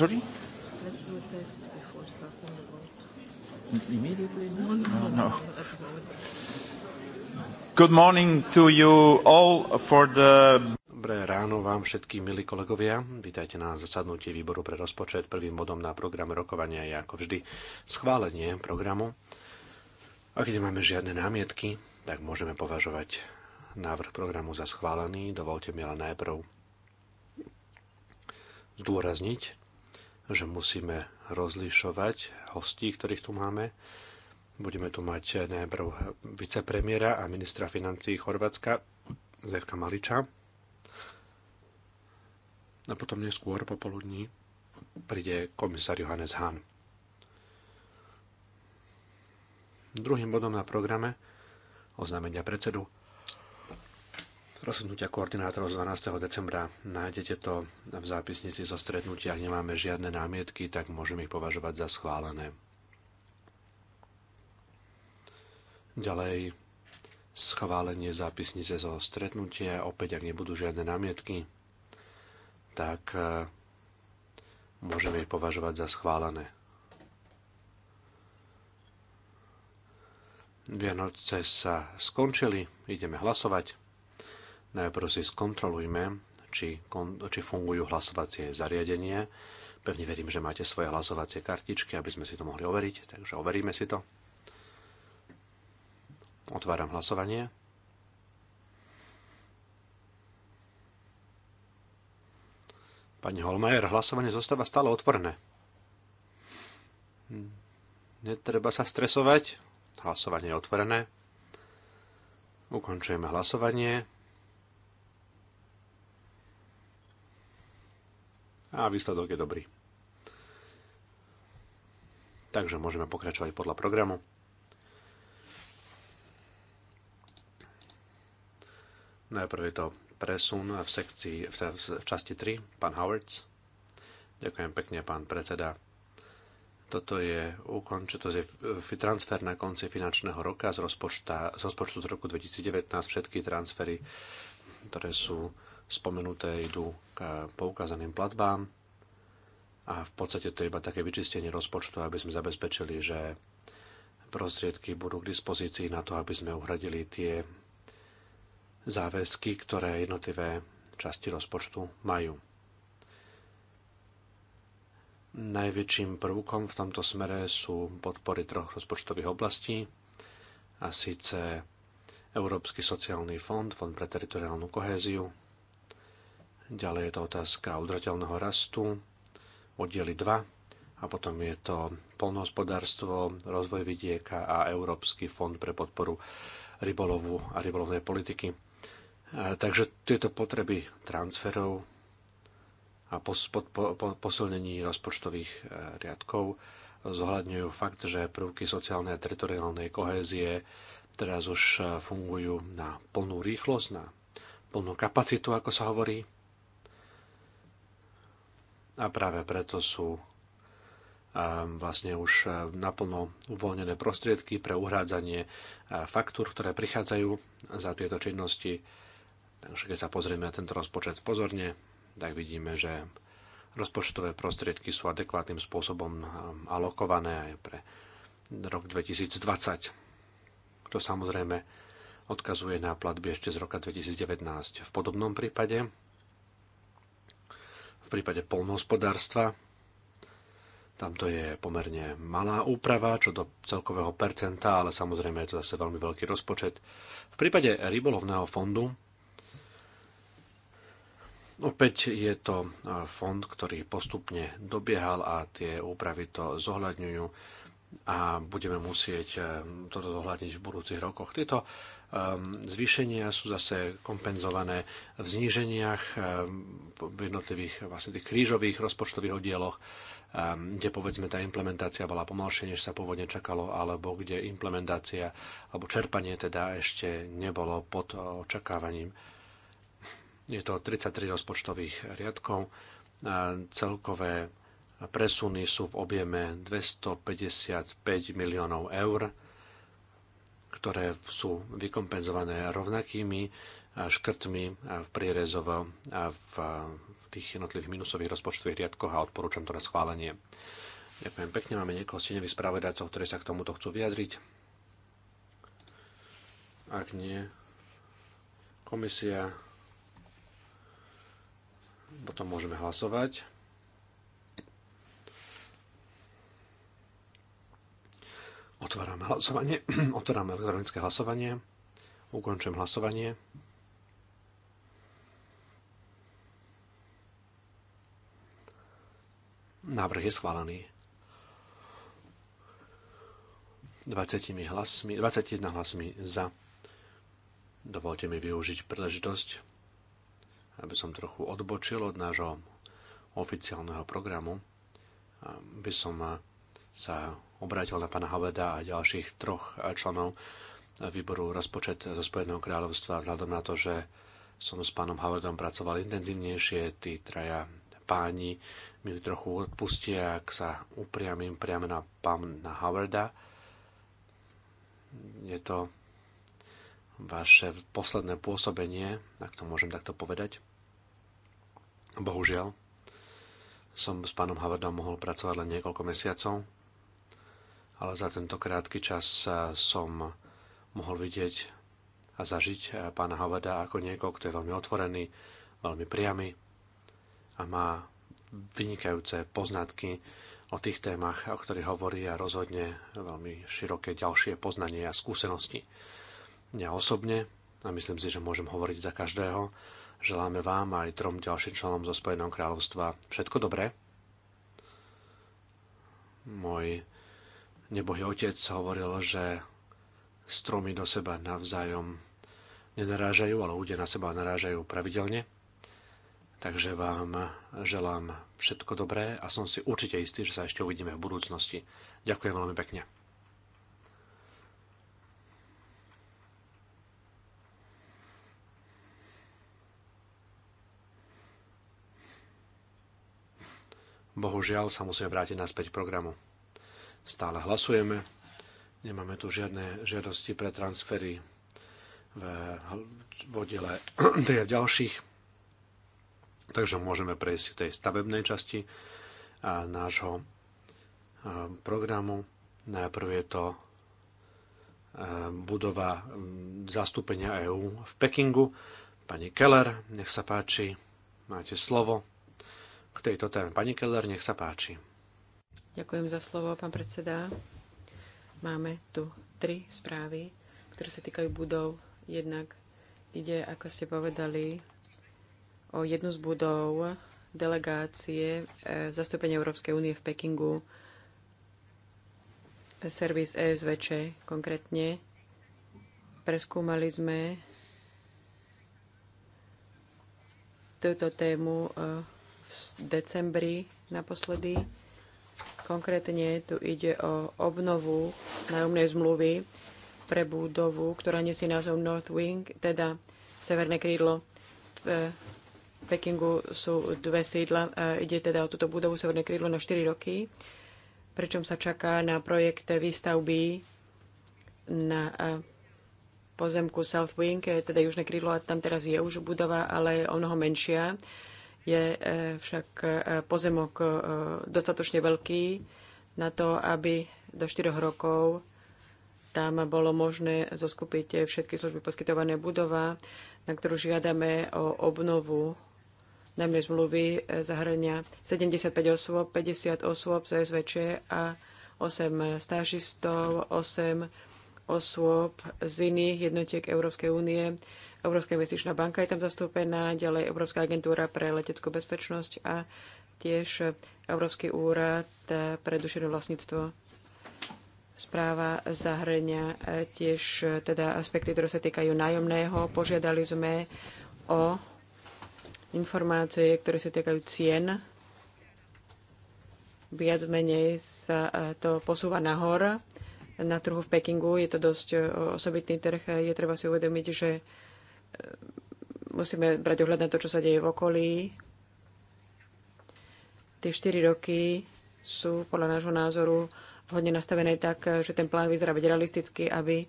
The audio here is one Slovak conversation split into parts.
Sorry? Let's do a test before starting the vote. Immediately? No, no, no. no. no. no, no Good morning to you all for the... Dobré ráno vám všetkým, milí kolegovia. Vítajte na zasadnutí výboru pre rozpočet. Prvým bodom na programe rokovania je ako vždy schválenie programu. A keď máme žiadne námietky, tak môžeme považovať návrh programu za schválený. Dovolte mi ale najprv zdôrazniť, že musíme rozlišovať hostí, ktorých tu máme. Budeme tu mať najprv vicepremiera a ministra financí Chorvátska Zevka Maliča. A potom neskôr popoludní príde komisár Johannes Hahn. Druhým bodom na programe oznámenia predsedu rozhodnutia koordinátorov z 12. decembra. Nájdete to v zápisnici zo stretnutia. Ak nemáme žiadne námietky, tak môžeme ich považovať za schválené. Ďalej schválenie zápisnice zo stretnutia. Opäť, ak nebudú žiadne námietky, tak e, môžeme ich považovať za schválené. Vianoce sa skončili, ideme hlasovať. Najprv si skontrolujme, či, či fungujú hlasovacie zariadenie. Pevne verím, že máte svoje hlasovacie kartičky, aby sme si to mohli overiť, takže overíme si to. Otváram hlasovanie. Pani Holmajer, hlasovanie zostáva stále otvorené. Hm, netreba sa stresovať. Hlasovanie je otvorené. Ukončujeme hlasovanie. a výsledok je dobrý. Takže môžeme pokračovať podľa programu. Najprv je to presun v, sekcii, v, v časti 3, pán Howards. Ďakujem pekne, pán predseda. Toto je, ukonč, to je transfer na konci finančného roka z, rozpočta, z rozpočtu z roku 2019. Všetky transfery, ktoré sú spomenuté idú k poukázaným platbám a v podstate to je iba také vyčistenie rozpočtu, aby sme zabezpečili, že prostriedky budú k dispozícii na to, aby sme uhradili tie záväzky, ktoré jednotlivé časti rozpočtu majú. Najväčším prvkom v tomto smere sú podpory troch rozpočtových oblastí, a síce Európsky sociálny fond, fond pre teritoriálnu kohéziu, ďalej je to otázka udržateľného rastu, oddiely 2 a potom je to polnohospodárstvo, rozvoj vidieka a Európsky fond pre podporu rybolovu a rybolovnej politiky. E, takže tieto potreby transferov a posilnení rozpočtových e, riadkov zohľadňujú fakt, že prvky sociálnej a teritoriálnej kohézie teraz už e, fungujú na plnú rýchlosť, na plnú kapacitu, ako sa hovorí a práve preto sú vlastne už e, naplno uvoľnené prostriedky pre uhrádzanie e, faktúr, ktoré prichádzajú za tieto činnosti. Takže keď sa pozrieme na tento rozpočet pozorne, tak vidíme, že rozpočtové prostriedky sú adekvátnym spôsobom e, alokované aj pre rok 2020. To samozrejme odkazuje na platby ešte z roka 2019. V podobnom prípade v prípade polnohospodárstva tamto je pomerne malá úprava, čo do celkového percenta, ale samozrejme je to zase veľmi veľký rozpočet. V prípade rybolovného fondu opäť je to e, fond, ktorý postupne dobiehal a tie úpravy to zohľadňujú a budeme musieť e, toto zohľadniť v budúcich rokoch. Tieto Ehm, zvýšenia sú zase kompenzované v zníženiach ehm, v jednotlivých vlastne tých krížových rozpočtových oddieloch, ehm, kde povedzme tá implementácia bola pomalšie, než sa pôvodne čakalo, alebo kde implementácia alebo čerpanie teda ešte nebolo pod očakávaním. Je to 33 rozpočtových riadkov. Celkové presuny sú v objeme 255 miliónov eur ktoré sú vykompenzované rovnakými škrtmi v prierezovo a v tých jednotlivých minusových rozpočtových riadkoch a odporúčam to na schválenie. Ďakujem pekne, máme niekoho stenových spravodajcov, ktorí sa k tomuto chcú vyjadriť. Ak nie, komisia, potom môžeme hlasovať. Otváram hlasovanie. Otváram elektronické hlasovanie. Ukončujem hlasovanie. Návrh je schválený. 20 hlasmi, 21 hlasmi za. Dovolte mi využiť príležitosť, aby som trochu odbočil od nášho oficiálneho programu, aby som sa obrátil na pána Haveda a ďalších troch členov výboru rozpočet zo Spojeného kráľovstva vzhľadom na to, že som s pánom Havedom pracoval intenzívnejšie, tí traja páni mi trochu odpustia, ak sa upriamím priamo na pána Havarda. Je to vaše posledné pôsobenie, ak to môžem takto povedať. Bohužiaľ, som s pánom Havardom mohol pracovať len niekoľko mesiacov, ale za tento krátky čas eh, som mohol vidieť a zažiť eh, pána Havada ako niekoho, kto je veľmi otvorený, veľmi priamy a má vynikajúce poznatky o tých témach, o ktorých hovorí a rozhodne veľmi široké ďalšie poznanie a skúsenosti. Ja osobne, a myslím si, že môžem hovoriť za každého, želáme vám aj trom ďalším členom zo Spojeného kráľovstva všetko dobré. Môj nebohý otec hovoril, že stromy do seba navzájom nenarážajú, ale ľudia na seba narážajú pravidelne. Takže vám želám všetko dobré a som si určite istý, že sa ešte uvidíme v budúcnosti. Ďakujem veľmi pekne. Bohužiaľ sa musíme vrátiť naspäť programu. Stále hlasujeme. Nemáme tu žiadne žiadosti pre transfery v, v oddele 3 a ďalších. Takže môžeme prejsť k tej stavebnej časti a nášho programu. Najprv je to budova zastúpenia EÚ v Pekingu. Pani Keller, nech sa páči, máte slovo k tejto téme. Pani Keller, nech sa páči. Ďakujem za slovo, pán predseda. Máme tu tri správy, ktoré sa týkajú budov. Jednak ide, ako ste povedali, o jednu z budov delegácie e, zastúpenia Európskej únie v Pekingu, servis ESVČ konkrétne. Preskúmali sme túto tému e, v decembri naposledy Konkrétne tu ide o obnovu nájomnej zmluvy pre budovu, ktorá nesie názov North Wing, teda severné krídlo. V eh, Pekingu sú dve sídla. Eh, ide teda o túto budovu severné krídlo na 4 roky, pričom sa čaká na projekte výstavby na eh, pozemku South Wing, teda južné krídlo, a tam teraz je už budova, ale o mnoho menšia je e, však e, pozemok e, dostatočne veľký na to, aby do 4 rokov tam bolo možné zoskupiť všetky služby poskytované budova, na ktorú žiadame o obnovu najmä zmluvy zahrania 75 osôb, 50 osôb z SVČ a 8 stážistov, 8 osôb z iných jednotiek Európskej únie, Európska investičná banka je tam zastúpená, ďalej Európska agentúra pre leteckú bezpečnosť a tiež Európsky úrad pre duševné vlastníctvo. Správa zahrňa tiež teda aspekty, ktoré sa týkajú nájomného. Požiadali sme o informácie, ktoré sa týkajú cien. Viac menej sa e, to posúva nahor na trhu v Pekingu. Je to dosť e, osobitný trh. Je treba si uvedomiť, že musíme brať ohľad na to, čo sa deje v okolí. Tie 4 roky sú podľa nášho názoru hodne nastavené tak, že ten plán vyzerá byť realisticky, aby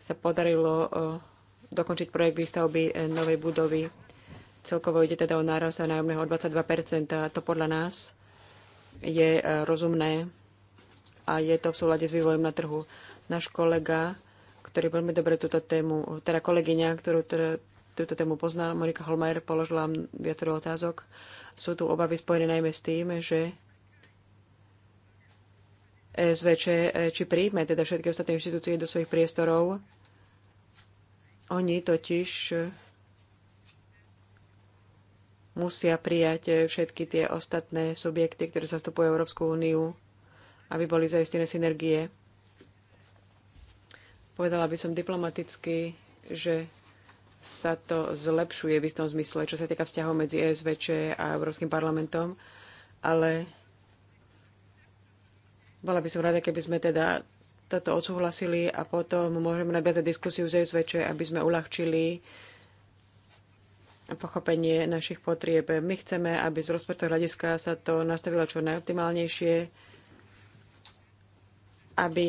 sa podarilo e, dokončiť projekt výstavby e, novej budovy. Celkovo ide teda o náraz nájomného o 22%. A to podľa nás je e, rozumné a je to v súlade s vývojom na trhu. Náš kolega, ktorý veľmi dobre túto tému, teda kolegyňa, ktorú teda túto tému pozná. Monika Holmajer položila viacero otázok. Sú tu obavy spojené najmä s tým, že SVČ eh, či príjme teda všetky ostatné inštitúcie do svojich priestorov. Oni totiž eh, musia prijať eh, všetky tie ostatné subjekty, ktoré zastupujú Európsku úniu, aby boli zaistené synergie. Povedala by som diplomaticky, že sa to zlepšuje v istom zmysle, čo sa týka vzťahov medzi ESVČ a Európskym parlamentom, ale bola by som rada, keby sme teda toto odsúhlasili a potom môžeme nabiazať diskusiu z ESVČ, aby sme uľahčili pochopenie našich potrieb. My chceme, aby z rozpočtového hľadiska sa to nastavilo čo najoptimálnejšie, aby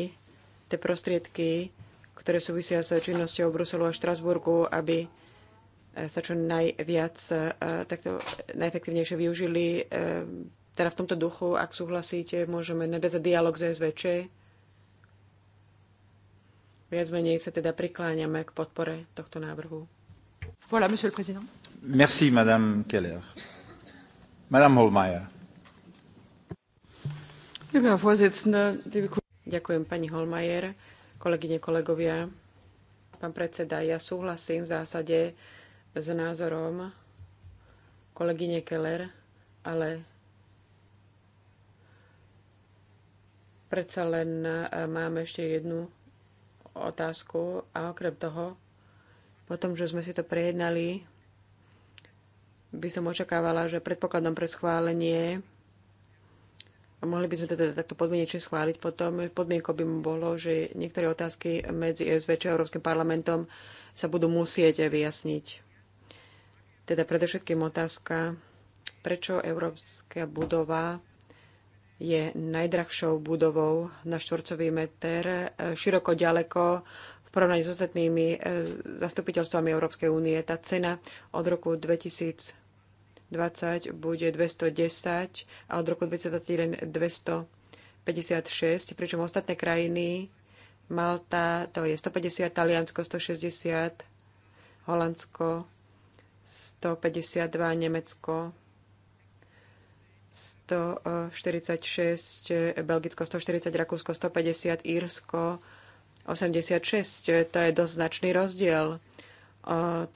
tie prostriedky ktoré súvisia s činnosťou Bruselu a Štrasburgu, aby eh, sa čo najviac eh, takto najefektívnejšie využili. Eh, teda v tomto duchu, ak súhlasíte, môžeme nadať za dialog z SVČ. Viac menej sa teda prikláňame k podpore tohto návrhu. Voilà, monsieur le président. Merci, madame Keller. Madame Holmeier. Ďakujem, pani Holmajer. Kolegyne, kolegovia, pán predseda, ja súhlasím v zásade s názorom kolegyne Keller, ale predsa len e, máme ešte jednu otázku a okrem toho, po tom, že sme si to prejednali, by som očakávala, že predpokladom pre schválenie a mohli by sme teda takto podmienečne schváliť potom. Podmienkou by bolo, že niektoré otázky medzi SVČ a Európskym parlamentom sa budú musieť vyjasniť. Teda predovšetkým otázka, prečo Európska budova je najdrahšou budovou na štvorcový meter, e, široko ďaleko v porovnaní s ostatnými e, zastupiteľstvami Európskej únie. Tá cena od roku 2000 20 bude 210 a od roku 2021 256, pričom ostatné krajiny Malta to je 150, Taliansko 160, Holandsko 152, Nemecko 146, Belgicko 140, Rakúsko 150, Írsko 86. To je dosť značný rozdiel.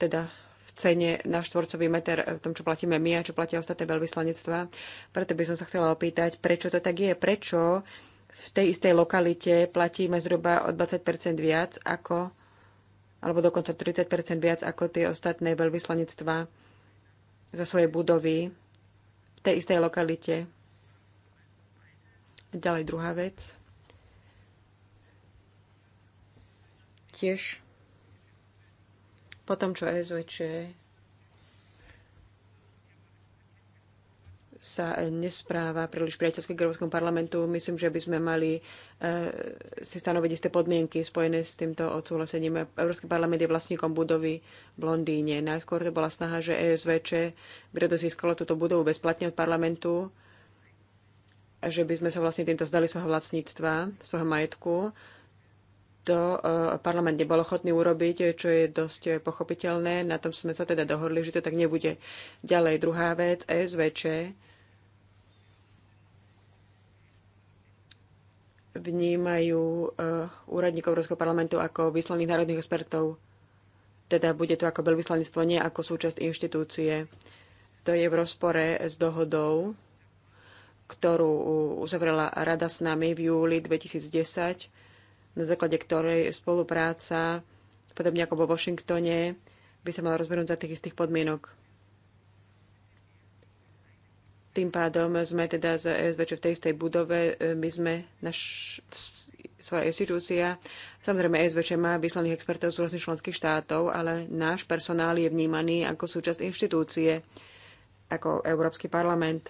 Teda cene na štvorcový meter, v tom, čo platíme my a čo platia ostatné veľvyslanectvá. Preto by som sa chcela opýtať, prečo to tak je, prečo v tej istej lokalite platíme zhruba o 20 viac ako, alebo dokonca 30 viac ako tie ostatné veľvyslanectvá za svoje budovy v tej istej lokalite. Ďalej druhá vec. Tiež potom, čo SVČ sa nespráva príliš priateľsky k Európskom parlamentu. Myslím, že by sme mali e, si stanoviť isté podmienky spojené s týmto odsúhlasením. Európsky parlament je vlastníkom budovy v Londýne. Najskôr to bola snaha, že ESVČ by získalo túto budovu bezplatne od parlamentu, a že by sme sa vlastne týmto zdali svojho vlastníctva, svojho majetku to eh, parlament nebol ochotný urobiť, eh, čo je dosť eh, pochopiteľné. Na tom sme sa teda dohodli, že to tak nebude. Ďalej druhá vec, ESVČ. vnímajú úradníkov Európskeho parlamentu ako vyslaných národných expertov. Teda bude to ako veľvyslanectvo, nie ako súčasť inštitúcie. To je v rozpore s dohodou, ktorú uzavrela rada s nami v júli 2010 na základe ktorej spolupráca, podobne ako vo Washingtone, by sa mala rozbehnúť za tých istých podmienok. Tým pádom sme teda z ESVČ v tej istej budove, e, my sme naš, svoja institúcia. Samozrejme, ESB má vyslaných expertov z rôznych členských štátov, ale náš personál je vnímaný ako súčasť inštitúcie, ako Európsky parlament.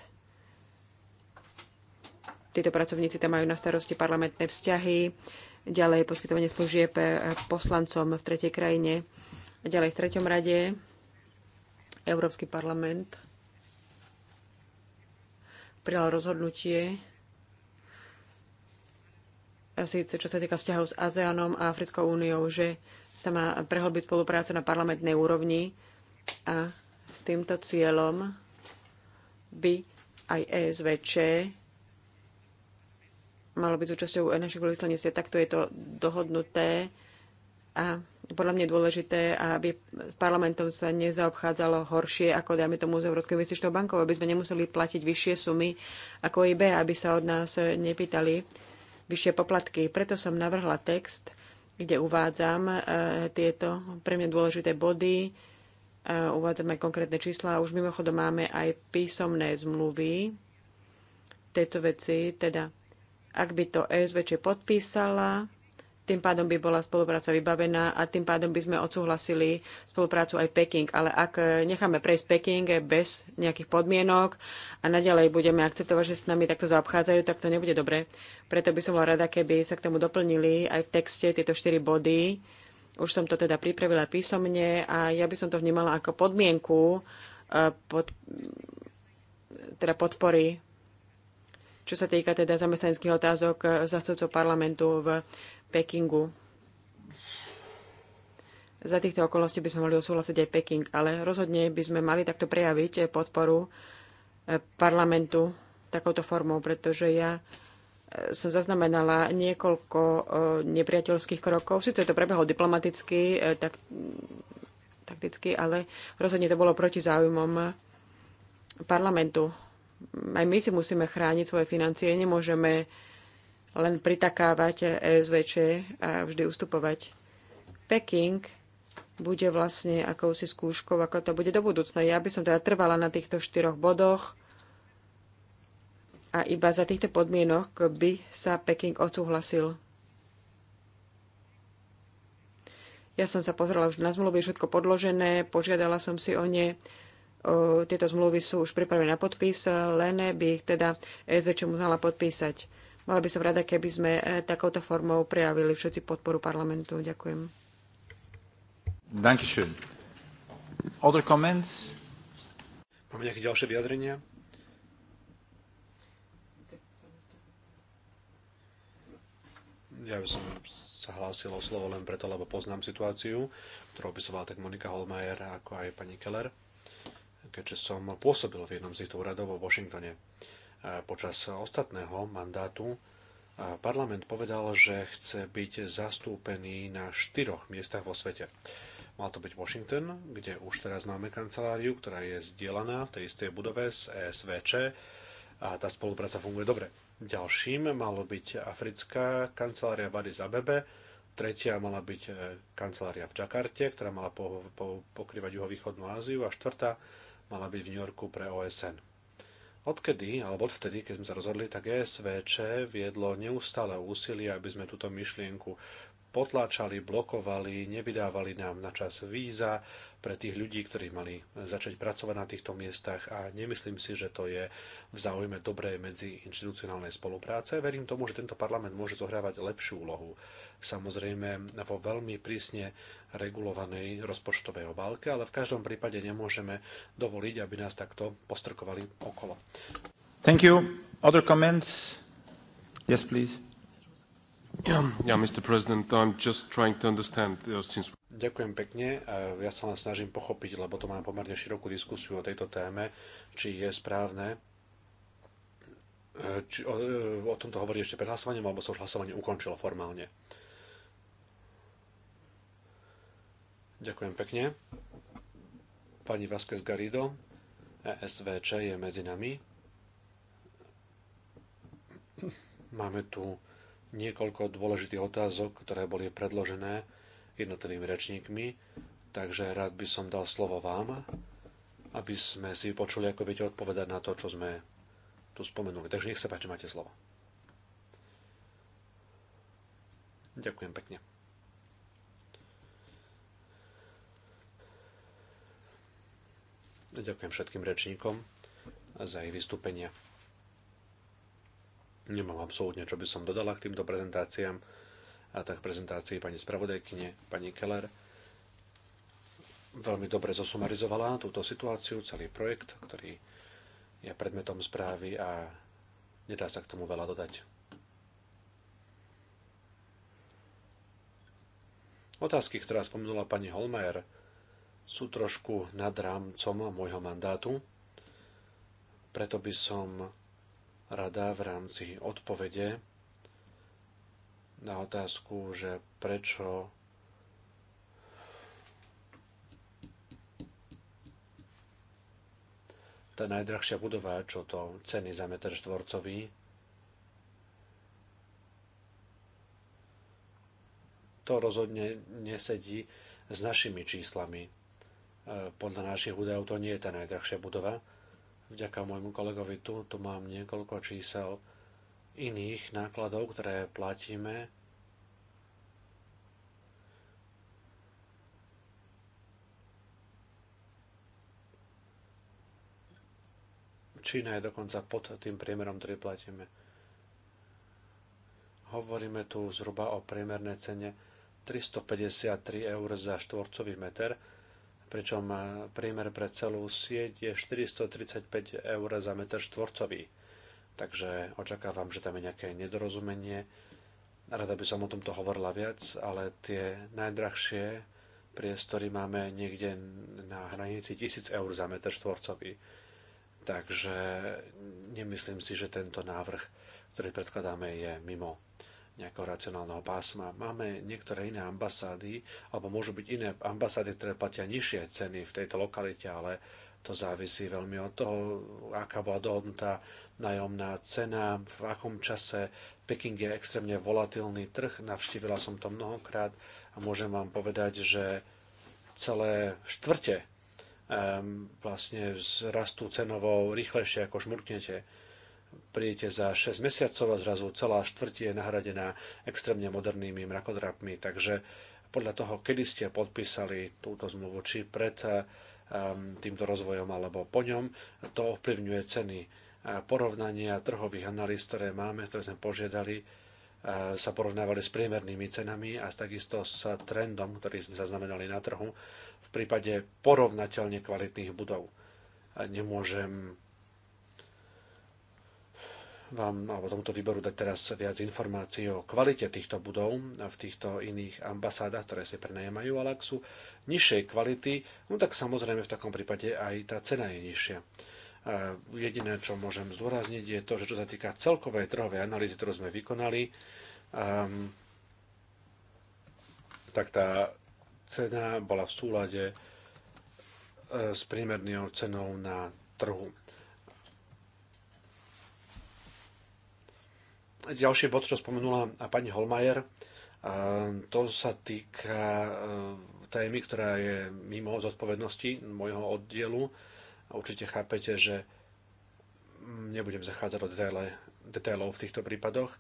Títo pracovníci tam majú na starosti parlamentné vzťahy, ďalej poskytovanie služieb eh, poslancom v tretej krajine. A ďalej v treťom rade Európsky parlament prijal rozhodnutie, asi čo sa týka vzťahov s ASEANom a Africkou úniou, že sa má prehlbiť spolupráca na parlamentnej úrovni a s týmto cieľom by aj ESVČ malo byť súčasťou našich sveta, takto je to dohodnuté a podľa mňa je dôležité, aby s parlamentom sa nezaobchádzalo horšie, ako dajme tomu z Európskej investičnou bankou, aby sme nemuseli platiť vyššie sumy ako IB, aby sa od nás nepýtali vyššie poplatky. Preto som navrhla text, kde uvádzam e, tieto pre mňa dôležité body, e, uvádzame konkrétne čísla. Už mimochodom máme aj písomné zmluvy tejto veci, teda ak by to ESVČ podpísala, tým pádom by bola spolupráca vybavená a tým pádom by sme odsúhlasili spoluprácu aj Peking. Ale ak e, necháme prejsť Peking e, bez nejakých podmienok a naďalej budeme akceptovať, že s nami takto zaobchádzajú, tak to nebude dobre. Preto by som bola rada, keby sa k tomu doplnili aj v texte tieto štyri body. Už som to teda pripravila písomne a ja by som to vnímala ako podmienku e, pod, teda podpory čo sa týka teda zamestnaneckých otázok eh, zastupcov parlamentu v Pekingu. Za týchto okolností by sme mohli osúhlasiť aj Peking, ale rozhodne by sme mali takto prejaviť eh, podporu eh, parlamentu takouto formou, pretože ja som zaznamenala niekoľko nepriateľských krokov. Sice to prebehlo diplomaticky, tak, takticky, ale rozhodne to bolo proti záujmom parlamentu aj my si musíme chrániť svoje financie, nemôžeme len pritakávať ESVČ a vždy ustupovať. Peking bude vlastne akousi skúškou, ako to bude do budúcna. Ja by som teda trvala na týchto štyroch bodoch a iba za týchto podmienok by sa Peking odsúhlasil. Ja som sa pozrela už na zmluvy, všetko podložené, požiadala som si o ne tieto zmluvy sú už pripravené na podpis, len by ich teda SVČ mala podpísať. Mala by som rada, keby sme e, takouto formou prejavili všetci podporu parlamentu. Ďakujem. Dankeschön. Other comments? Máme nejaké ďalšie vyjadrenia? Ja by som sa hlásil o slovo len preto, lebo poznám situáciu, ktorú opisovala tak Monika Holmajer ako aj pani Keller keďže som pôsobil v jednom z týchto úradov vo Washingtone. Eh, počas ostatného mandátu eh, parlament povedal, že chce byť zastúpený na štyroch miestach vo svete. Mal to byť Washington, kde už teraz máme kanceláriu, ktorá je zdieľaná v tej istej budove s ESVČ a tá spolupráca funguje dobre. Ďalším malo byť africká kancelária Bady Zabebe, tretia mala byť eh, kancelária v Džakarte, ktorá mala po, po, pokrývať juhovýchodnú Áziu a štvrtá mala byť v New Yorku pre OSN. Odkedy, alebo odvtedy, keď sme sa rozhodli, tak ESVČ viedlo neustále úsilie, aby sme túto myšlienku potláčali, blokovali, nevydávali nám na čas víza pre tých ľudí, ktorí mali začať pracovať na týchto miestach a nemyslím si, že to je v záujme dobrej medziinstitucionálnej spolupráce. Verím tomu, že tento parlament môže zohrávať lepšiu úlohu. Samozrejme vo veľmi prísne regulovanej rozpočtovej obálke, ale v každom prípade nemôžeme dovoliť, aby nás takto postrkovali okolo. Thank you. Other comments? Yes, please. Uh, Ďakujem pekne. Ja sa len snažím pochopiť, lebo to máme pomerne širokú diskusiu o tejto téme, či je správne e, či o, e, o tomto hovorí ešte pred hlasovaním, alebo sa už hlasovanie ukončilo formálne. Ďakujem pekne. Pani Vázquez Garido, e SVČ je medzi nami. Máme tu niekoľko dôležitých otázok, ktoré boli predložené jednotlivými rečníkmi, takže rád by som dal slovo vám, aby sme si počuli, ako viete odpovedať na to, čo sme tu spomenuli. Takže nech sa páči, máte slovo. Ďakujem pekne. Ďakujem všetkým rečníkom za ich vystúpenie. Nemám absolútne, čo by som dodala k týmto prezentáciám a tak prezentácii pani spravodajkyne, pani Keller veľmi dobre zosumarizovala túto situáciu, celý projekt, ktorý je predmetom správy a nedá sa k tomu veľa dodať. Otázky, ktorá spomenula pani Holmeier, sú trošku nad rámcom môjho mandátu, preto by som rada v rámci odpovede na otázku, že prečo tá najdrahšia budova, čo to ceny za meter štvorcový, to rozhodne nesedí s našimi číslami. E, podľa našich údajov to nie je tá najdrahšia budova, Vďaka môjmu kolegovi tu, tu mám niekoľko čísel iných nákladov, ktoré platíme. Čína je dokonca pod tým priemerom, ktorý platíme. Hovoríme tu zhruba o priemernej cene 353 eur za štvorcový meter, pričom e, priemer pre celú sieť je 435 eur za meter štvorcový. Takže očakávam, že tam je nejaké nedorozumenie. Rada by som o tomto hovorila viac, ale tie najdrahšie priestory máme niekde na hranici 1000 eur za meter štvorcový. Takže nemyslím si, že tento návrh, ktorý predkladáme, je mimo nejakého racionálneho pásma. Máme niektoré iné ambasády, alebo môžu byť iné ambasády, ktoré platia nižšie ceny v tejto lokalite, ale to závisí veľmi od toho, aká bola dohodnutá nájomná cena, v akom čase. Peking je extrémne volatilný trh, navštívila som to mnohokrát a môžem vám povedať, že celé štvrte um, vlastne rastú cenovou rýchlejšie, ako šmurknete prídete za 6 mesiacov a zrazu celá štvrtie je nahradená extrémne modernými mrakodrapmi. Takže podľa toho, kedy ste podpísali túto zmluvu, či pred eh, týmto rozvojom alebo po ňom, to ovplyvňuje ceny eh, porovnania trhových analýz, ktoré máme, ktoré sme požiadali, eh, sa porovnávali s priemernými cenami a takisto s trendom, ktorý sme zaznamenali na trhu v prípade porovnateľne kvalitných budov. Nemôžem vám alebo tomuto výboru dať teraz viac informácií o kvalite týchto budov v týchto iných ambasádach, ktoré si prenajemajú, ale ak sú nižšej kvality, no tak samozrejme v takom prípade aj tá cena je nižšia. Jediné, čo môžem zdôrazniť, je to, že čo sa týka celkovej trhovej analýzy, ktorú sme vykonali, um, tak tá cena bola v súlade e, s priemernou cenou na trhu Ďalší bod, čo spomenula pani Holmajer, to sa týka e, témy, ktorá je mimo zodpovednosti môjho oddielu. Určite chápete, že nebudem zachádzať do detailov v týchto prípadoch.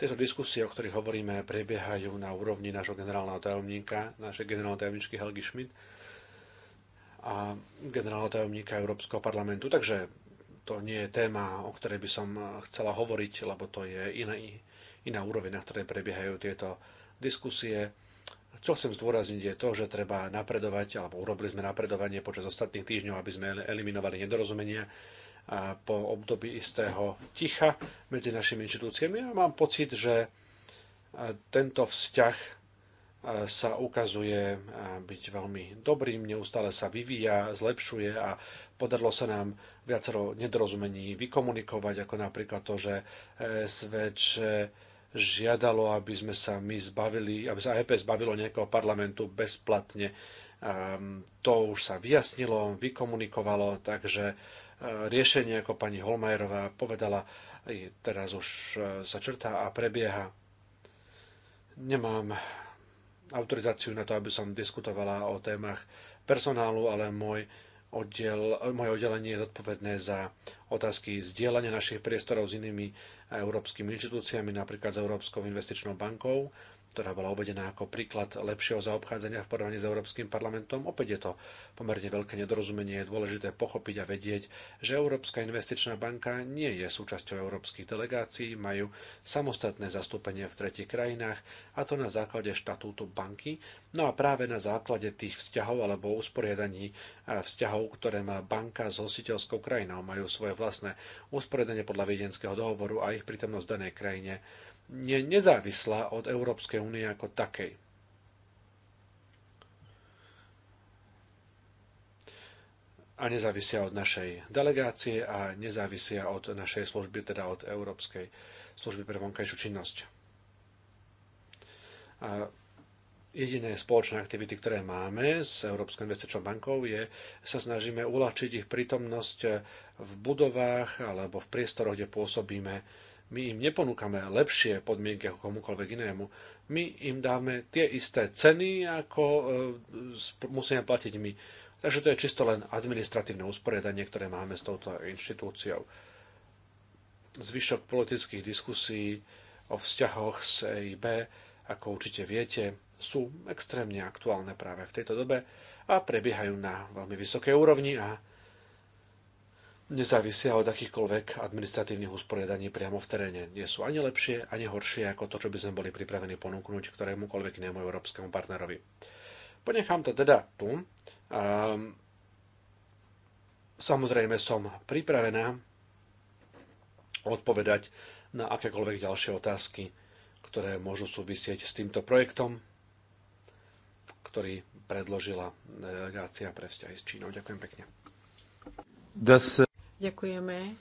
Tieto diskusie, o ktorých hovoríme, prebiehajú na úrovni nášho generálneho tajomníka, našej generálnej tajomničky Helgi Schmidt a generálneho tajomníka Európskeho parlamentu. Takže to nie je téma, o ktorej by som eh, chcela hovoriť, lebo to je iná, iná úroveň, na ktorej prebiehajú tieto diskusie. Čo chcem zdôrazniť je to, že treba napredovať, alebo urobili sme napredovanie počas ostatných týždňov, aby sme eliminovali nedorozumenia po období istého ticha medzi našimi inštitúciami. A ja mám pocit, že eh, tento vzťah eh, sa ukazuje byť veľmi dobrým, neustále sa vyvíja, zlepšuje a Podarilo sa nám viacero nedorozumení vykomunikovať, ako napríklad to, že e, SVČ žiadalo, aby sme sa my zbavili, aby sa EP zbavilo nejakého parlamentu bezplatne. Ehm, to už sa vyjasnilo, vykomunikovalo, takže e, riešenie, ako pani Holmajerová povedala, teraz už e, začrtá a prebieha. Nemám autorizáciu na to, aby som diskutovala o témach personálu, ale môj oddiel, moje oddelenie je zodpovedné za otázky zdieľania našich priestorov s inými európskymi inštitúciami, napríklad s Európskou investičnou bankou ktorá bola uvedená ako príklad lepšieho zaobchádzania v porovnaní s Európskym parlamentom. Opäť je to pomerne veľké nedorozumenie, je dôležité pochopiť a vedieť, že Európska investičná banka nie je súčasťou európskych delegácií, majú samostatné zastúpenie v tretich krajinách, a to na základe štatútu banky, no a práve na základe tých vzťahov alebo usporiadaní eh, vzťahov, ktoré má banka s hostiteľskou krajinou, majú svoje vlastné usporiadanie podľa viedenského dohovoru a ich prítomnosť v danej krajine je nezávislá od Európskej únie ako takej. A nezávisia od našej delegácie a nezávisia od našej služby, teda od Európskej služby pre vonkajšiu činnosť. A jediné spoločné aktivity, ktoré máme s Európskou investičnou bankou, je, sa snažíme uľahčiť ich prítomnosť v budovách alebo v priestoroch, kde pôsobíme my im neponúkame lepšie podmienky ako komukoľvek inému. My im dáme tie isté ceny, ako e, musíme platiť my. Takže to je čisto len administratívne usporiadanie, ktoré máme s touto inštitúciou. Zvyšok politických diskusí o vzťahoch s EIB, ako určite viete, sú extrémne aktuálne práve v tejto dobe a prebiehajú na veľmi vysokej úrovni a nezávisia od akýchkoľvek administratívnych usporiadaní priamo v teréne. Nie sú ani lepšie, ani horšie ako to, čo by sme boli pripravení ponúknuť ktorémukoľvek inému európskemu partnerovi. Ponechám to teda tu. Um, samozrejme som pripravená odpovedať na akékoľvek ďalšie otázky, ktoré môžu súvisieť s týmto projektom, ktorý predložila delegácia pre vzťahy s Čínou. Ďakujem pekne. Das Ďakujeme.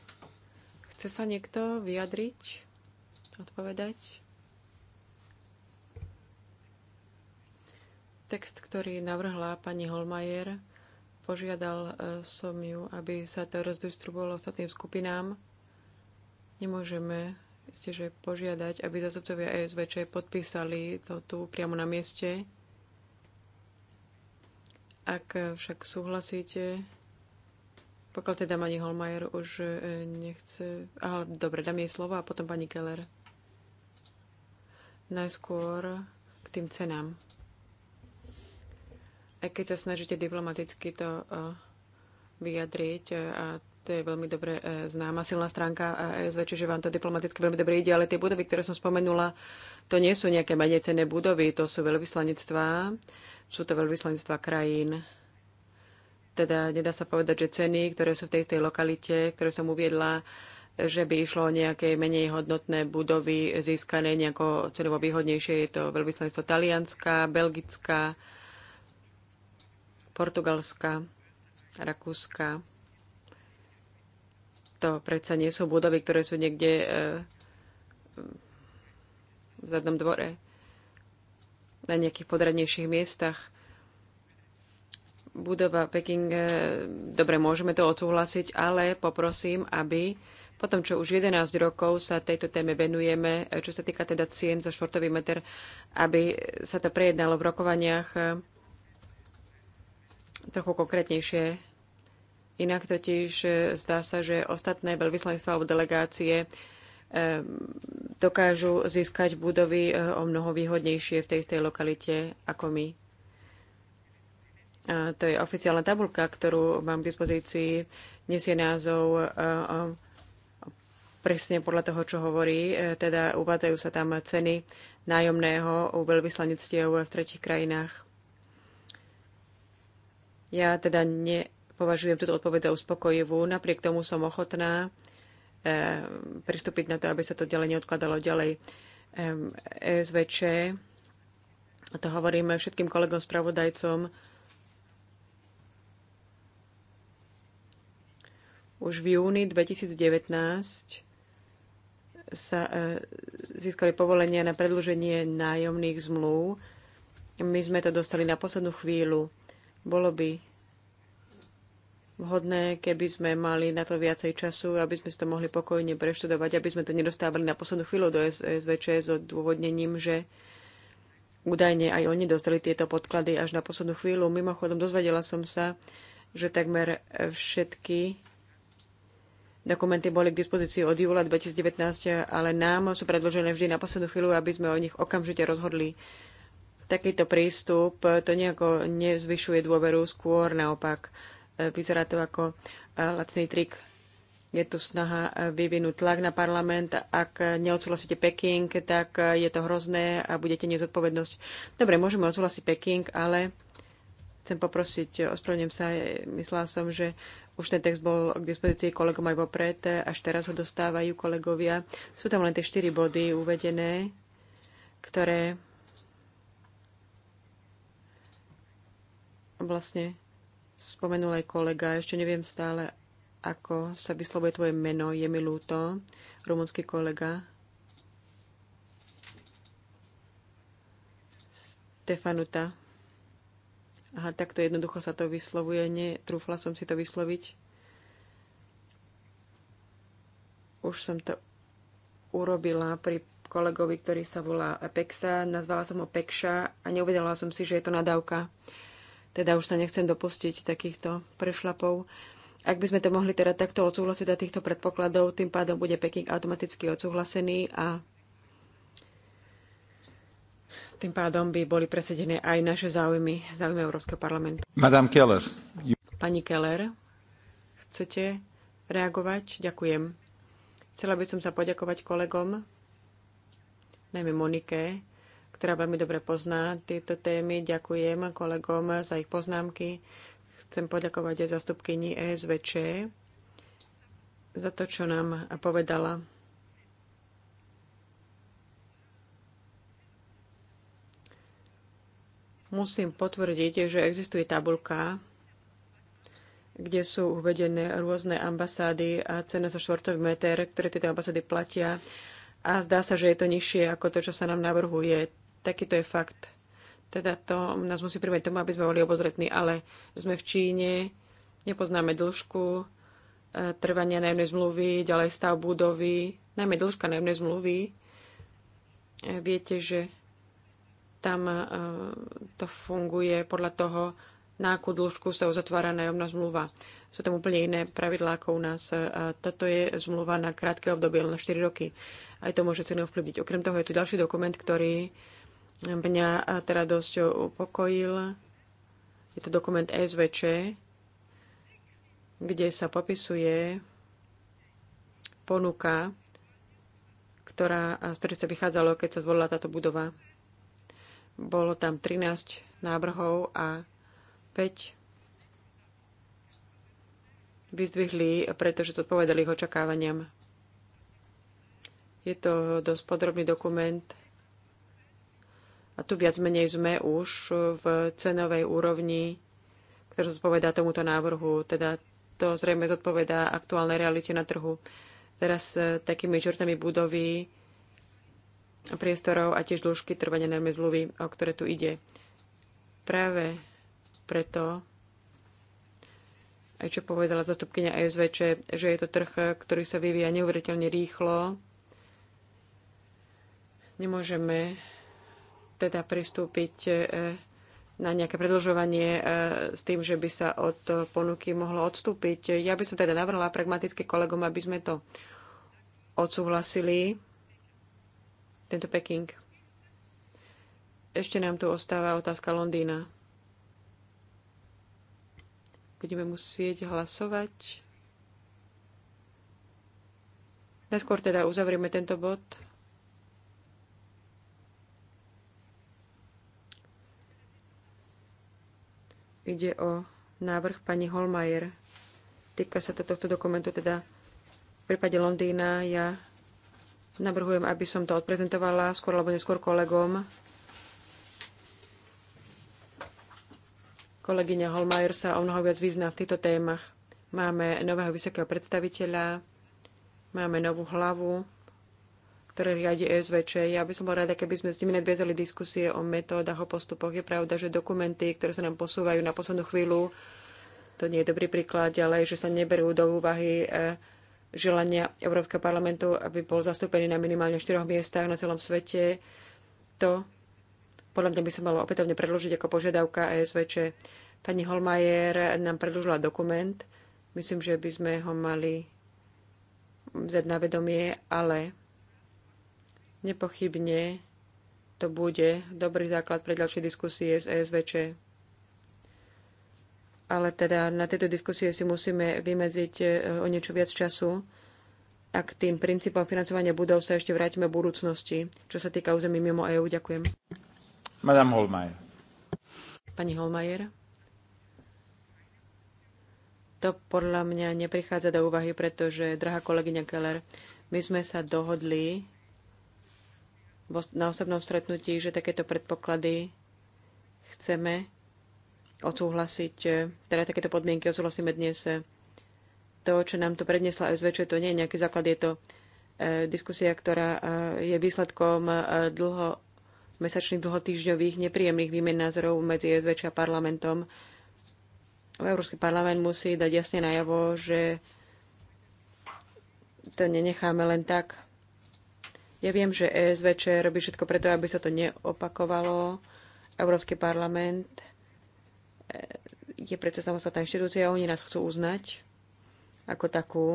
Chce sa niekto vyjadriť? Odpovedať? Text, ktorý navrhla pani Holmajer, požiadal e, som ju, aby sa to rozdistribuovalo ostatným skupinám. Nemôžeme že požiadať, aby zastupcovia ESVČ podpísali to tu priamo na mieste. Ak však súhlasíte, pokiaľ teda pani Holmajer už e, nechce... Ale dobre, dám jej slovo a potom pani Keller. Najskôr k tým cenám. Aj keď sa snažíte diplomaticky to e, vyjadriť, e, a to je veľmi dobre známa silná stránka ESV, že vám to diplomaticky veľmi dobre ide, ale tie budovy, ktoré som spomenula, to nie sú nejaké menej cenné budovy, to sú veľvyslanectvá, sú to veľvyslanectvá krajín, teda nedá sa povedať, že ceny, ktoré sú v tej istej lokalite, ktoré som uviedla, že by išlo o nejaké menej hodnotné budovy získané nejako cenovo výhodnejšie. Je to veľvyslanectvo Talianska, Belgická, Portugalska, Rakúska. To predsa nie sú budovy, ktoré sú niekde e, v zadnom dvore, na nejakých podradnejších miestach budova Peking, e, dobre, môžeme to odsúhlasiť, ale poprosím, aby potom, čo už 11 rokov sa tejto téme venujeme, e, čo sa týka teda cien za štvrtový meter, aby sa to prejednalo v rokovaniach e, trochu konkrétnejšie. Inak totiž zdá sa, že ostatné veľvyslanectvá alebo delegácie dokážu získať budovy o mnoho výhodnejšie v tej istej lokalite ako my to je oficiálna tabulka, ktorú mám k dispozícii, nesie názov e, e, presne podľa toho, čo hovorí. E, teda uvádzajú sa tam ceny nájomného u veľvyslanectiev v tretich krajinách. Ja teda nepovažujem túto odpoveď za uspokojivú. Napriek tomu som ochotná pristúpiť na to, aby sa to ďalej neodkladalo ďalej. SVČ, to hovoríme všetkým kolegom spravodajcom, Už v júni 2019 sa e, získali povolenia na predlženie nájomných zmluv. My sme to dostali na poslednú chvíľu. Bolo by vhodné, keby sme mali na to viacej času, aby sme si to mohli pokojne preštudovať, aby sme to nedostávali na poslednú chvíľu do SVČ s odôvodnením, že údajne aj oni dostali tieto podklady až na poslednú chvíľu. Mimochodom, dozvedela som sa, že takmer všetky Dokumenty boli k dispozícii od júla 2019, ale nám sú predložené vždy na poslednú chvíľu, aby sme o nich okamžite rozhodli. Takýto prístup to nejako nezvyšuje dôveru, skôr naopak e, vyzerá to ako e, lacný trik. Je tu snaha e, vyvinúť tlak na parlament. Ak neodsúhlasíte Peking, tak je to hrozné a budete nezodpovednosť. Dobre, môžeme odsúhlasiť Peking, ale chcem poprosiť, ospravedlňujem sa, myslela som, že už ten text bol k dispozícii kolegom aj vopred, až teraz ho dostávajú kolegovia. Sú tam len tie štyri body uvedené, ktoré vlastne spomenul aj kolega. Ešte neviem stále, ako sa vyslovuje tvoje meno. Je mi ľúto, rumunský kolega. Stefanuta. Aha, takto jednoducho sa to vyslovuje. Netrúfla som si to vysloviť. Už som to urobila pri kolegovi, ktorý sa volá Pexa. Nazvala som ho Pekša a neuvedala som si, že je to nadávka. Teda už sa nechcem dopustiť takýchto prešlapov. Ak by sme to mohli teda takto odsúhlasiť za týchto predpokladov, tým pádom bude Peking automaticky odsúhlasený a tým pádom by boli presedené aj naše záujmy, záujmy Európskeho parlamentu. Madame Keller. You... Pani Keller, chcete reagovať? Ďakujem. Chcela by som sa poďakovať kolegom, najmä Monike, ktorá veľmi dobre pozná tieto témy. Ďakujem kolegom za ich poznámky. Chcem poďakovať aj zastupkyni ESVČ za to, čo nám povedala. musím potvrdiť, že existuje tabulka, kde sú uvedené rôzne ambasády a cena za štvrtový meter, ktoré tieto ambasády platia. A zdá sa, že je to nižšie ako to, čo sa nám navrhuje. Takýto je fakt. Teda to nás musí primeť tomu, aby sme boli obozretní, ale sme v Číne, nepoznáme dĺžku e, trvania najmnej zmluvy, ďalej stav budovy, najmä dĺžka najmnej zmluvy. E, viete, že tam e, to funguje podľa toho, na akú dĺžku sa uzatvára nájomná zmluva. Sú tam úplne iné pravidlá ako u nás. A e, toto je zmluva na krátke obdobie, len na 4 roky. Aj to môže cenu vplyvniť. Okrem toho je tu ďalší dokument, ktorý mňa e, teda dosť upokojil. Je to dokument SVČ, kde sa popisuje ponuka, ktorá, z ktorej sa vychádzalo, keď sa zvolila táto budova. Bolo tam 13 návrhov a 5 vyzdvihli, pretože zodpovedali ich očakávaniam. Je to dosť podrobný dokument a tu viac menej sme už v cenovej úrovni, ktorá zodpovedá tomuto návrhu, teda to zrejme zodpovedá aktuálnej realite na trhu. Teraz eh, takými črtami budovy priestorov a tiež dĺžky trvania najmä zmluvy, o ktoré tu ide. Práve preto, aj čo povedala zastupkynia ESVČ, že je to trh, ktorý sa vyvíja neuveriteľne rýchlo. Nemôžeme teda pristúpiť e, na nejaké predlžovanie e, s tým, že by sa od ponuky mohlo odstúpiť. Ja by som teda navrhla pragmaticky kolegom, aby sme to odsúhlasili tento Peking. Ešte nám tu ostáva otázka Londýna. Budeme musieť hlasovať. Neskôr teda uzavrieme tento bod. Ide o návrh pani Holmajer. Týka sa to tohto dokumentu, teda v prípade Londýna ja Navrhujem, aby som to odprezentovala skôr alebo neskôr kolegom. Kolegyňa Holmajer sa o mnoho viac vyzná v týchto témach. Máme nového vysokého predstaviteľa, máme novú hlavu, ktoré riadi ESVČ. Ja by som bol rada, keby sme s nimi nadviazali diskusie o metódach, o postupoch. Je pravda, že dokumenty, ktoré sa nám posúvajú na poslednú chvíľu, to nie je dobrý príklad, ale že sa neberú do úvahy eh, želania Európskeho parlamentu, aby bol zastúpený na minimálne štyroch miestach na celom svete. To podľa mňa by sa malo opätovne predložiť ako požiadavka ESVČ. Pani Holmajer nám predložila dokument. Myslím, že by sme ho mali vzať na vedomie, ale nepochybne to bude dobrý základ pre ďalšie diskusie s ESVČ ale teda na tieto diskusie si musíme vymedziť e, o niečo viac času a k tým princípom financovania budov sa ešte vrátime v budúcnosti, čo sa týka území mimo EÚ. Ďakujem. Madame Holmeier. Pani Holmeier. To podľa mňa neprichádza do úvahy, pretože, drahá kolegyňa Keller, my sme sa dohodli na osobnom stretnutí, že takéto predpoklady chceme odsúhlasiť, e, teda takéto podmienky odsúhlasíme dnes. E, to, čo nám tu prednesla SVČ, to nie je nejaký základ, je to e, diskusia, ktorá je výsledkom dlho mesačných dlhotýždňových nepríjemných výmen názorov medzi SVČ a parlamentom. Európsky parlament musí dať jasne najavo, že to nenecháme len tak. Ja viem, že ESVČ robí všetko preto, aby sa to neopakovalo. Európsky parlament je predsa samostatná inštitúcia, oni nás chcú uznať ako takú.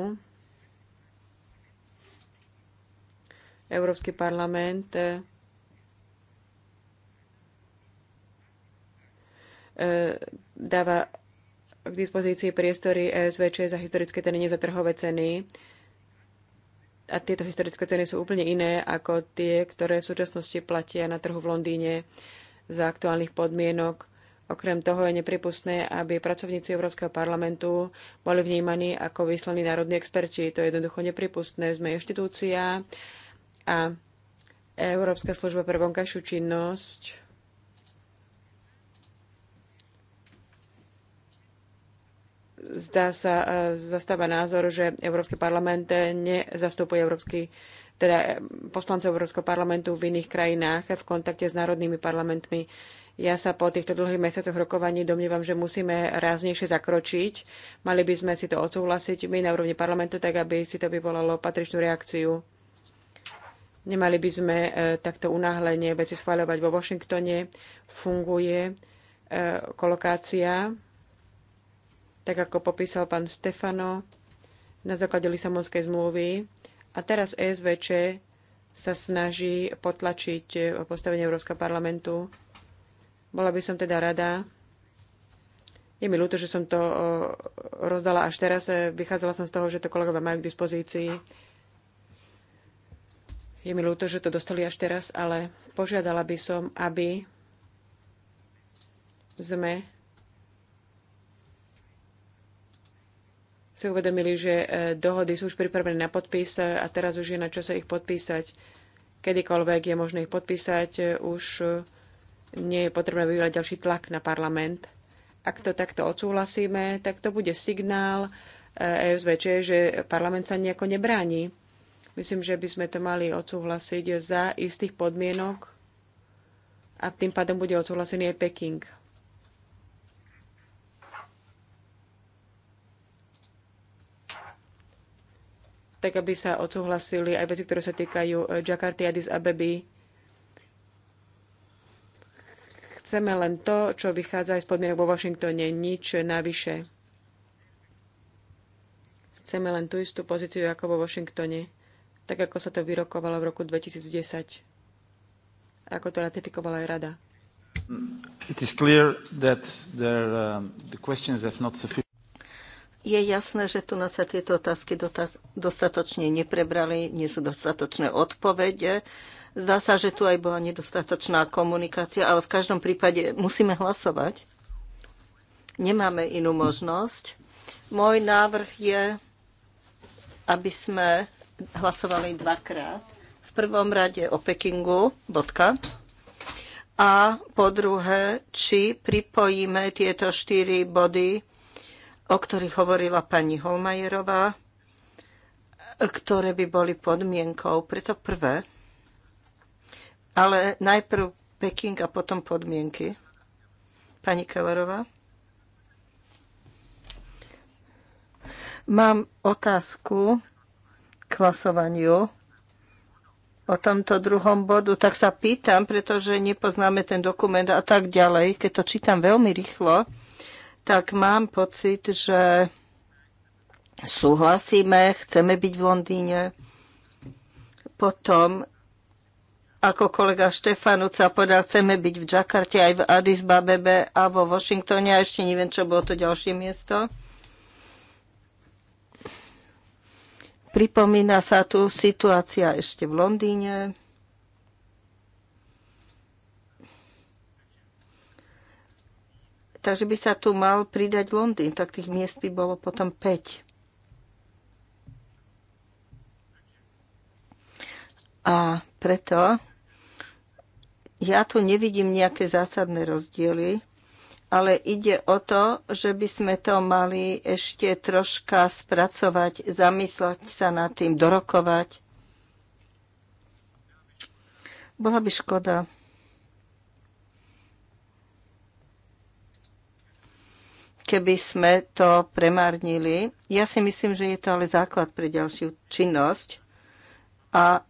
Európsky parlament e, dáva k dispozícii priestory ESVČ za historické ceny, nie za trhové ceny. A tieto historické ceny sú úplne iné ako tie, ktoré v súčasnosti platia na trhu v Londýne za aktuálnych podmienok. Okrem toho je nepripustné, aby pracovníci Európskeho parlamentu boli vnímaní ako výslední národní experti. To je jednoducho nepripustné. Sme inštitúcia a Európska služba pre vonkajšiu činnosť zdá sa, e, zastáva názor, že Európsky parlament nezastupuje Európsky, teda e, poslancov Európskeho parlamentu v iných krajinách v kontakte s národnými parlamentmi. Ja sa po týchto dlhých mesiacoch rokovaní domnievam, že musíme ráznejšie zakročiť. Mali by sme si to odsúhlasiť my na úrovni parlamentu, tak aby si to vyvolalo patričnú reakciu. Nemali by sme e, takto unáhlenie veci schváľovať vo Washingtone. Funguje e, kolokácia, tak ako popísal pán Stefano, na základe Lisabonskej zmluvy. A teraz ESVČ sa snaží potlačiť e, postavenie Európskeho parlamentu bola by som teda rada. Je mi ľúto, že som to rozdala až teraz. E, vychádzala som z toho, že to kolegovia majú k dispozícii. Je mi ľúto, že to dostali až teraz, ale požiadala by som, aby sme si uvedomili, že e, dohody sú už pripravené na podpis e, a teraz už je na čase ich podpísať. Kedykoľvek je možné ich podpísať, už nie je potrebné vyvíjať ďalší tlak na parlament. Ak to takto odsúhlasíme, tak to bude signál ESVČ, e že parlament sa nejako nebráni. Myslím, že by sme to mali odsúhlasiť za istých podmienok a tým pádom bude odsúhlasený aj Peking. tak aby sa odsúhlasili aj veci, ktoré sa týkajú Jakarty, Addis Abeby Chceme len to, čo vychádza aj z podmienok vo Washingtone, nič navyše. Chceme len tú istú pozíciu ako vo Washingtone, tak ako sa to vyrokovalo v roku 2010, ako to ratifikovala aj Rada. Hmm. It is clear that there, um, the questions have not sufficient je jasné, že tu nás sa tieto otázky dostatočne neprebrali, nie sú dostatočné odpovede. Zdá sa, že tu aj bola nedostatočná komunikácia, ale v každom prípade musíme hlasovať. Nemáme inú možnosť. Môj návrh je, aby sme hlasovali dvakrát. V prvom rade o Pekingu, bodka. A po druhé, či pripojíme tieto štyri body, o ktorých hovorila pani Holmajerová, ktoré by boli podmienkou. Preto prvé, ale najprv Peking a potom podmienky. Pani Kellerová. Mám otázku k hlasovaniu o tomto druhom bodu, tak sa pýtam, pretože nepoznáme ten dokument a tak ďalej. Keď to čítam veľmi rýchlo, tak mám pocit, že súhlasíme, chceme byť v Londýne. Potom ako kolega Štefanúca povedal, chceme byť v Džakarte aj v Addis Babebe a vo Washingtone. A ešte neviem, čo bolo to ďalšie miesto. Pripomína sa tu situácia ešte v Londýne. Takže by sa tu mal pridať Londýn, tak tých miest by bolo potom 5. A preto ja tu nevidím nejaké zásadné rozdiely, ale ide o to, že by sme to mali ešte troška spracovať, zamyslať sa nad tým, dorokovať. Bola by škoda. keby sme to premárnili. Ja si myslím, že je to ale základ pre ďalšiu činnosť a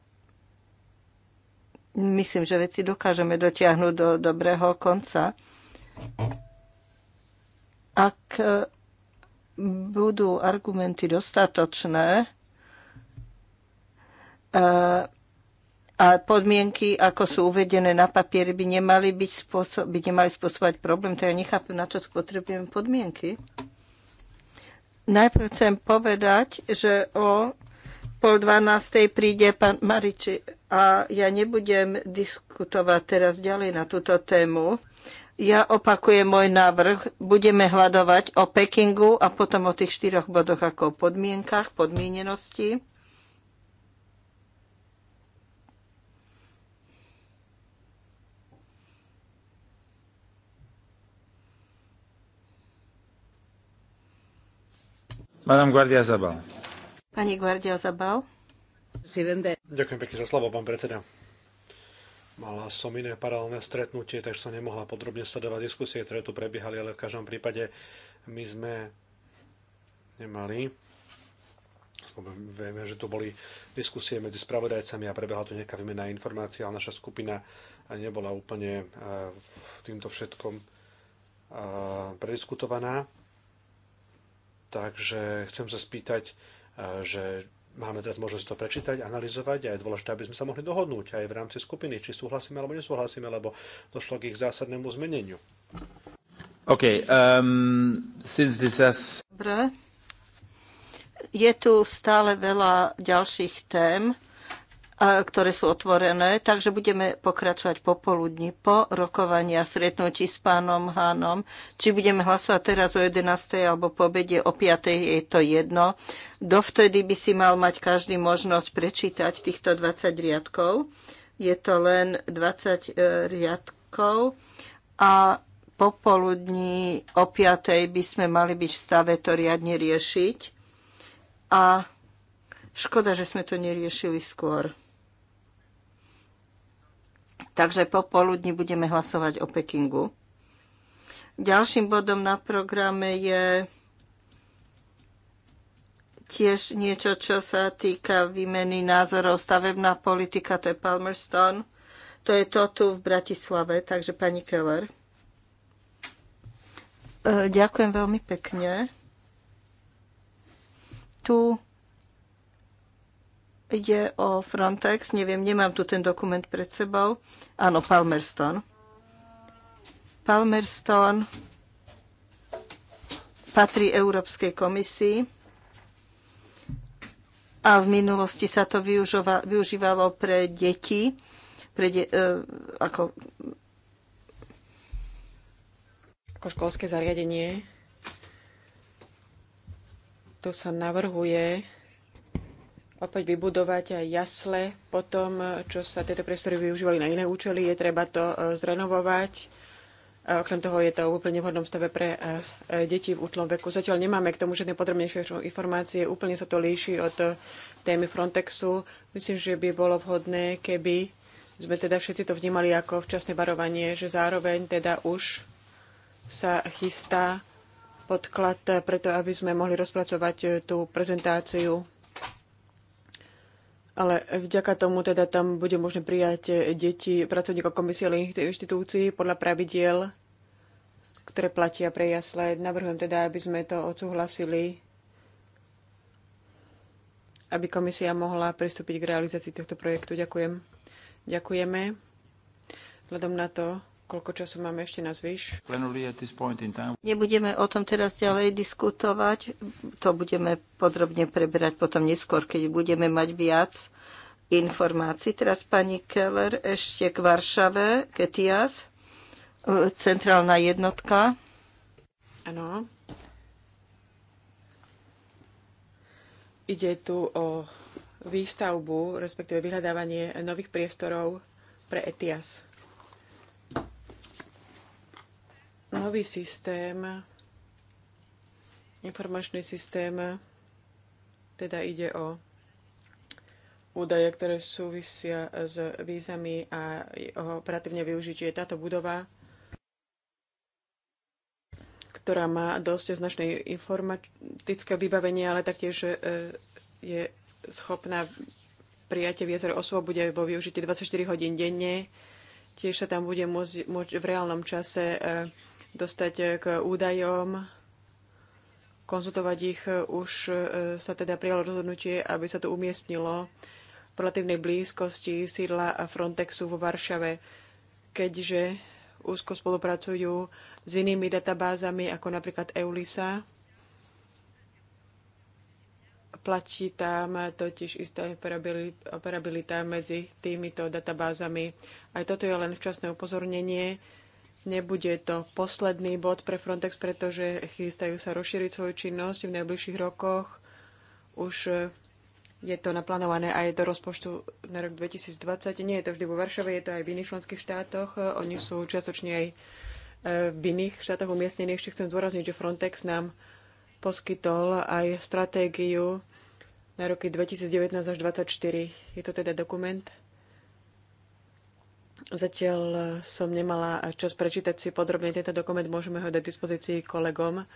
myslím, že veci dokážeme dotiahnuť do dobrého konca. Ak e, budú argumenty dostatočné e, a podmienky, ako sú uvedené na papieri, by nemali, byť spôsob, by nemali spôsobať problém, tak ja nechápem, na čo tu potrebujeme podmienky. Najprv chcem povedať, že o pol dvanástej príde pán Mariči a ja nebudem diskutovať teraz ďalej na túto tému. Ja opakujem môj návrh. Budeme hľadovať o Pekingu a potom o tých štyroch bodoch ako o podmienkach, podmienenosti. Madame Guardia Zabal. Pani Guardia Zabal. Ďakujem pekne za slovo, pán predseda. Mala som iné paralelné stretnutie, takže som nemohla podrobne sledovať diskusie, ktoré tu prebiehali, ale v každom prípade my sme nemali. Vieme, že tu boli diskusie medzi spravodajcami a prebehla tu nejaká výmena informácií, ale naša skupina nebola úplne e, v týmto všetkom e, prediskutovaná. Takže chcem sa spýtať, e, že Máme teraz možnosť to prečítať, analyzovať a je dôležité, aby sme sa mohli dohodnúť aj v rámci skupiny, či súhlasíme alebo nesúhlasíme, lebo došlo k ich zásadnému zmeneniu. OK. Um, since this has... Dobre. Je tu stále veľa ďalších tém ktoré sú otvorené, takže budeme pokračovať popoludní po rokovaní a stretnutí s pánom Hánom. Či budeme hlasovať teraz o 11. alebo po obede o 5. je to jedno. Dovtedy by si mal mať každý možnosť prečítať týchto 20 riadkov. Je to len 20 e, riadkov a popoludní o 5. by sme mali byť v stave to riadne riešiť. A škoda, že sme to neriešili skôr. Takže popoludní budeme hlasovať o Pekingu. Ďalším bodom na programe je tiež niečo, čo sa týka výmeny názorov stavebná politika, to je Palmerston. To je to tu v Bratislave, takže pani Keller. E, ďakujem veľmi pekne. Tu ide o Frontex, neviem, nemám tu ten dokument pred sebou. Áno, Palmerston. Palmerston patrí Európskej komisii a v minulosti sa to využívalo pre deti, pre de, e, ako, ako školské zariadenie. To sa navrhuje opäť vybudovať aj jasle. Po tom, čo sa tieto priestory využívali na iné účely, je treba to e, zrenovovať. A okrem toho je to v úplne vhodnom stave pre e, e, deti v útlom veku. Zatiaľ nemáme k tomu žiadne podrobnejšie informácie. Úplne sa to líši od témy Frontexu. Myslím, že by bolo vhodné, keby sme teda všetci to vnímali ako včasné varovanie, že zároveň teda už sa chystá podklad preto, aby sme mohli rozpracovať tú prezentáciu ale vďaka tomu teda tam bude možné prijať eh, deti, pracovníkov komisie inštitúcií podľa pravidiel, ktoré platia pre jasle. Navrhujem teda, aby sme to odsúhlasili, aby komisia mohla pristúpiť k realizácii tohto projektu. Ďakujem. Ďakujeme. Vzhľadom na to, Koľko času máme ešte na zvyš? Nebudeme o tom teraz ďalej diskutovať. To budeme podrobne preberať potom neskôr, keď budeme mať viac informácií. Teraz pani Keller ešte k Varšave, Ketias, centrálna jednotka. Áno. Ide tu o výstavbu, respektíve vyhľadávanie nových priestorov pre ETIAS. nový systém, informačný systém, teda ide o údaje, ktoré súvisia s vízami a jeho operatívne využitie. Táto budova, ktorá má dosť značné informatické vybavenie, ale taktiež e, je schopná prijatie viacero osôb, bude vo využití 24 hodín denne. Tiež sa tam bude môcť, môcť v reálnom čase e, dostať eh, k údajom, konzultovať ich. Už eh, sa teda prijalo rozhodnutie, aby sa to umiestnilo v relatívnej blízkosti sídla Frontexu vo Varšave, keďže úzko spolupracujú s inými databázami, ako napríklad EULISA. Platí tam totiž istá operabilita medzi týmito databázami. Aj toto je len včasné upozornenie Nebude to posledný bod pre Frontex, pretože chystajú sa rozšíriť svoju činnosť v najbližších rokoch. Už e, je to naplánované aj do rozpočtu na rok 2020. Nie je to vždy vo Varšave, je to aj v iných členských štátoch. E, oni sú čiastočne aj e, v iných štátoch umiestnení. Ešte chcem zdôrazniť, že Frontex nám poskytol aj stratégiu na roky 2019 až 2024. Je to teda dokument, Zatiaľ eh, som nemala eh, čas prečítať si podrobne tento dokument, môžeme ho dať dispozícii kolegom.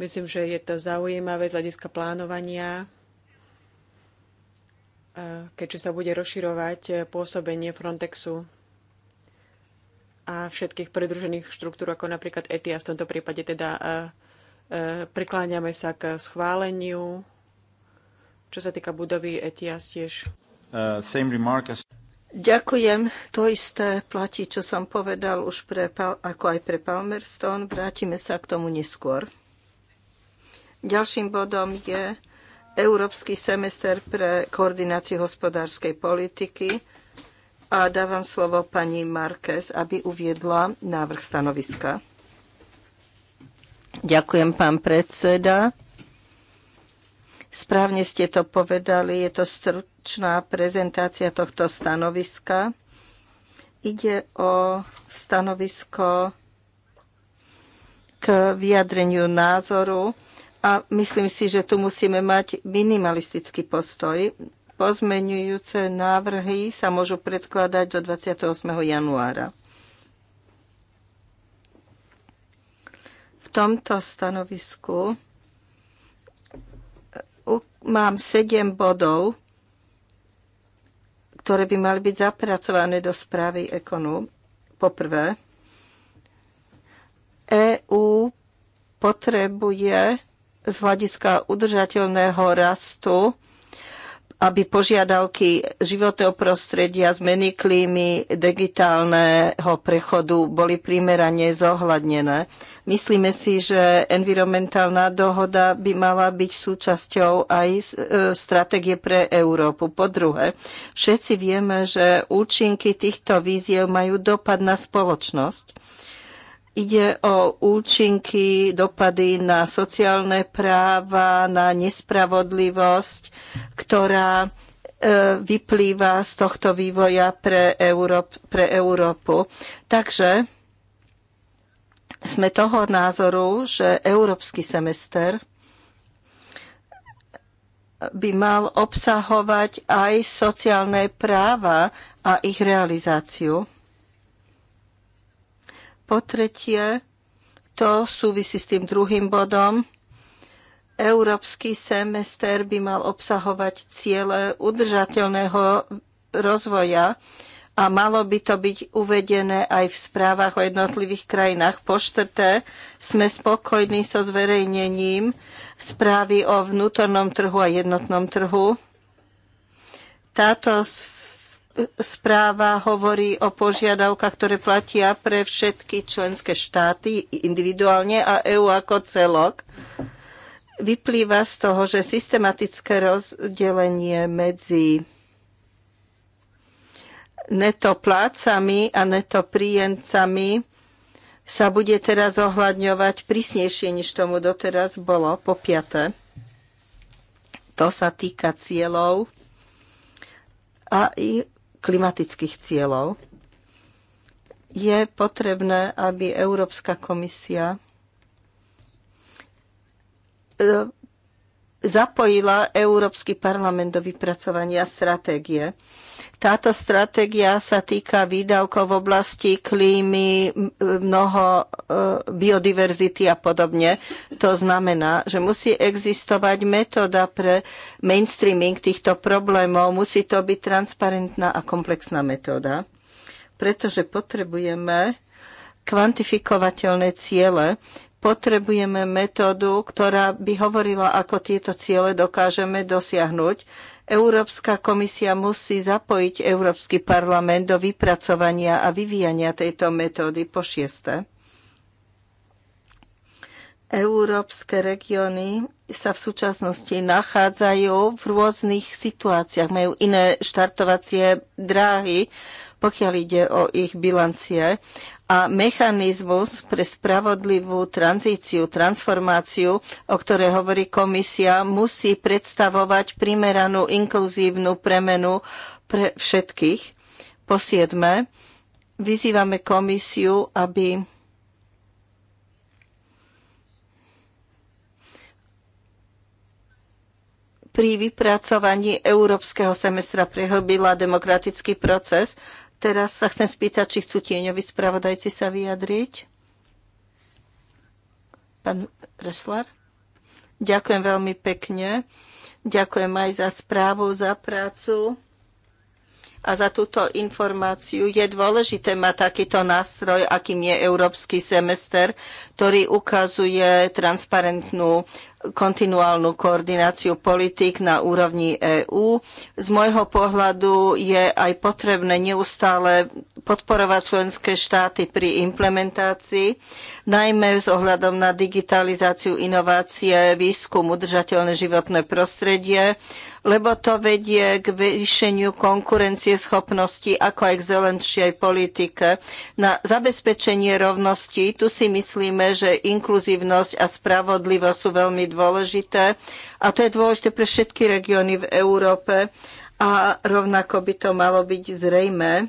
Myslím, že je to zaujímavé z hľadiska plánovania, eh, keďže sa bude rozširovať pôsobenie Frontexu a všetkých pridružených štruktúr, ako napríklad ETIAS v tomto prípade. Teda prikláňame sa k schváleniu, čo sa týka budovy ETIAS tiež. Uh, Ďakujem. To isté platí, čo som povedal už pre, ako aj pre Palmerston. Vrátime sa k tomu neskôr. Ďalším bodom je Európsky semester pre koordináciu hospodárskej politiky a dávam slovo pani Marquez, aby uviedla návrh stanoviska. Ďakujem, pán predseda. Správne ste to povedali, je to stručná prezentácia tohto stanoviska. Ide o stanovisko k vyjadreniu názoru a myslím si, že tu musíme mať minimalistický postoj. Pozmenujúce návrhy sa môžu predkladať do 28. januára. V tomto stanovisku mám 7 bodov, ktoré by mali byť zapracované do správy Ekonu. Poprvé, EÚ potrebuje z hľadiska udržateľného rastu aby požiadavky životného prostredia, zmeny klímy, digitálneho prechodu boli primerane zohľadnené. Myslíme si, že environmentálna dohoda by mala byť súčasťou aj e, stratégie pre Európu. Po druhé, všetci vieme, že účinky týchto víziev majú dopad na spoločnosť Ide o účinky, dopady na sociálne práva, na nespravodlivosť, ktorá e, vyplýva z tohto vývoja pre, Európ, pre Európu. Takže sme toho názoru, že európsky semester by mal obsahovať aj sociálne práva a ich realizáciu. Po tretie, to súvisí s tým druhým bodom, Európsky semester by mal obsahovať ciele udržateľného rozvoja a malo by to byť uvedené aj v správach o jednotlivých krajinách. Po štvrté, sme spokojní so zverejnením správy o vnútornom trhu a jednotnom trhu. Táto sféra správa hovorí o požiadavkách, ktoré platia pre všetky členské štáty individuálne a EÚ ako celok. Vyplýva z toho, že systematické rozdelenie medzi netoplácami a príjemcami sa bude teraz ohľadňovať prísnejšie, než tomu doteraz bolo, po piaté. To sa týka cieľov a klimatických cieľov. Je potrebné, aby Európska komisia e, zapojila Európsky parlament do vypracovania stratégie. Táto stratégia sa týka výdavkov v oblasti klímy, mnoho e, biodiverzity a podobne. To znamená, že musí existovať metóda pre mainstreaming týchto problémov. Musí to byť transparentná a komplexná metóda, pretože potrebujeme kvantifikovateľné ciele, potrebujeme metódu, ktorá by hovorila, ako tieto ciele dokážeme dosiahnuť. Európska komisia musí zapojiť Európsky parlament do vypracovania a vyvíjania tejto metódy po šieste. Európske regióny sa v súčasnosti nachádzajú v rôznych situáciách, majú iné štartovacie dráhy, pokiaľ ide o ich bilancie a mechanizmus pre spravodlivú tranzíciu, transformáciu, o ktorej hovorí komisia, musí predstavovať primeranú inkluzívnu premenu pre všetkých. Po siedme, vyzývame komisiu, aby pri vypracovaní európskeho semestra prehlbila demokratický proces teraz sa chcem spýtať, či chcú tieňoví spravodajci sa vyjadriť. Pán Reslar? Ďakujem veľmi pekne. Ďakujem aj za správu, za prácu a za túto informáciu. Je dôležité mať takýto nástroj, akým je Európsky semester, ktorý ukazuje transparentnú kontinuálnu koordináciu politik na úrovni EÚ. Z môjho pohľadu je aj potrebné neustále podporovať členské štáty pri implementácii, najmä s ohľadom na digitalizáciu, inovácie, výskum, udržateľné životné prostredie, lebo to vedie k vyšeniu konkurencie schopnosti, ako aj k zelenšej politike. Na zabezpečenie rovnosti, tu si myslíme, že inkluzívnosť a spravodlivosť sú veľmi dôležité a to je dôležité pre všetky regióny v Európe a rovnako by to malo byť zrejme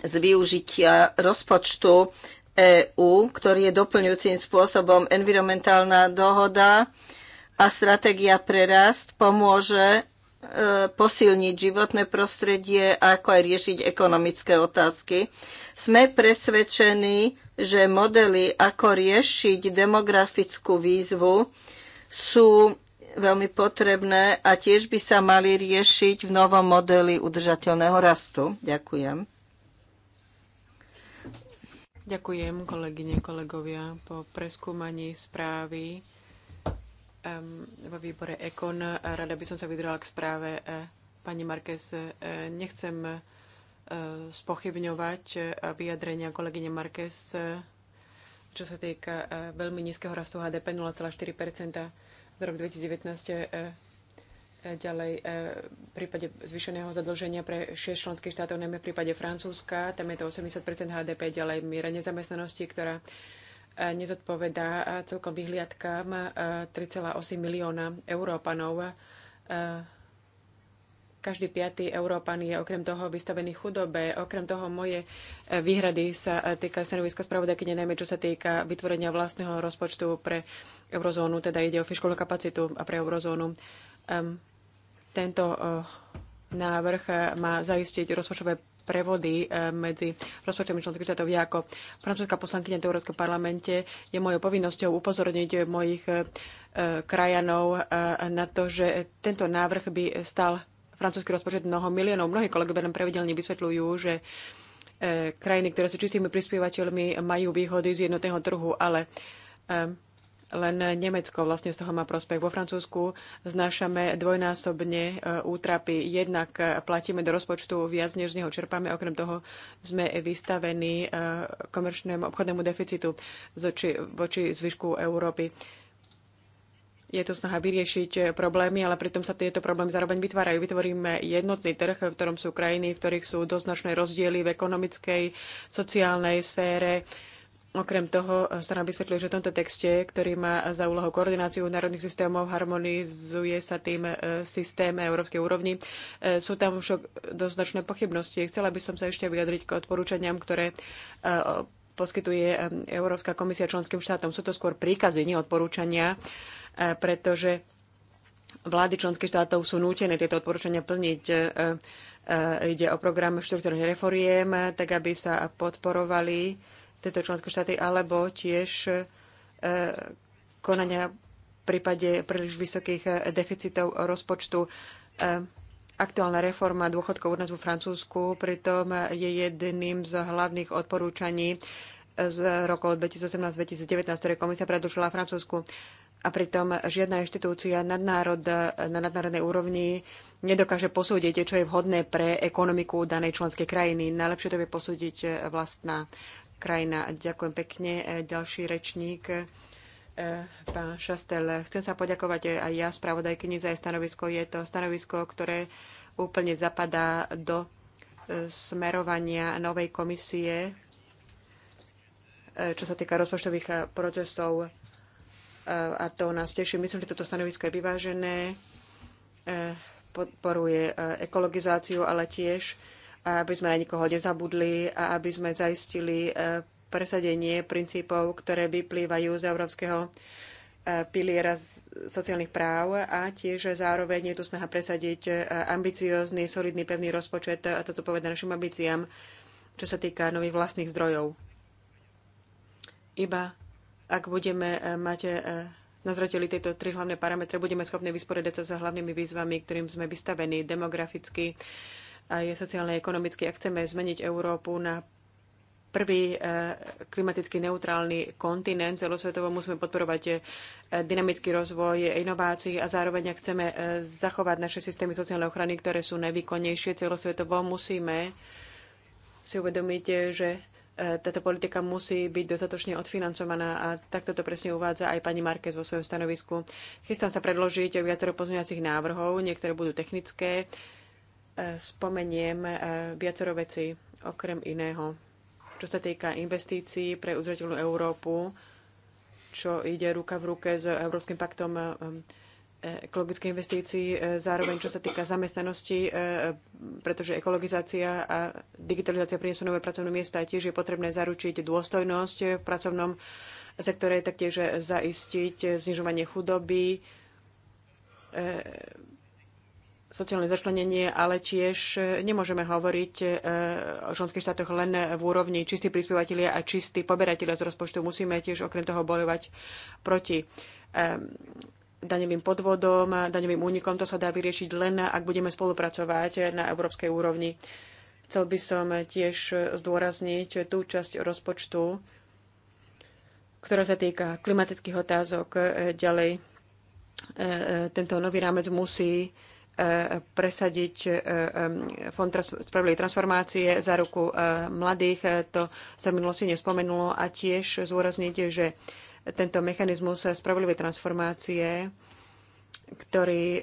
z využitia rozpočtu EÚ, ktorý je doplňujúcim spôsobom environmentálna dohoda, a stratégia pre rast pomôže e, posilniť životné prostredie a ako aj riešiť ekonomické otázky. Sme presvedčení, že modely, ako riešiť demografickú výzvu, sú veľmi potrebné a tiež by sa mali riešiť v novom modeli udržateľného rastu. Ďakujem. Ďakujem, kolegyne, kolegovia. Po preskúmaní správy vo výbore EKON. Eh, rada by som sa vydrala k správe eh, pani Marquez. Eh, nechcem spochybňovať vyjadrenia kolegyne Marquez, čo sa týka veľmi nízkeho rastu HDP 0,4 za rok 2019 ďalej v prípade zvýšeného zadlženia pre 6 členských štátov, najmä v prípade Francúzska, tam je to 80 HDP, ďalej miera nezamestnanosti, ktorá nezodpovedá celkom vyhliadkám 3,8 milióna Európanov. Každý piatý Európan je okrem toho vystavený chudobe. Okrem toho moje e, výhrady sa e, týka stanoviska spravodajkyne, najmä čo sa týka vytvorenia vlastného rozpočtu pre eurozónu, teda ide o fiskálnu kapacitu a pre eurozónu. Tento e, návrh má zaistiť rozpočtové prevody e, medzi rozpočtami členských štátov. Ja ako francúzska poslankyňa v Európskom parlamente je mojou povinnosťou upozorniť mojich e, krajanov e, na to, že tento návrh by stal francúzsky rozpočet mnoho miliónov. Mnohí kolegovia nám pravidelne vysvetľujú, že krajiny, ktoré sú čistými prispievateľmi, majú výhody z jednotného trhu, ale len Nemecko vlastne z toho má prospech. Vo Francúzsku znášame dvojnásobne e, útrapy. Jednak platíme do rozpočtu viac, než z neho čerpáme. Okrem toho sme vystavení e, komerčnému obchodnému deficitu voči zvyšku Európy. Je to snaha vyriešiť problémy, ale pritom sa tieto problémy zároveň vytvárajú. Vytvoríme jednotný trh, v ktorom sú krajiny, v ktorých sú doznačné rozdiely v ekonomickej, sociálnej sfére Okrem toho eh, sa nám vysvetľuje, že v tomto texte, ktorý má za úlohu koordináciu národných systémov, harmonizuje sa tým eh, systém európskej úrovni. Eh, sú tam však doznačné pochybnosti. Chcela by som sa ešte vyjadriť k odporúčaniam, ktoré poskytuje Európska komisia členským štátom. Sú to skôr príkazy, nie odporúčania, pretože vlády členských štátov sú nútené tieto odporúčania plniť. Ide o program štruktúrnych reforiem, tak aby sa podporovali tieto členské štáty, alebo tiež e, konania v prípade príliš vysokých e, deficitov rozpočtu. E, aktuálna reforma dôchodkov u nás vo Francúzsku pritom je jedným z hlavných odporúčaní z rokov 2018-2019, ktoré komisia predlžila Francúzsku. A pritom žiadna inštitúcia nadnárod, na nadnárodnej úrovni nedokáže posúdiť, čo je vhodné pre ekonomiku danej členskej krajiny. Najlepšie to vie posúdiť vlastná krajina. Ďakujem pekne. E, ďalší rečník, e, pán Šastel. Chcem sa poďakovať e, aj ja spravodajkyni za jej stanovisko. Je to stanovisko, ktoré úplne zapadá do smerovania novej komisie, čo sa týka rozpočtových procesov a to nás teší. Myslím, že toto stanovisko je vyvážené, podporuje ekologizáciu, ale tiež aby sme na nikoho nezabudli a aby sme zaistili e, presadenie princípov, ktoré vyplývajú z európskeho e, piliera sociálnych práv a tiež zároveň je tu snaha presadiť e, ambiciózny, solidný, pevný rozpočet a toto povedať našim ambíciám, čo sa týka nových vlastných zdrojov. Iba ak budeme mať na zreteli tieto tri hlavné parametre, budeme schopní vysporiadať sa s hlavnými výzvami, ktorým sme vystavení demograficky, aj sociálne a ekonomicky. Ak chceme zmeniť Európu na prvý eh, klimaticky neutrálny kontinent celosvetovo, musíme podporovať eh, dynamický rozvoj inovácií a zároveň, ak chceme eh, zachovať naše systémy sociálnej ochrany, ktoré sú najvýkonnejšie celosvetovo, musíme si uvedomiť, že táto politika musí byť dostatočne odfinancovaná a takto to presne uvádza aj pani Marquez vo svojom stanovisku. Chystám sa predložiť viacero pozmeňovacích návrhov, niektoré budú technické, spomeniem e, viacero veci, okrem iného. Čo sa týka investícií pre uzrateľnú Európu, čo ide ruka v ruke s Európskym paktom e, e, ekologických investícií, zároveň čo sa týka zamestnanosti, pretože ekologizácia a digitalizácia prinesú nové pracovné miesta a tiež je potrebné zaručiť dôstojnosť v pracovnom sektore, taktiež zaistiť znižovanie chudoby, sociálne začlenenie, ale tiež e, nemôžeme hovoriť e, o členských štátoch len v úrovni čistí prispievateľia a čistí poberatelia z rozpočtu. Musíme tiež okrem toho bojovať proti daňovým podvodom, daňovým únikom. To sa dá vyriešiť len, ak budeme spolupracovať na európskej úrovni. Chcel by som tiež zdôrazniť tú časť rozpočtu, ktorá sa týka klimatických otázok e, ďalej. Tento nový rámec musí Eh, presadiť eh, eh, Fond spravodlivej transformácie za ruku mladých. To sa v minulosti nespomenulo a tiež zúrazniť, že tento mechanizmus spravodlivej transformácie, ktorý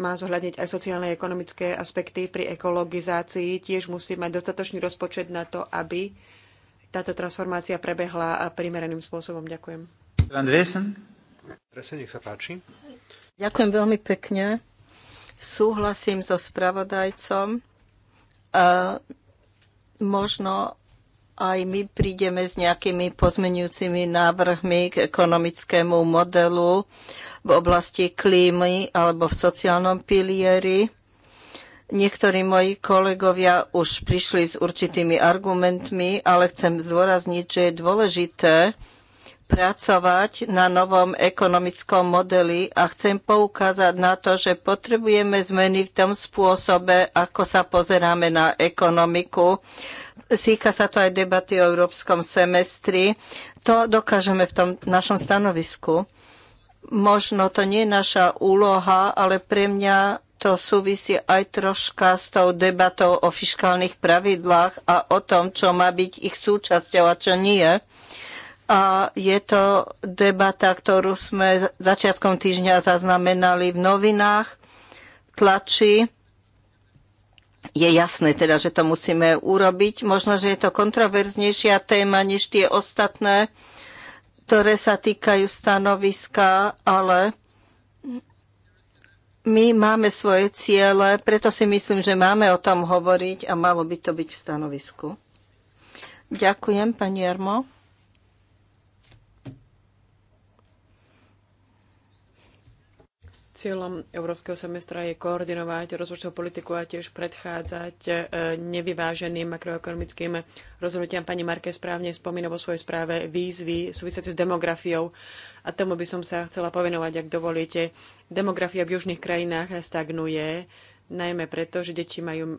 má zohľadniť aj sociálne a ekonomické aspekty pri ekologizácii, tiež musí mať dostatočný rozpočet na to, aby táto transformácia prebehla primeraným spôsobom. Ďakujem. Andresen. Andresen, nech sa páči. Ďakujem veľmi pekne. Súhlasím so spravodajcom. E, možno aj my prídeme s nejakými pozmenujúcimi návrhmi k ekonomickému modelu v oblasti klímy alebo v sociálnom pilieri. Niektorí moji kolegovia už prišli s určitými argumentmi, ale chcem zdôrazniť, že je dôležité, pracovať na novom ekonomickom modeli a chcem poukázať na to, že potrebujeme zmeny v tom spôsobe, ako sa pozeráme na ekonomiku. Týka sa to aj debaty o európskom semestri. To dokážeme v tom našom stanovisku. Možno to nie je naša úloha, ale pre mňa to súvisí aj troška s tou debatou o fiskálnych pravidlách a o tom, čo má byť ich súčasťou a čo nie. je a je to debata, ktorú sme začiatkom týždňa zaznamenali v novinách, v tlači. Je jasné teda, že to musíme urobiť. Možno, že je to kontroverznejšia téma než tie ostatné, ktoré sa týkajú stanoviska, ale my máme svoje ciele, preto si myslím, že máme o tom hovoriť a malo by to byť v stanovisku. Ďakujem, pani Jarmo. Cieľom Európskeho semestra je koordinovať rozpočtovú politiku a tiež predchádzať e, nevyváženým makroekonomickým rozhodnutiam. Pani Marke správne spomína vo svojej správe výzvy súvisiace s demografiou a tomu by som sa chcela povenovať, ak dovolíte. Demografia v južných krajinách stagnuje, najmä preto, že deti majú, e,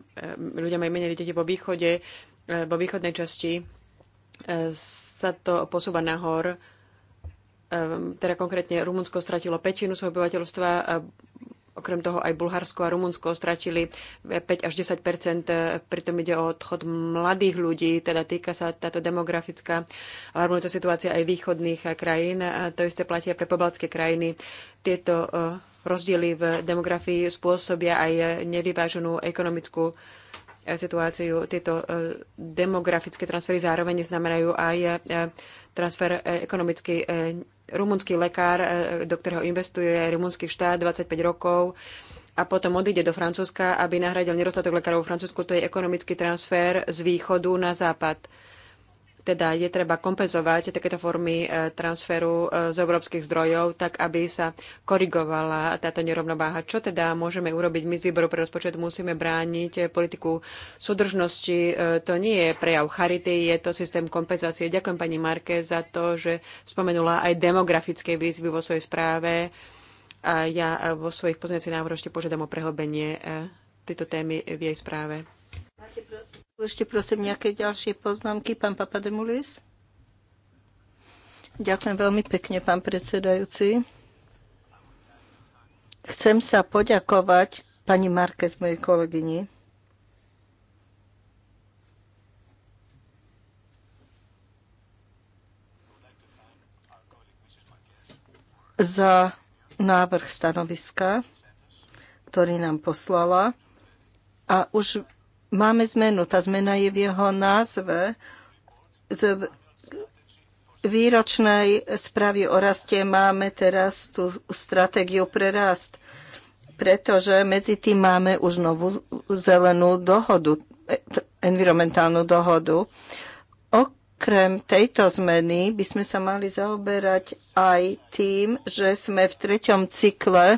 ľudia majú menej deti vo východe, e, vo východnej časti sa to posúva nahor Ehm, teda konkrétne Rumunsko stratilo petinu svojho obyvateľstva, ehm, okrem toho aj Bulharsko a Rumunsko stratili 5 eh, až 10 eh, pritom ide o odchod mladých ľudí, teda týka sa táto demografická alarmujúca situácia aj východných eh, krajín. A to isté platia pre pobaltské krajiny. Tieto rozdiely v demografii spôsobia aj nevyváženú ekonomickú situáciu. Tieto demografické transfery zároveň znamenajú aj transfer ekonomicky rumunský lekár, e, e, do ktorého investuje rumunský štát 25 rokov a potom odíde do Francúzska, aby nahradil nedostatok lekárov v Francúzsku, to je ekonomický transfer z východu na západ. Teda je treba kompenzovať takéto formy e, transferu e, z európskych zdrojov, tak aby sa korigovala táto nerovnováha. Čo teda môžeme urobiť? My z výboru pre rozpočet musíme brániť politiku súdržnosti. E, to nie je prejav charity, je to systém kompenzácie. Ďakujem pani Marke za to, že spomenula aj demografické výzvy vo svojej správe. A ja vo svojich pozmeňacích návrhoch ešte požiadam o prehlbenie tejto témy v jej správe. Máte ešte prosím nejaké ďalšie poznámky, pán Papademulis? Ďakujem veľmi pekne, pán predsedajúci. Chcem sa poďakovať pani Markez, mojej kolegyni. za návrh stanoviska, ktorý nám poslala. A už Máme zmenu. Tá zmena je v jeho názve z výročnej správy o raste máme teraz tú stratégiu pre rast, pretože medzi tým máme už novú zelenú dohodu, e, environmentálnu dohodu. Ok Okrem tejto zmeny by sme sa mali zaoberať aj tým, že sme v treťom cykle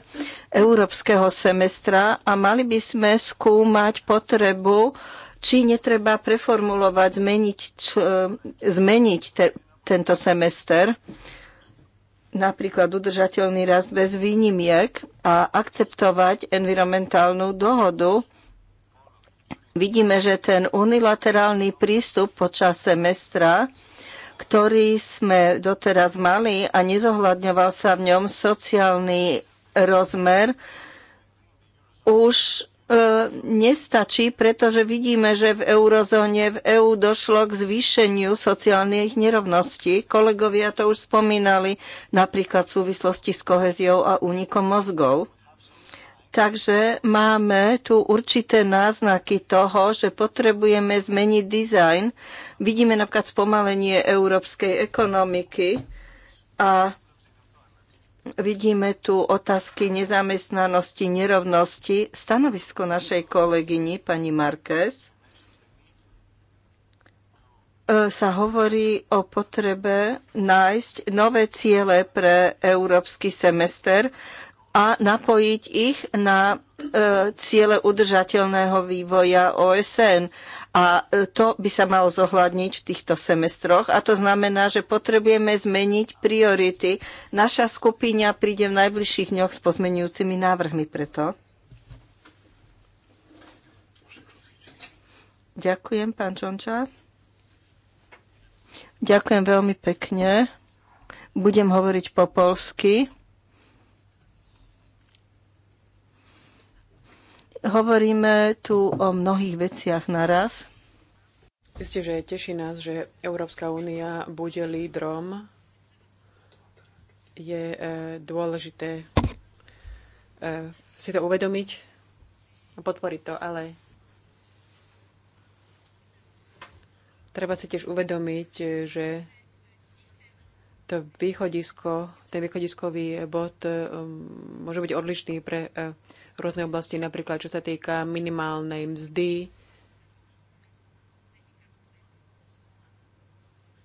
európskeho semestra a mali by sme skúmať potrebu, či netreba preformulovať, zmeniť, č, e, zmeniť te, tento semester napríklad udržateľný rast bez výnimiek a akceptovať environmentálnu dohodu, vidíme, že ten unilaterálny prístup počas semestra, ktorý sme doteraz mali a nezohľadňoval sa v ňom sociálny rozmer, už e, nestačí, pretože vidíme, že v eurozóne v EÚ došlo k zvýšeniu sociálnych nerovností. Kolegovia to už spomínali, napríklad v súvislosti s koheziou a únikom mozgov. Takže máme tu určité náznaky toho, že potrebujeme zmeniť dizajn. Vidíme napríklad spomalenie európskej ekonomiky a vidíme tu otázky nezamestnanosti, nerovnosti. Stanovisko našej kolegyni, pani Marquez, e, sa hovorí o potrebe nájsť nové ciele pre európsky semester, a napojiť ich na e, ciele udržateľného vývoja OSN. A e, to by sa malo zohľadniť v týchto semestroch. A to znamená, že potrebujeme zmeniť priority. Naša skupina príde v najbližších dňoch s pozmenujúcimi návrhmi preto. Ďakujem, pán Čonča. Ďakujem veľmi pekne. Budem hovoriť po polsky. Hovoríme tu o mnohých veciach naraz. Isté, že teší nás, že Európska únia bude lídrom. Je e, dôležité e, si to uvedomiť a podporiť to, ale treba si tiež uvedomiť, že to východisko, ten východiskový bod e, môže byť odlišný pre e, rôzne oblasti, napríklad čo sa týka minimálnej mzdy,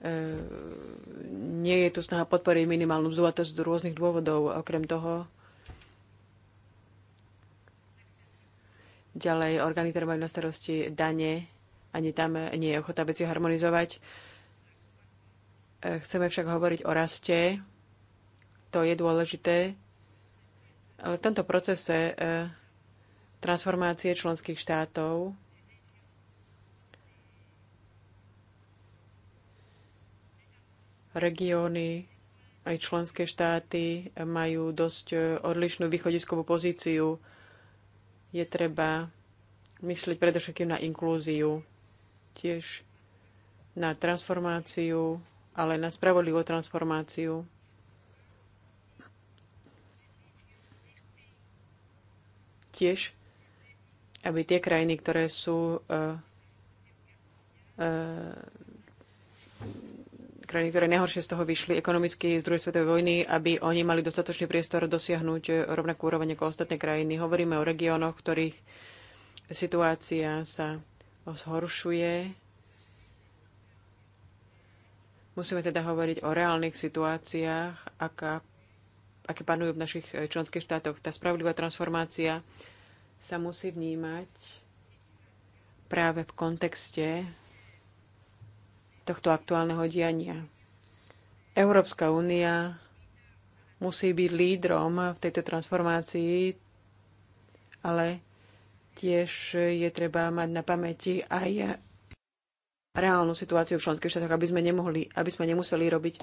e, nie je tu snaha podporiť minimálnu mzdu a to z rôznych dôvodov. Okrem toho, ďalej orgány, ktoré majú na starosti dane, ani tam nie je ochota veci harmonizovať. E, chceme však hovoriť o raste. To je dôležité. Ale v tomto procese e, transformácie členských štátov regióny aj členské štáty majú dosť e, odlišnú východiskovú pozíciu. Je treba myslieť predovšetkým na inklúziu, tiež na transformáciu, ale na spravodlivú transformáciu. taktiež, aby tie krajiny, ktoré sú uh, uh, krajiny, ktoré najhoršie z toho vyšli ekonomicky z druhej svetovej vojny, aby oni mali dostatočný priestor dosiahnuť rovnakú úroveň ako ostatné krajiny. Hovoríme o regiónoch, ktorých situácia sa zhoršuje. Musíme teda hovoriť o reálnych situáciách, aká, aké panujú v našich členských štátoch. Tá spravodlivá transformácia sa musí vnímať práve v kontexte tohto aktuálneho diania. Európska únia musí byť lídrom v tejto transformácii, ale tiež je treba mať na pamäti aj reálnu situáciu v členských štátoch, aby sme, nemohli, aby sme nemuseli robiť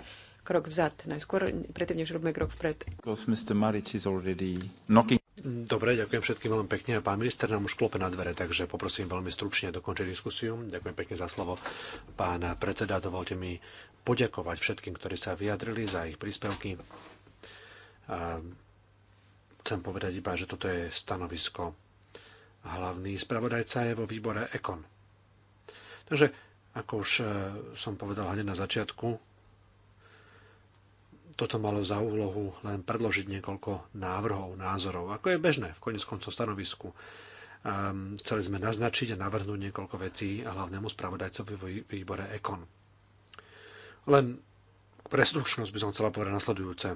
krok vzad. Najskôr, predtým, než robíme krok vpred. Dobre, ďakujem všetkým veľmi pekne. Pán minister nám už klope na dvere, takže poprosím veľmi stručne dokončiť diskusiu. Ďakujem pekne za slovo. Pán predseda, dovolte mi poďakovať všetkým, ktorí sa vyjadrili za ich príspevky. A chcem povedať iba, že toto je stanovisko. Hlavný spravodajca je vo výbore EKON. Takže, ako už e, som povedal hneď na začiatku, toto malo za úlohu len predložiť niekoľko návrhov, názorov, ako je bežné v konec koncov stanovisku. Um, chceli sme naznačiť a navrhnúť niekoľko vecí hlavnému spravodajcovi v výbore EKON. Len pre stručnosť by som chcela povedať nasledujúce.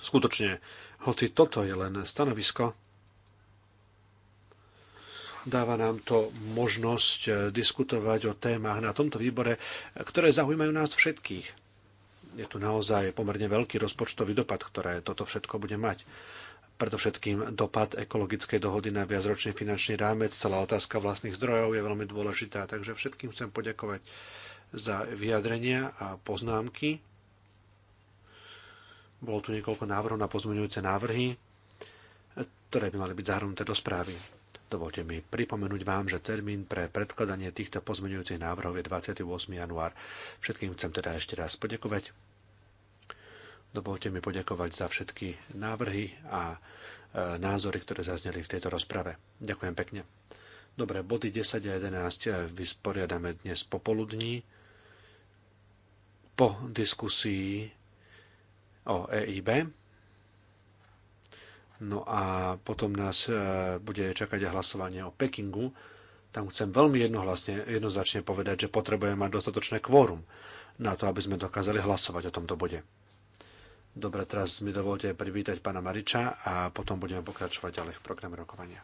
Skutočne, hoci toto je len stanovisko, dáva nám to možnosť eh, diskutovať o témach na tomto výbore, ktoré zaujímajú nás všetkých je tu naozaj pomerne veľký rozpočtový dopad, ktoré toto všetko bude mať. Predovšetkým dopad ekologickej dohody na viacročný finančný rámec, celá otázka vlastných zdrojov je veľmi dôležitá, takže všetkým chcem poďakovať za vyjadrenia a poznámky. Bolo tu niekoľko návrhov na pozmeňujúce návrhy, ktoré by mali byť zahrnuté do správy. Dovolte mi pripomenúť vám, že termín pre predkladanie týchto pozmeňujúcich návrhov je 28. január. Všetkým chcem teda ešte raz poďakovať. Dovolte mi poďakovať za všetky návrhy a e, názory, ktoré zazneli v tejto rozprave. Ďakujem pekne. Dobre, body 10 a 11 e, vysporiadame dnes popoludní po diskusii o EIB No a potom nás e, bude čakať hlasovanie o Pekingu. Tam chcem veľmi jednohlasne, jednoznačne povedať, že potrebujeme mať dostatočné kvórum na to, aby sme dokázali hlasovať o tomto bode. Dobre, teraz mi dovolte privítať pána Mariča a potom budeme pokračovať ďalej v programe rokovania.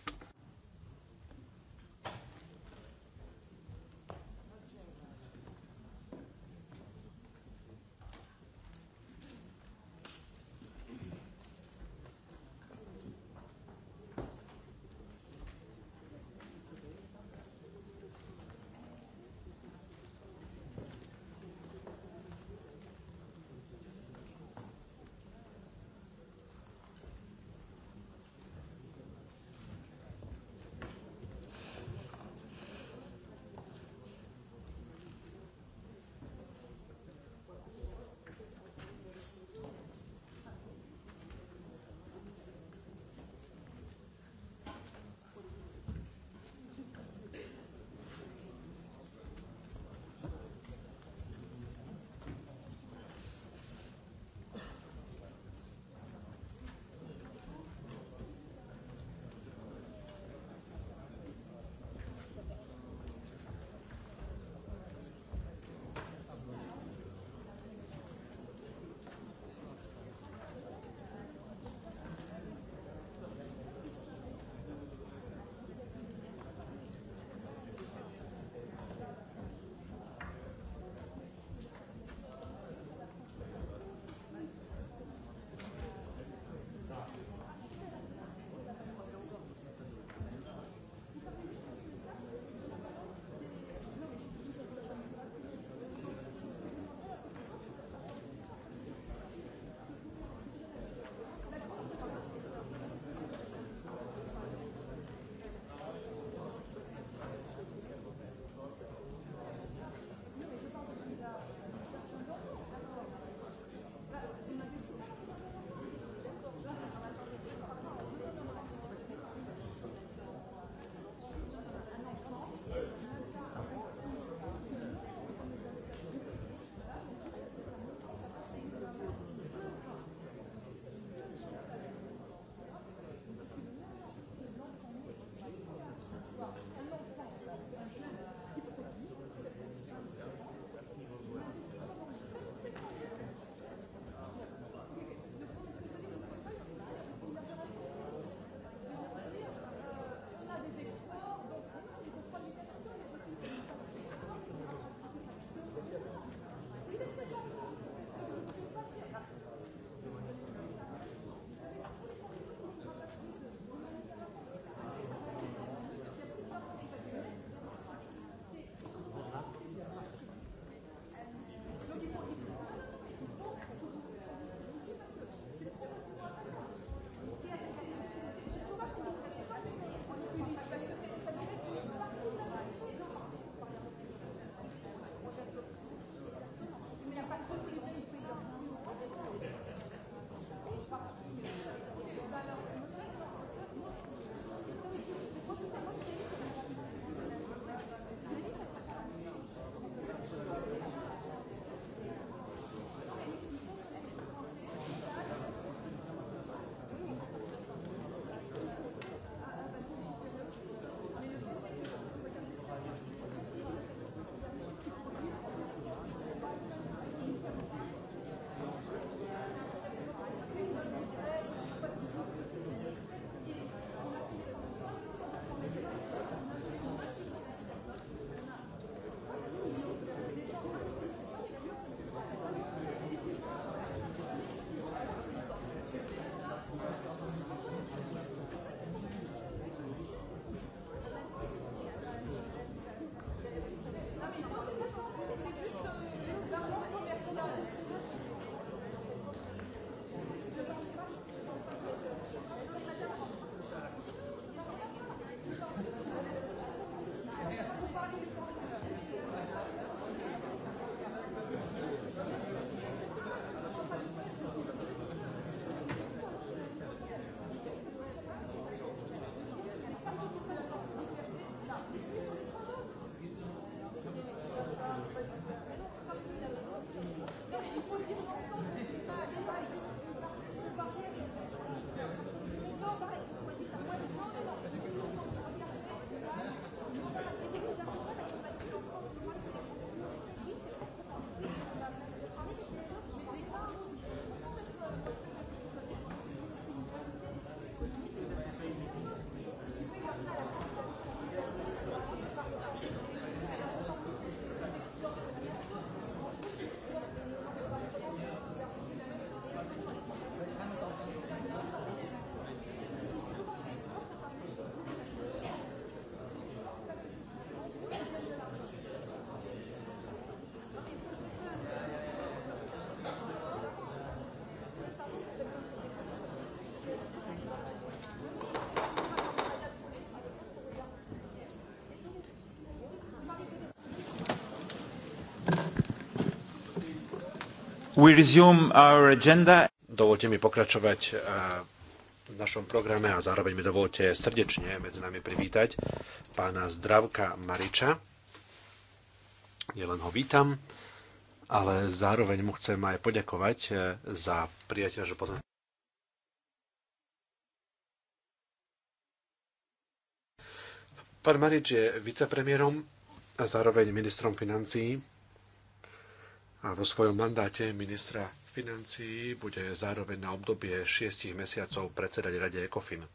We resume our agenda. Dovolte mi pokračovať eh, v našom programe a zároveň mi dovolte srdečne medzi nami privítať pána Zdravka Mariča. len ho vítam, ale zároveň mu chcem aj poďakovať eh, za prijatie nášho pozvania. Pán Marič je vicepremierom a zároveň ministrom financií a vo svojom mandáte ministra financií bude zároveň na obdobie 6 mesiacov predsedať Rade ECOFIN.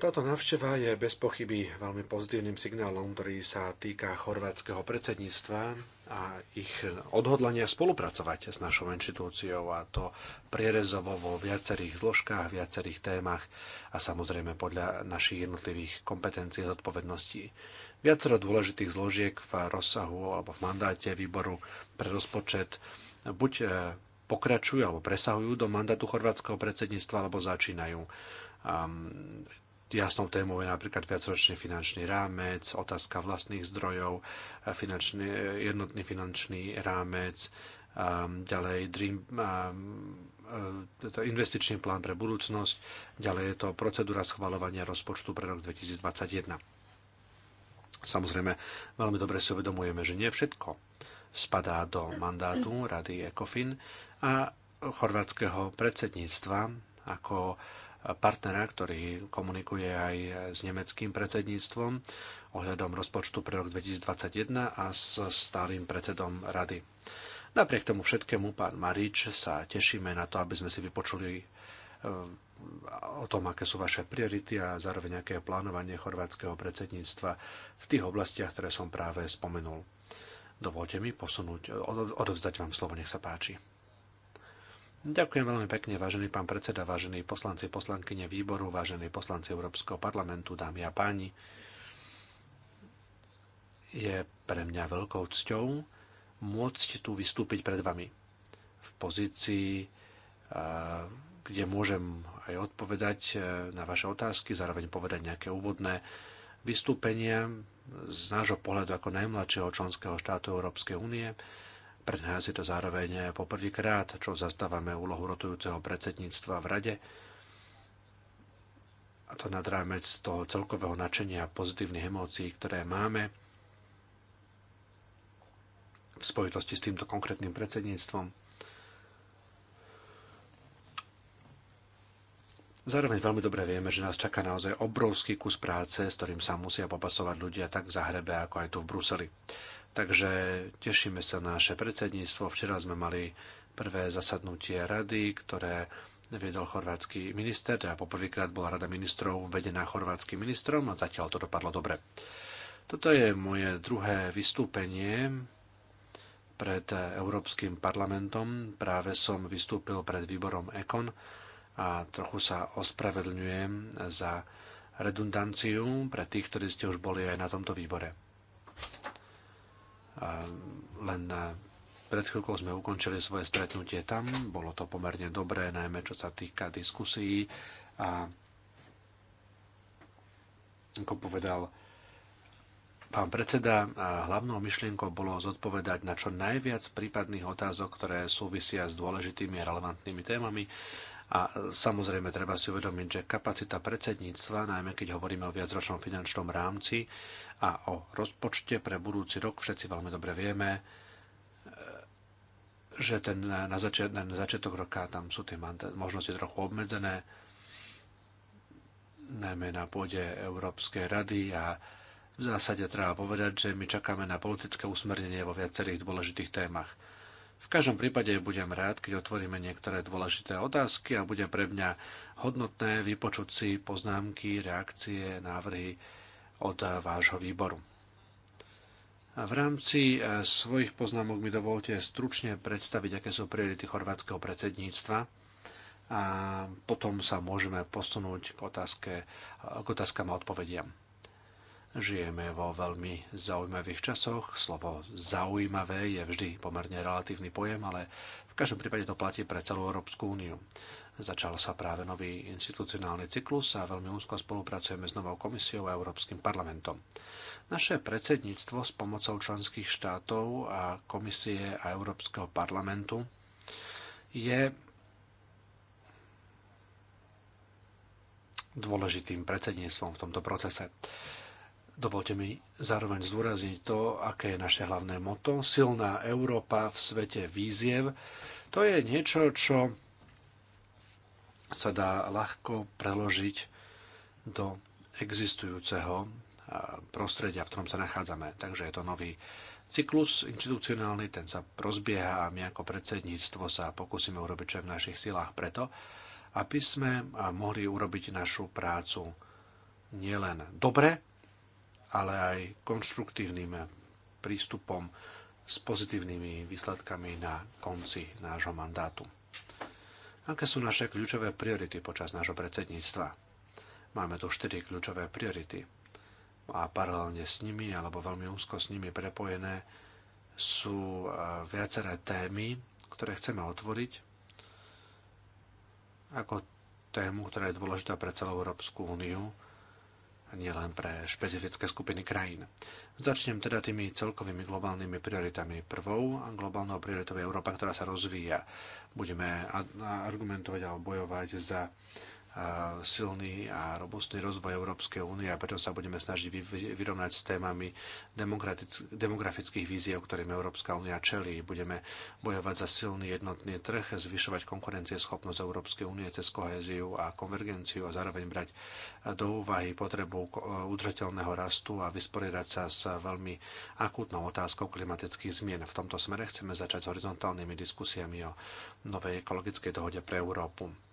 Táto návšteva je bez pochyby veľmi pozitívnym signálom, ktorý sa týka chorvátskeho predsedníctva a ich odhodlania spolupracovať s našou inštitúciou a to prierezovo vo viacerých zložkách, viacerých témach a samozrejme podľa našich jednotlivých kompetencií a zodpovedností viacero dôležitých zložiek v rozsahu alebo v mandáte výboru pre rozpočet buď e, pokračujú alebo presahujú do mandátu chorvátskeho predsedníctva alebo začínajú. Um, jasnou témou je napríklad viacročný finančný rámec, otázka vlastných zdrojov, e, finančný, jednotný finančný rámec, um, ďalej dream, um, investičný plán pre budúcnosť, ďalej je to procedúra schvalovania rozpočtu pre rok 2021. Samozrejme, veľmi dobre si uvedomujeme, že nie všetko spadá do mandátu Rady ECOFIN a chorvátskeho predsedníctva ako partnera, ktorý komunikuje aj s nemeckým predsedníctvom ohľadom rozpočtu pre rok 2021 a s stálym predsedom rady. Napriek tomu všetkému, pán Marič, sa tešíme na to, aby sme si vypočuli eh, o tom, aké sú vaše priority a zároveň aké je plánovanie chorvátskeho predsedníctva v tých oblastiach, ktoré som práve spomenul. Dovolte mi posunúť, odovzdať vám slovo, nech sa páči. Ďakujem veľmi pekne, vážený pán predseda, vážení poslanci, poslankyne výboru, vážení poslanci Európskeho parlamentu, dámy a páni. Je pre mňa veľkou cťou môcť tu vystúpiť pred vami v pozícii kde môžem aj odpovedať e, na vaše otázky, zároveň povedať nejaké úvodné vystúpenia z nášho pohľadu ako najmladšieho členského štátu Európskej únie. Pre nás je to zároveň poprvýkrát, čo zastávame úlohu rotujúceho predsedníctva v Rade. A to nad rámec toho celkového nadšenia a pozitívnych emócií, ktoré máme v spojitosti s týmto konkrétnym predsedníctvom. Zároveň veľmi dobre vieme, že nás čaká naozaj obrovský kus práce, s ktorým sa musia popasovať ľudia tak v Zahrebe, ako aj tu v Bruseli. Takže tešíme sa na naše predsedníctvo. Včera sme mali prvé zasadnutie rady, ktoré viedol chorvátsky minister, teda poprvýkrát bola rada ministrov vedená chorvátskym ministrom a zatiaľ to dopadlo dobre. Toto je moje druhé vystúpenie pred Európskym parlamentom. Práve som vystúpil pred výborom EKON, a trochu sa ospravedlňujem za redundanciu pre tých, ktorí ste už boli aj na tomto výbore. A len pred chvíľkou sme ukončili svoje stretnutie tam, bolo to pomerne dobré, najmä čo sa týka diskusí a ako povedal Pán predseda, hlavnou myšlienkou bolo zodpovedať na čo najviac prípadných otázok, ktoré súvisia s dôležitými a relevantnými témami a samozrejme treba si uvedomiť, že kapacita predsedníctva, najmä keď hovoríme o viacročnom finančnom rámci a o rozpočte pre budúci rok, všetci veľmi dobre vieme, e, že ten, na, začiat, na začiatok roka tam sú tie možnosti trochu obmedzené, najmä na pôde Európskej rady a v zásade treba povedať, že my čakáme na politické usmernenie vo viacerých dôležitých témach. V každom prípade budem rád, keď otvoríme niektoré dôležité otázky a bude pre mňa hodnotné vypočuť si poznámky, reakcie, návrhy od vášho výboru. A v rámci e, svojich poznámok mi dovolte stručne predstaviť, aké sú priority chorvátskeho predsedníctva a potom sa môžeme posunúť k, otázke, k otázkam a odpovediam. Žijeme vo veľmi zaujímavých časoch. Slovo zaujímavé je vždy pomerne relatívny pojem, ale v každom prípade to platí pre celú Európsku úniu. Začal sa práve nový institucionálny cyklus a veľmi úzko spolupracujeme s novou komisiou a Európskym parlamentom. Naše predsedníctvo s pomocou členských štátov a komisie a Európskeho parlamentu je dôležitým predsedníctvom v tomto procese. Dovolte mi zároveň zdôrazniť to, aké je naše hlavné moto. Silná Európa v svete víziev. To je niečo, čo sa dá ľahko preložiť do existujúceho prostredia, v ktorom sa nachádzame. Takže je to nový cyklus inštitucionálny, ten sa rozbieha a my ako predsedníctvo sa pokúsime urobiť čo je v našich silách preto, aby sme mohli urobiť našu prácu nielen dobre, ale aj konštruktívnym prístupom s pozitívnymi výsledkami na konci nášho mandátu. Aké sú naše kľúčové priority počas nášho predsedníctva? Máme tu 4 kľúčové priority a paralelne s nimi, alebo veľmi úzko s nimi prepojené, sú e, viaceré témy, ktoré chceme otvoriť ako tému, ktorá je dôležitá pre celú Európsku úniu nielen pre špecifické skupiny krajín. Začnem teda tými celkovými globálnymi prioritami. Prvou a globálnou prioritou je Európa, ktorá sa rozvíja. Budeme argumentovať alebo bojovať za silný a robustný rozvoj Európskej únie a preto sa budeme snažiť vyrovnať s témami demografických víziev, ktorým Európska únia čelí. Budeme bojovať za silný jednotný trh, zvyšovať konkurencieschopnosť Európskej únie cez kohéziu a konvergenciu a zároveň brať do úvahy potrebu udržateľného rastu a vysporiadať sa s veľmi akútnou otázkou klimatických zmien. V tomto smere chceme začať s horizontálnymi diskusiami o novej ekologickej dohode pre Európu.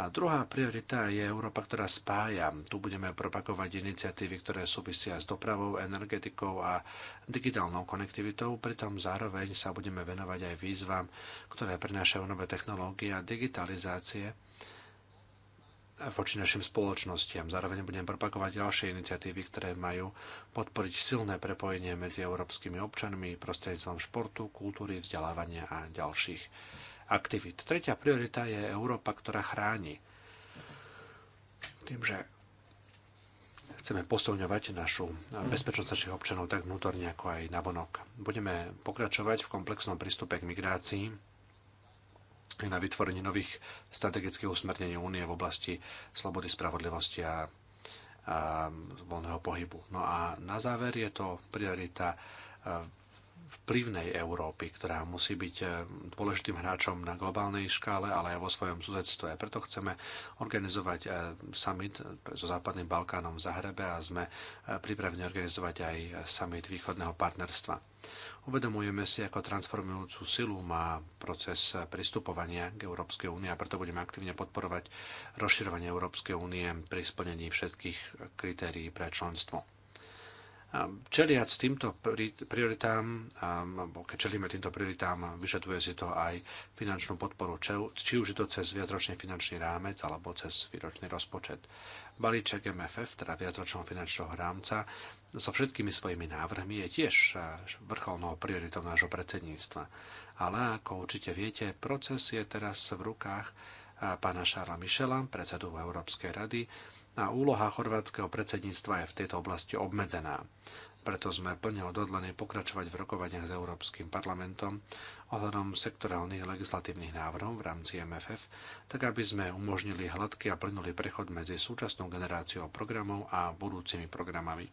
A druhá priorita je Európa, ktorá spája. Tu budeme propagovať iniciatívy, ktoré súvisia s dopravou, energetikou a digitálnou konektivitou. Pritom zároveň sa budeme venovať aj výzvam, ktoré prinášajú nové technológie a digitalizácie voči našim spoločnostiam. Zároveň budem propagovať ďalšie iniciatívy, ktoré majú podporiť silné prepojenie medzi európskymi občanmi prostredníctvom športu, kultúry, vzdelávania a ďalších aktivít. Tretia priorita je Európa, ktorá chráni. Tým, že chceme posilňovať našu bezpečnosť našich občanov tak vnútorne ako aj na Vonok. Budeme pokračovať v komplexnom prístupe k migrácii na vytvorenie nových strategických usmernení únie v oblasti slobody, spravodlivosti a, a voľného pohybu. No a na záver je to priorita vplyvnej Európy, ktorá musí byť eh, dôležitým hráčom na globálnej škále, ale aj vo svojom susedstve. Preto chceme organizovať eh, summit eh, so Západným Balkánom v Zahrebe a sme pripravení organizovať aj summit východného partnerstva. Uvedomujeme si, ako transformujúcu silu má proces pristupovania k Európskej únie a preto budeme aktívne podporovať rozširovanie Európskej únie pri splnení všetkých kritérií pre členstvo. Čeliac týmto prioritám, alebo keď čelíme týmto prioritám, vyžaduje si to aj finančnú podporu, či už je to cez viacročný finančný rámec alebo cez výročný rozpočet. Balíček MFF, teda viacročného finančného rámca, so všetkými svojimi návrhmi je tiež vrcholnou prioritou nášho predsedníctva. Ale ako určite viete, proces je teraz v rukách pána Šála Mišela, predsedu Európskej rady, a úloha chorvátskeho predsedníctva je v tejto oblasti obmedzená. Preto sme plne odhodlení pokračovať v rokovaniach s Európskym parlamentom ohľadom sektorálnych legislatívnych návrhov v rámci MFF, tak aby sme umožnili hladký a plynulý prechod medzi súčasnou generáciou programov a budúcimi programami.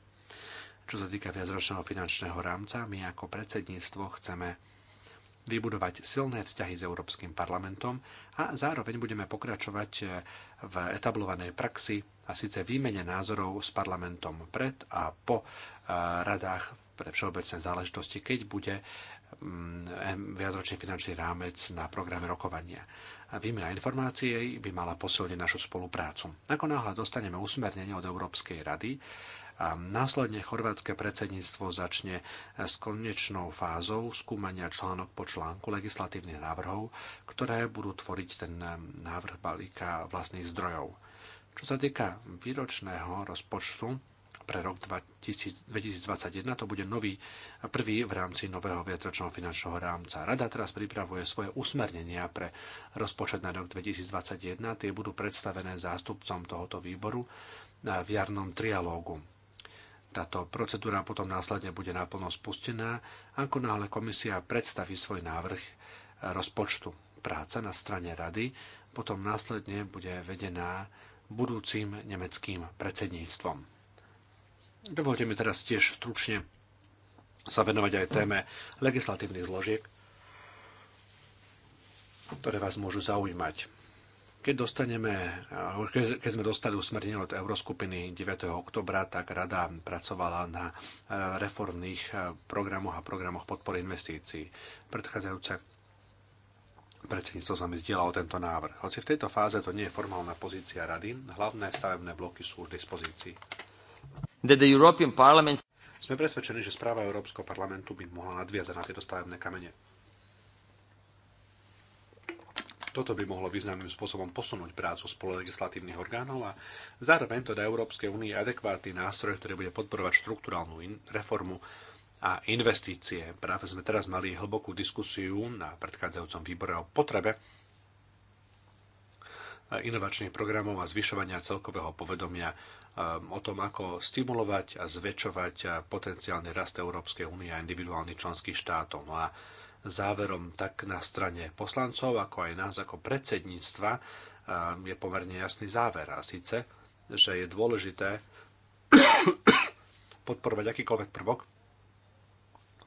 Čo sa týka viacročného finančného rámca, my ako predsedníctvo chceme vybudovať silné vzťahy s Európskym parlamentom a zároveň budeme pokračovať eh, v etablovanej praxi a síce výmene názorov s parlamentom pred a po eh, radách pre všeobecné záležitosti, keď bude mm, viacročný finančný rámec na programe rokovania. Výmena informácií by mala posilniť našu spoluprácu. Ako náhle dostaneme usmernenie od Európskej rady, a následne chorvátske predsedníctvo začne s konečnou fázou skúmania článok po článku legislatívnych návrhov, ktoré budú tvoriť ten návrh balíka vlastných zdrojov. Čo sa týka výročného rozpočtu, pre rok 2021. To bude nový prvý v rámci nového viacročného finančného rámca. Rada teraz pripravuje svoje usmernenia pre rozpočet na rok 2021. Tie budú predstavené zástupcom tohoto výboru v jarnom trialógu. Táto procedúra potom následne bude naplno spustená, ako náhle komisia predstaví svoj návrh rozpočtu. Práca na strane rady potom následne bude vedená budúcim nemeckým predsedníctvom. Dovolte mi teraz tiež stručne sa venovať aj téme legislatívnych zložiek, ktoré vás môžu zaujímať. Keď, dostaneme, keď sme dostali usmernenie od Euroskupiny 9. oktobra, tak rada pracovala na e, reformných e, programoch a programoch podpory investícií. Predchádzajúce predsedníctvo s nami zdieľalo tento návrh. Hoci v tejto fáze to nie je formálna pozícia rady, hlavné stavebné bloky sú už v dispozícii. Sme presvedčení, že správa Európskeho parlamentu by mohla nadviazať na tieto stavebné kamene toto by mohlo významným spôsobom posunúť prácu spololegislatívnych orgánov a zároveň to dá Európskej únie adekvátny nástroj, ktorý bude podporovať štruktúrálnu reformu a investície. Práve sme teraz mali hlbokú diskusiu na predchádzajúcom výbore o potrebe inovačných programov a zvyšovania celkového povedomia ehm, o tom, ako stimulovať a zväčšovať potenciálny rast Európskej únie a individuálnych členských štátov. No a záverom tak na strane poslancov, ako aj nás ako predsedníctva je pomerne jasný záver. A síce, že je dôležité podporovať akýkoľvek prvok,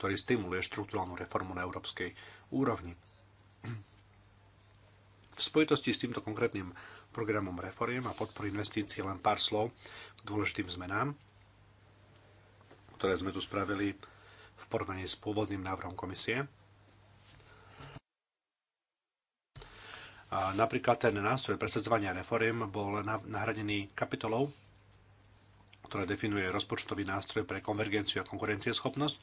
ktorý stimuluje štruktúrálnu reformu na európskej úrovni. V spojitosti s týmto konkrétnym programom reforiem a podpory investícií len pár slov k dôležitým zmenám, ktoré sme tu spravili v porovnaní s pôvodným návrhom komisie. Napríklad ten nástroj presadzovania reforiem bol nahradený kapitolou, ktorá definuje rozpočtový nástroj pre konvergenciu a konkurencieschopnosť,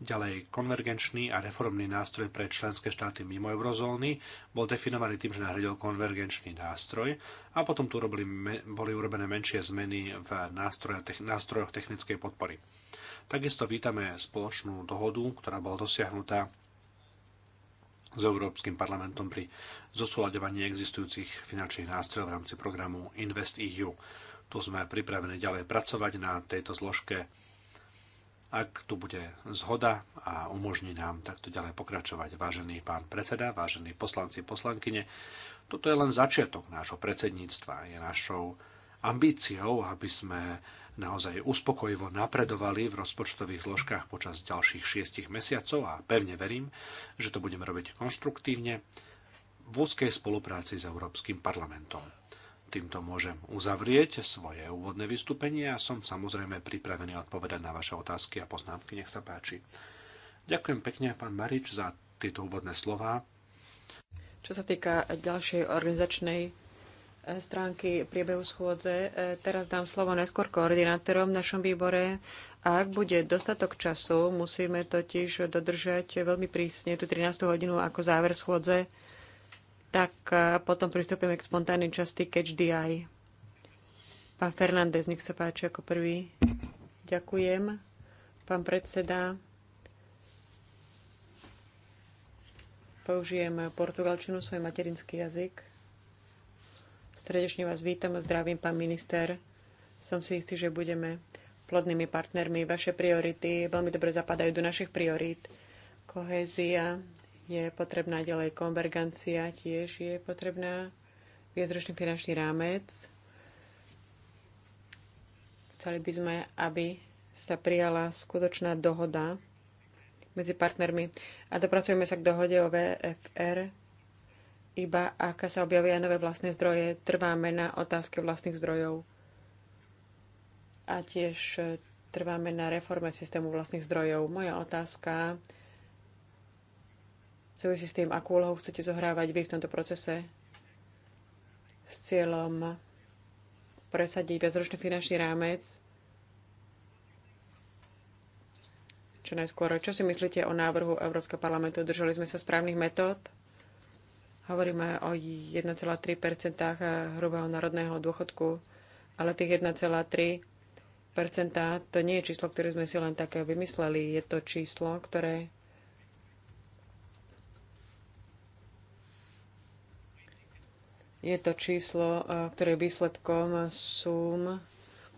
ďalej konvergenčný a reformný nástroj pre členské štáty mimo eurozóny bol definovaný tým, že nahradil konvergenčný nástroj a potom tu robili, boli urobené menšie zmeny v nástrojoch technickej podpory. Takisto vítame spoločnú dohodu, ktorá bola dosiahnutá s Európskym parlamentom pri zosúľadovaní existujúcich finančných nástrojov v rámci programu InvestEU. Tu sme pripravení ďalej pracovať na tejto zložke, ak tu bude zhoda a umožní nám takto ďalej pokračovať. Vážený pán predseda, vážení poslanci, poslankyne, toto je len začiatok nášho predsedníctva. Je našou ambíciou, aby sme naozaj uspokojivo napredovali v rozpočtových zložkách počas ďalších šiestich mesiacov a pevne verím, že to budeme robiť konštruktívne v úzkej spolupráci s Európskym parlamentom. Týmto môžem uzavrieť svoje úvodné vystúpenie a som samozrejme pripravený odpovedať na vaše otázky a poznámky. Nech sa páči. Ďakujem pekne, pán Marič, za tieto úvodné slova. Čo sa týka ďalšej organizačnej E, stránky priebehu schôdze. E, teraz dám slovo najskôr koordinátorom v našom výbore. A ak bude dostatok času, musíme totiž dodržať veľmi prísne tú 13. hodinu ako záver schôdze, tak e, potom pristúpime k spontánnej časti Catch Eye. Pán Fernández, nech sa páči ako prvý. Ďakujem. Pán predseda, použijem portugalčinu, svoj materinský jazyk. Srdečne vás vítam a zdravím, pán minister. Som si istý, že budeme plodnými partnermi. Vaše priority veľmi dobre zapadajú do našich priorít. Kohézia je potrebná ďalej, konvergencia tiež je potrebná, viacročný finančný rámec. Chceli by sme, aby sa prijala skutočná dohoda medzi partnermi a dopracujeme sa k dohode o VFR iba ak sa objavia nové vlastné zdroje, trváme na otázke vlastných zdrojov a tiež eh, trváme na reforme systému vlastných zdrojov. Moja otázka súvisí s tým, akú úlohu chcete zohrávať vy v tomto procese s cieľom presadiť viacročný finančný rámec čo najskôr. Čo si myslíte o návrhu Európskeho parlamentu? Držali sme sa správnych metód? Hovoríme o 1,3 eh, hrubého národného dôchodku, ale tých 1,3 to nie je číslo, ktoré sme si len tak vymysleli. Je to číslo, ktoré je to číslo, eh, ktoré výsledkom sú,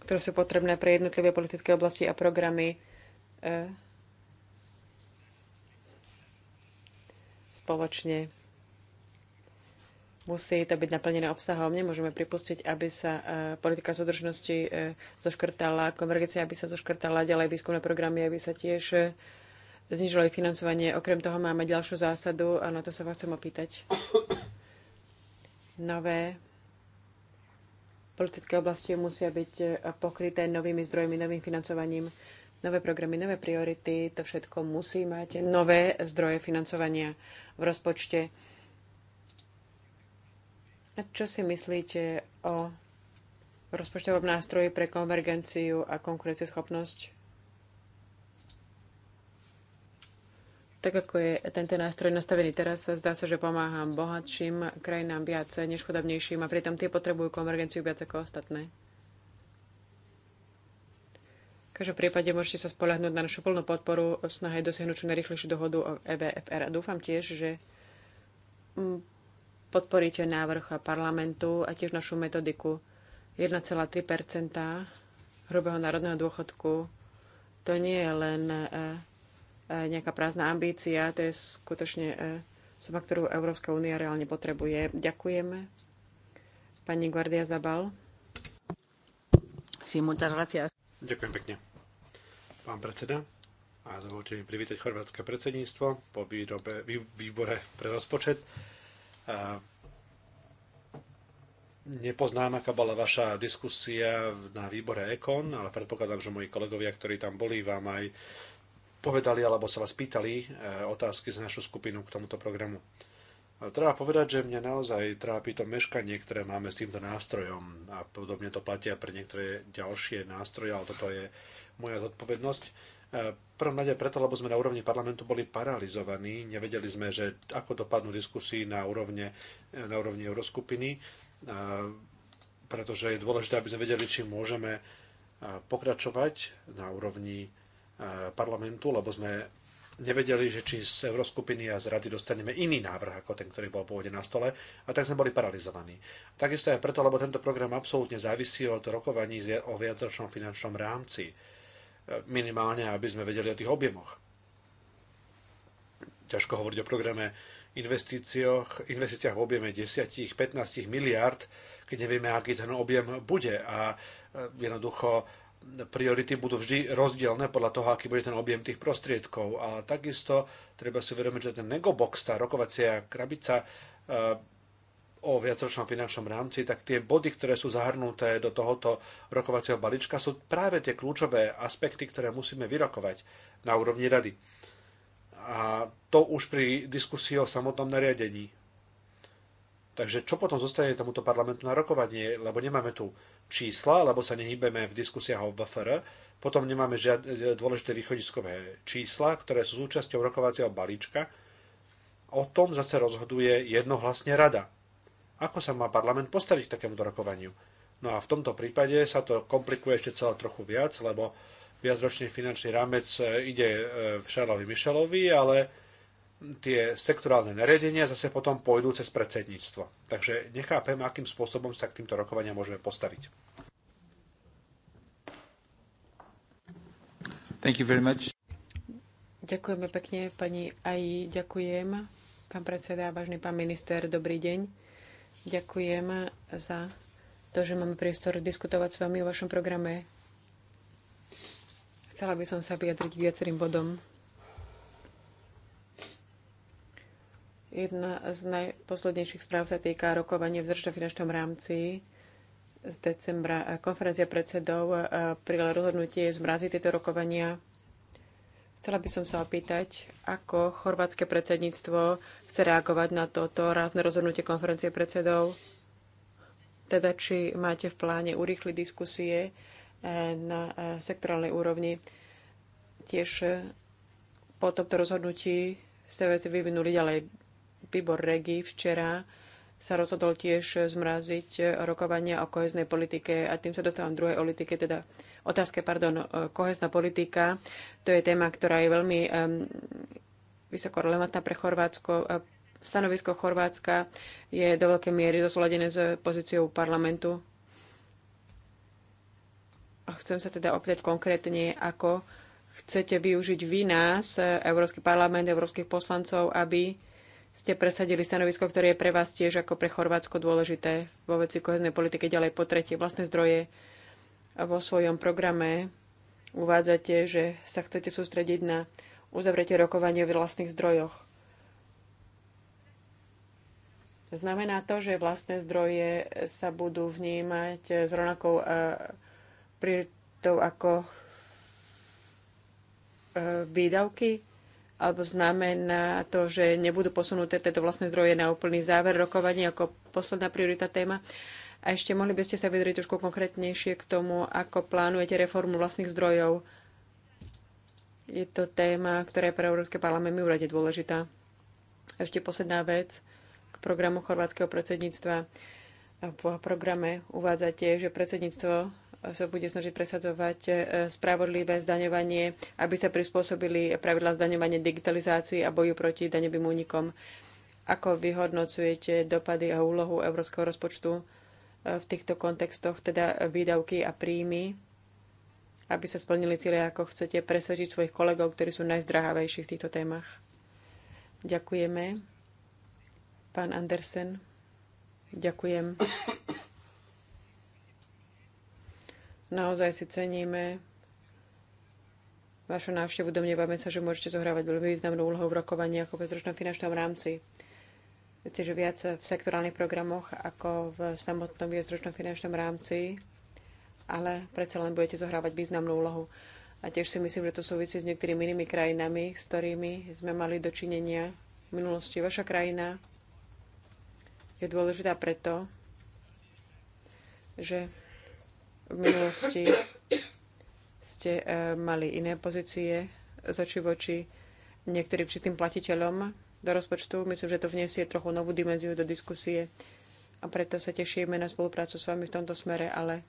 ktoré sú potrebné pre jednotlivé politické oblasti a programy eh, spoločne. Musí to byť naplnené obsahom. Nemôžeme pripustiť, aby sa eh, politika súdržnosti eh, zoškrtala, konvergencia, aby sa zoškrtala, ďalej výskumné programy, aby sa tiež eh, znižilo ich financovanie. Okrem toho máme ďalšiu zásadu a na to sa vás chcem opýtať. Nové politické oblasti musia byť pokryté novými zdrojmi, novým financovaním, nové programy, nové priority. To všetko musí mať nové zdroje financovania v rozpočte a čo si myslíte o rozpočtovom nástroji pre konvergenciu a konkurencieschopnosť? Tak ako je tento nástroj nastavený teraz, zdá sa, že pomáha bohatším krajinám viac než chudobnejším a pritom tie potrebujú konvergenciu viac ako ostatné. V každom prípade môžete sa spolahnúť na našu plnú podporu v snahe dosiahnuť čo najrychlejšiu dohodu o EBFR. A dúfam tiež, že podporíte návrh parlamentu a tiež našu metodiku 1,3 hrubého národného dôchodku. To nie je len e, e, nejaká prázdna ambícia, to je skutočne e, suma, ktorú Európska únia reálne potrebuje. Ďakujeme. Pani Guardia Zabal. Sí, muchas gracias. Ďakujem pekne. Pán predseda, a dovolte mi privítať chorvátske predsedníctvo po výrobe, výbore pre rozpočet Nepoznám, aká bola vaša diskusia na výbore EKON, ale predpokladám, že moji kolegovia, ktorí tam boli, vám aj povedali alebo sa vás pýtali e, otázky z našu skupinu k tomuto programu. Treba povedať, že mňa naozaj trápi to meškanie, ktoré máme s týmto nástrojom a podobne to platia pre niektoré ďalšie nástroje, ale toto je moja zodpovednosť prvom rade preto, lebo sme na úrovni parlamentu boli paralizovaní, nevedeli sme, že ako dopadnú diskusí na, úrovne, na úrovni euroskupiny, pretože je dôležité, aby sme vedeli, či môžeme pokračovať na úrovni parlamentu, lebo sme nevedeli, že či z Euroskupiny a z Rady dostaneme iný návrh ako ten, ktorý bol pôvodne na stole a tak sme boli paralizovaní. Takisto aj preto, lebo tento program absolútne závisí od rokovaní o viacročnom finančnom rámci minimálne aby sme vedeli o tých objemoch. Ťažko hovoriť o programe investíciách, investíciách v objeme 10-15 miliárd, keď nevieme, aký ten objem bude. A e, jednoducho priority budú vždy rozdielne podľa toho, aký bude ten objem tých prostriedkov. A takisto treba si uvedomiť, že ten negobox, tá rokovacia krabica, e, o viacročnom finančnom rámci, tak tie body, ktoré sú zahrnuté do tohoto rokovacieho balíčka, sú práve tie kľúčové aspekty, ktoré musíme vyrokovať na úrovni rady. A to už pri diskusii o samotnom nariadení. Takže čo potom zostane tomuto parlamentu na rokovanie, lebo nemáme tu čísla, lebo sa nehybeme v diskusiách o VFR, potom nemáme žiadne dôležité východiskové čísla, ktoré sú súčasťou rokovacieho balíčka. O tom zase rozhoduje jednohlasne rada. Ako sa má parlament postaviť k takémuto rokovaniu? No a v tomto prípade sa to komplikuje ešte celé trochu viac, lebo viacročný finančný rámec e, ide v e, Šarlovi Mišelovi, ale tie sektorálne nariadenia zase potom pôjdu cez predsedníctvo. Takže nechápem, akým spôsobom sa k týmto rokovaniam môžeme postaviť. Thank you very much. Ďakujeme pekne, pani Aji, ďakujem. Pán predseda, vážny pán minister, dobrý deň. Ďakujem za to, že máme priestor diskutovať s vami o vašom programe. Chcela by som sa vyjadriť viacerým bodom. Jedna z najposlednejších správ sa týka rokovania v zrčno-finančnom rámci z decembra. Konferencia predsedov eh, prijala rozhodnutie zmraziť tieto rokovania Chcela by som sa opýtať, ako chorvátske predsedníctvo chce reagovať na toto rázne rozhodnutie konferencie predsedov, teda či máte v pláne urýchliť diskusie eh, na eh, sektorálnej úrovni. Tiež eh, po tomto rozhodnutí ste veci vyvinuli ďalej výbor REGI včera sa rozhodol tiež zmraziť rokovania o koheznej politike a tým sa dostávam druhej politike, teda otázke, pardon, e, kohezná politika. To je téma, ktorá je veľmi um, vysoko relevantná pre Chorvátsko. Stanovisko Chorvátska je do veľkej miery zosúladené s pozíciou parlamentu. A chcem sa teda opýtať konkrétne, ako chcete využiť vy nás, Európsky parlament, európskych poslancov, aby ste presadili stanovisko, ktoré je pre vás tiež ako pre Chorvátsko dôležité vo veci koheznej politiky ďalej po tretie vlastné zdroje. A vo svojom programe uvádzate, že sa chcete sústrediť na uzavretie rokovania v vlastných zdrojoch. Znamená to, že vlastné zdroje sa budú vnímať eh, s rovnakou eh, prioritou ako eh, výdavky? alebo znamená to, že nebudú posunuté tieto vlastné zdroje na úplný záver rokovania ako posledná priorita téma. A ešte mohli by ste sa vyjadriť trošku konkrétnejšie k tomu, ako plánujete reformu vlastných zdrojov. Je to téma, ktorá je pre Európske parlament mimoriadne dôležitá. A ešte posledná vec k programu chorvátskeho predsedníctva. V programe uvádzate, že predsedníctvo sa bude snažiť presadzovať e, spravodlivé zdaňovanie, aby sa prispôsobili pravidla zdaňovania digitalizácii a boju proti daňovým únikom. Ako vyhodnocujete dopady a úlohu európskeho rozpočtu e, v týchto kontextoch, teda výdavky a príjmy, aby sa splnili cíle, ako chcete presvedčiť svojich kolegov, ktorí sú najzdrahavejší v týchto témach? Ďakujeme. Pán Andersen, ďakujem. Naozaj si ceníme vašu návštevu. Domnievame sa, že môžete zohrávať veľmi významnú úlohu v rokovaní ako bezročnom finančnom rámci. Viete, že viac v sektorálnych programoch ako v samotnom bezročnom finančnom rámci, ale predsa len budete zohrávať významnú úlohu. A tiež si myslím, že to súvisí s niektorými inými krajinami, s ktorými sme mali dočinenia v minulosti. Vaša krajina je dôležitá preto, že v minulosti ste eh, mali iné pozície zači voči niektorým čistým platiteľom do rozpočtu. Myslím, že to vniesie trochu novú dimenziu do diskusie a preto sa tešíme na spoluprácu s vami v tomto smere, ale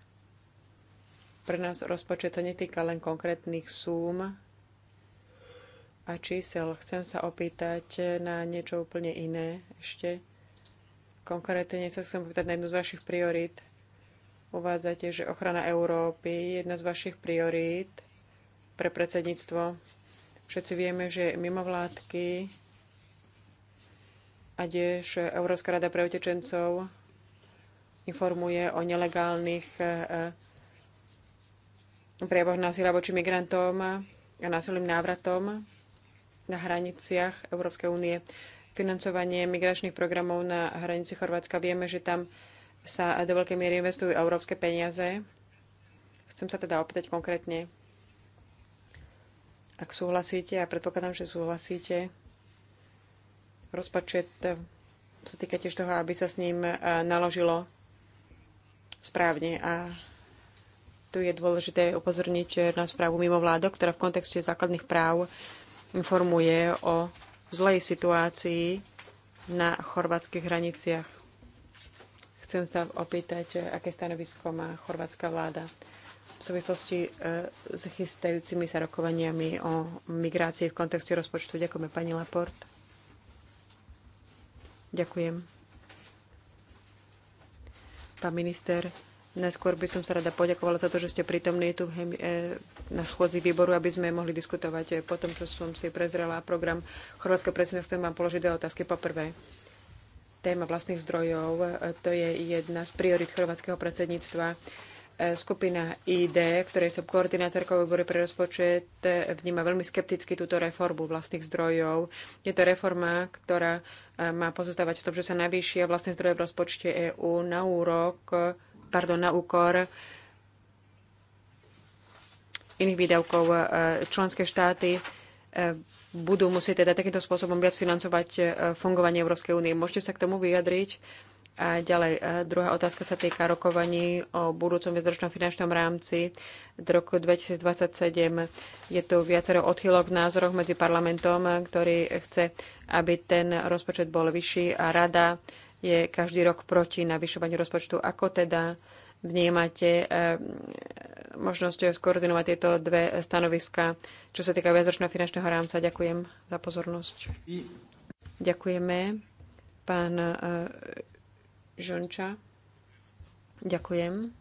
pre nás rozpočet sa netýka len konkrétnych súm a čísel. Chcem sa opýtať na niečo úplne iné ešte. Konkrétne sa chcem opýtať na jednu z vašich priorít Uvádzate, že ochrana Európy je jedna z vašich priorít pre predsedníctvo. Všetci vieme, že mimovládky a tiež Európska rada pre utečencov informuje o nelegálnych eh, eh, prejavoch násilia voči migrantom a násilným návratom na hraniciach Európskej únie. Financovanie migračných programov na hranici Chorvátska vieme, že tam sa do veľkej miery investujú európske peniaze. Chcem sa teda opýtať konkrétne, ak súhlasíte, a ja predpokladám, že súhlasíte, rozpočet e, sa týka tiež toho, aby sa s ním e, naložilo správne. A tu je dôležité upozorniť e, na správu mimo vládok, ktorá v kontexte základných práv informuje o zlej situácii na chorvátskych hraniciach. Chcem sa opýtať, e, aké stanovisko má chorvátska vláda v súvislosti e, s chystajúcimi sa rokovaniami o migrácii v kontexte rozpočtu. Ďakujeme pani Laport. Ďakujem. Pán minister, najskôr by som sa rada poďakovala za to, že ste prítomní tu e, na schôdzi výboru, aby sme mohli diskutovať po tom, čo som si prezrela program Chorvátskeho predsedníctva. Chcem vám položiť dve otázky. Po prvé, Téma vlastných zdrojov, e, to je jedna z priorit chorvátskeho predsedníctva. E, skupina ID, ktorej som koordinátorkou výboru pre rozpočet, e, vníma veľmi skepticky túto reformu vlastných zdrojov. Je to reforma, ktorá má pozostávať v tom, že sa navýšia vlastné zdroje v rozpočte EÚ na úrok, pardon, na úkor iných výdavkov. Členské štáty budú musieť teda takýmto spôsobom viac financovať e, fungovanie Európskej únie. Môžete sa k tomu vyjadriť? A ďalej, a e, druhá otázka sa týka rokovaní o budúcom viacročnom finančnom rámci do roku 2027. Je tu viacero odchýlok v názoroch medzi parlamentom, ktorý chce, aby ten rozpočet bol vyšší a rada je každý rok proti navyšovaniu rozpočtu. Ako teda vnímate e, možnosť skoordinovať tieto dve stanoviska, čo sa týka viacročného finančného rámca. Ďakujem za pozornosť. Ďakujeme. Pán e, Žonča. Ďakujem.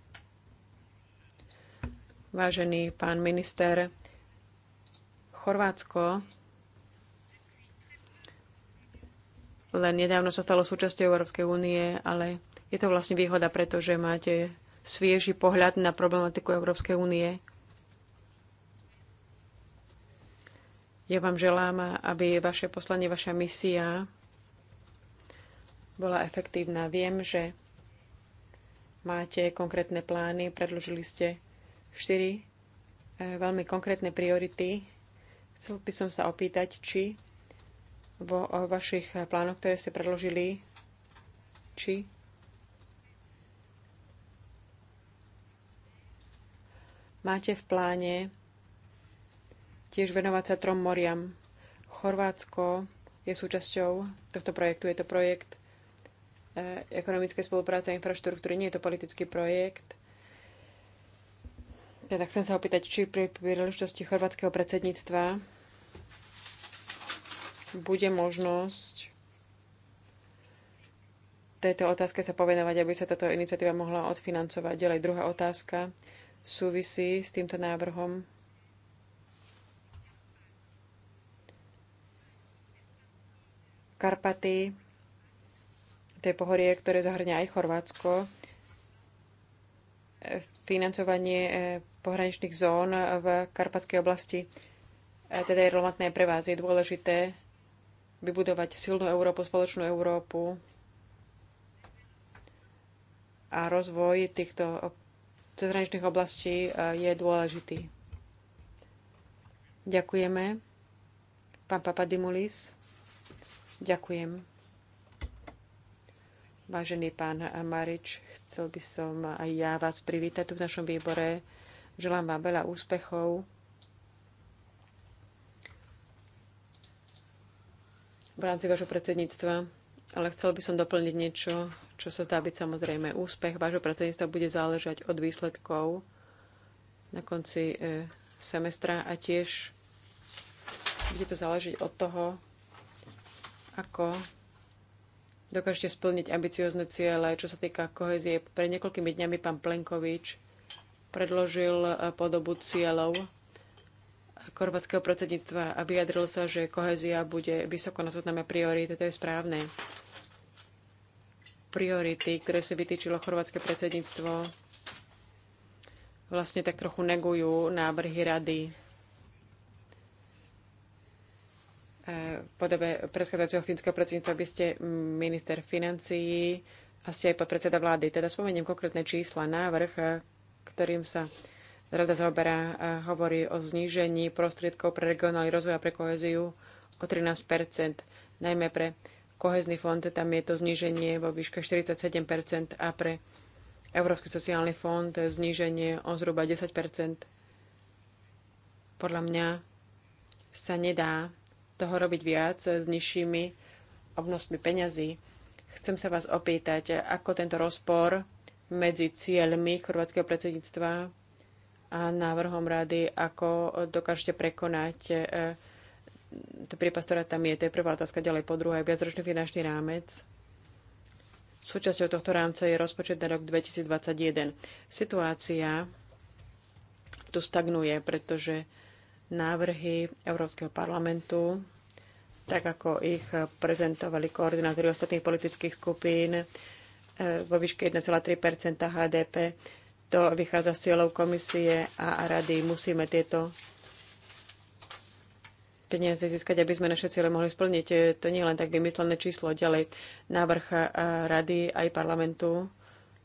Vážený pán minister, Chorvátsko len nedávno sa stalo súčasťou Európskej únie, ale je to vlastne výhoda, pretože máte svieži pohľad na problematiku Európskej únie. Ja vám želám, aby vaše poslanie, vaša misia bola efektívna. Viem, že máte konkrétne plány, predložili ste štyri e, veľmi konkrétne priority. Chcel by som sa opýtať, či vo vašich plánoch, ktoré ste predložili, či Máte v pláne tiež venovať sa trom moriam. Chorvátsko je súčasťou tohto projektu. Je to projekt eh, ekonomické spolupráce a infraštruktúry. Nie je to politický projekt. Teda chcem sa opýtať, či pri príležitosti chorvátskeho predsedníctva bude možnosť tejto otázke sa povenovať, aby sa táto iniciatíva mohla odfinancovať. Ďalej druhá otázka súvisí s týmto návrhom. Karpaty, to je pohorie, ktoré zahrňa aj Chorvátsko, financovanie eh, pohraničných zón v Karpatskej oblasti eh, teda je relevantné pre vás. Je dôležité vybudovať silnú Európu, spoločnú Európu a rozvoj týchto cezhraničných oblastí e, je dôležitý. Ďakujeme. Pán Papadimulis, ďakujem. Vážený pán Marič, chcel by som aj ja vás privítať tu v našom výbore. Želám vám veľa úspechov. v rámci vašho predsedníctva, ale chcel by som doplniť niečo, čo sa zdá byť samozrejme úspech vášho pracovníctva, bude záležať od výsledkov na konci e, semestra a tiež bude to záležiť od toho, ako dokážete splniť ambiciozne ciele, čo sa týka kohezie. Pred niekoľkými dňami pán Plenkovič predložil e, podobu cieľov korvátskeho predsedníctva a vyjadril sa, že kohezia bude vysoko na zozname priority, to je správne priority, ktoré si vytýčilo chorvátske predsedníctvo, vlastne tak trochu negujú návrhy rady e, v podobe predchádzajúceho fínskeho predsedníctva by ste minister financií a ste aj podpredseda vlády. Teda spomeniem konkrétne čísla. Návrh, ktorým sa rada zaoberá, e, hovorí o znížení prostriedkov pre regionálny rozvoj a pre koheziu o 13 najmä pre kohezný fond, tam je to zníženie vo výške 47% a pre Európsky sociálny fond zníženie o zhruba 10%. Podľa mňa sa nedá toho robiť viac s nižšími obnosmi peňazí. Chcem sa vás opýtať, ako tento rozpor medzi cieľmi chorvátskeho predsedníctva a návrhom rady, ako dokážete prekonať eh, to priepas, ktorá tam je, to je prvá otázka, ďalej po druhé, viacročný finančný rámec. Súčasťou tohto rámca je rozpočet na rok 2021. Situácia tu stagnuje, pretože návrhy Európskeho parlamentu, tak ako ich prezentovali koordinátori ostatných politických skupín eh, vo výške 1,3 HDP, to vychádza z cieľov komisie a rady. Musíme tieto peniaze získať, aby sme naše ciele mohli splniť. E, to nie je len tak vymyslené číslo. Ďalej, návrh e, rady aj parlamentu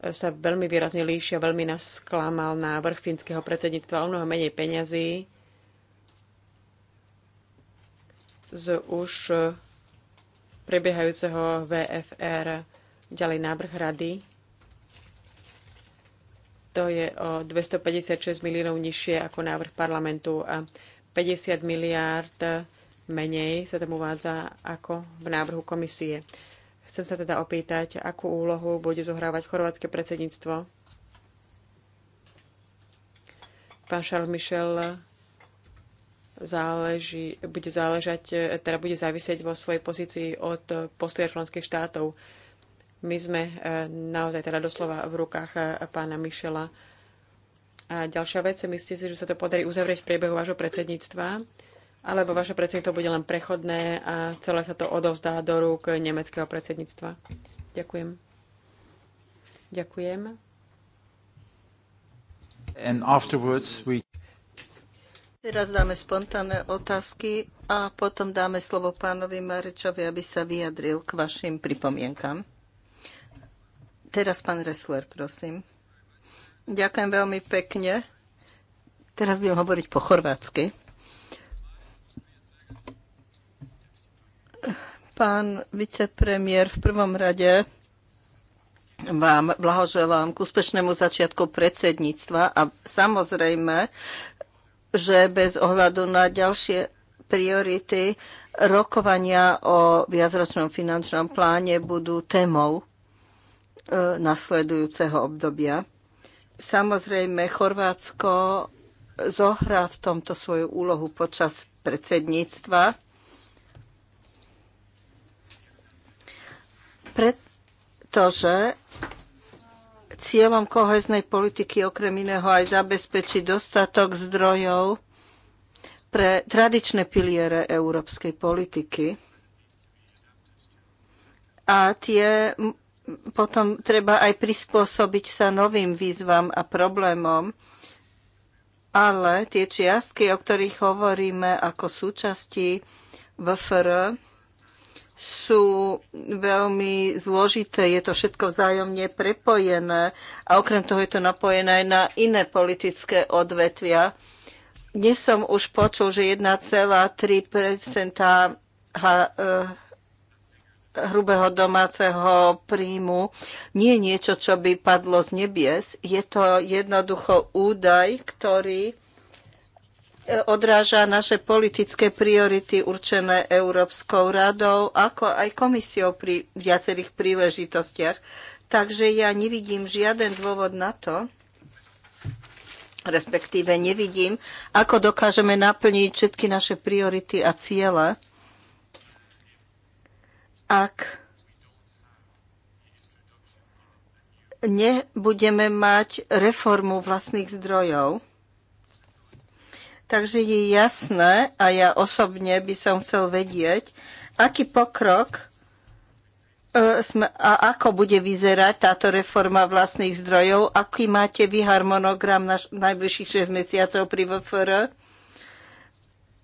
e, sa veľmi výrazne líšia, veľmi nás sklamal návrh fínskeho predsedníctva o mnoho menej peňazí z už prebiehajúceho VFR ďalej návrh rady. To je o 256 miliónov nižšie ako návrh parlamentu a 50 miliárd menej sa tam uvádza ako v návrhu komisie. Chcem sa teda opýtať, akú úlohu bude zohrávať chorvátske predsedníctvo. Pán Charles Michel záleží, bude záležať, teda bude závisieť vo svojej pozícii od postoja členských štátov. My sme eh, naozaj teda doslova v rukách eh, pána Michela a ďalšia vec, myslíte si, že sa to podarí uzavrieť v priebehu vášho predsedníctva? Alebo vaše predsedníctvo bude len prechodné a celé sa to odovzdá do rúk nemeckého predsedníctva? Ďakujem. Ďakujem. And afterwards we... Teraz dáme spontánne otázky a potom dáme slovo pánovi Marečovi, aby sa vyjadril k vašim pripomienkam. Teraz pán Ressler, prosím. Ďakujem veľmi pekne. Teraz budem hovoriť po chorvátsky. Pán vicepremiér, v prvom rade vám blahoželám k úspešnému začiatku predsedníctva a samozrejme, že bez ohľadu na ďalšie priority rokovania o viacročnom finančnom pláne budú témou e, nasledujúceho obdobia Samozrejme, Chorvátsko zohrá v tomto svoju úlohu počas predsedníctva. Pretože cieľom koheznej politiky okrem iného aj zabezpečiť dostatok zdrojov pre tradičné piliere európskej politiky. A tie potom treba aj prispôsobiť sa novým výzvam a problémom, ale tie čiastky, o ktorých hovoríme ako súčasti VFR, sú veľmi zložité, je to všetko vzájomne prepojené a okrem toho je to napojené aj na iné politické odvetvia. Dnes som už počul, že 1,3 hrubého domáceho príjmu nie je niečo, čo by padlo z nebies. Je to jednoducho údaj, ktorý e, odráža naše politické priority určené Európskou radou, ako aj komisiou pri viacerých príležitostiach. Takže ja nevidím žiaden dôvod na to, respektíve nevidím, ako dokážeme naplniť všetky naše priority a ciele ak nebudeme mať reformu vlastných zdrojov. Takže je jasné, a ja osobne by som chcel vedieť, aký pokrok e, a ako bude vyzerať táto reforma vlastných zdrojov, aký máte vy harmonogram na najbližších 6 mesiacov pri VFR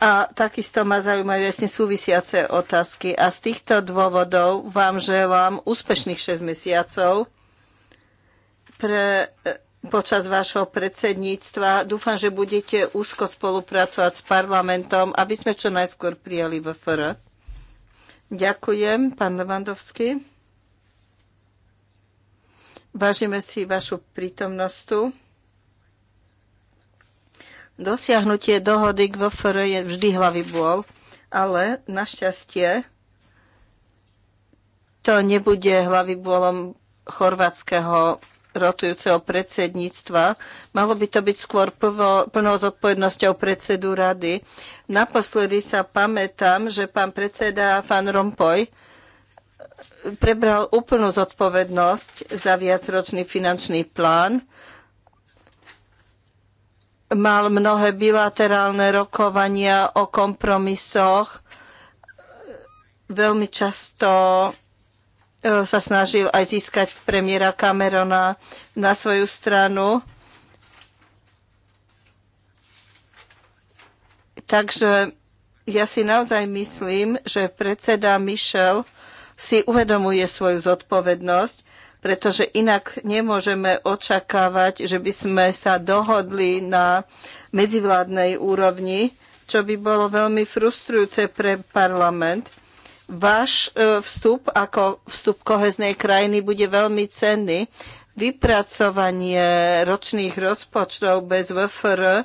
a takisto ma zaujímajú jasne súvisiace otázky. A z týchto dôvodov vám želám úspešných 6 mesiacov pre, e, počas vášho predsedníctva. Dúfam, že budete úzko spolupracovať s parlamentom, aby sme čo najskôr prijali VFR. Ďakujem, pán Levandovský. Vážime si vašu prítomnosť tu. Dosiahnutie dohody k VFR je vždy hlavy bôl, ale našťastie to nebude hlavy bôlom chorvátskeho rotujúceho predsedníctva. Malo by to byť skôr plno, plnou zodpovednosťou predsedu rady. Naposledy sa pamätám, že pán predseda Van Rompuy prebral úplnú zodpovednosť za viacročný finančný plán mal mnohé bilaterálne rokovania o kompromisoch. Veľmi často e, sa snažil aj získať premiéra Camerona na svoju stranu. Takže ja si naozaj myslím, že predseda Michel si uvedomuje svoju zodpovednosť pretože inak nemôžeme očakávať, že by sme sa dohodli na medzivládnej úrovni, čo by bolo veľmi frustrujúce pre parlament. Váš e, vstup ako vstup koheznej krajiny bude veľmi cenný. Vypracovanie ročných rozpočtov bez VFR er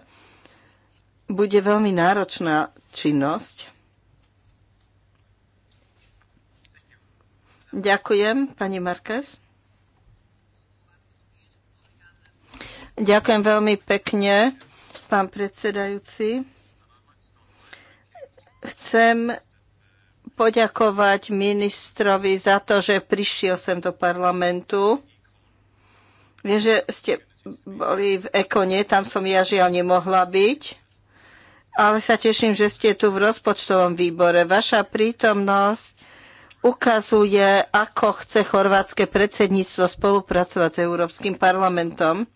bude veľmi náročná činnosť. Ďakujem, pani Marquez. Ďakujem veľmi pekne, pán predsedajúci. Chcem poďakovať ministrovi za to, že prišiel sem do parlamentu. Viem, že ste boli v Ekone, tam som ja žiaľ nemohla byť ale sa teším, že ste tu v rozpočtovom výbore. Vaša prítomnosť ukazuje, ako chce chorvátske predsedníctvo spolupracovať s Európskym parlamentom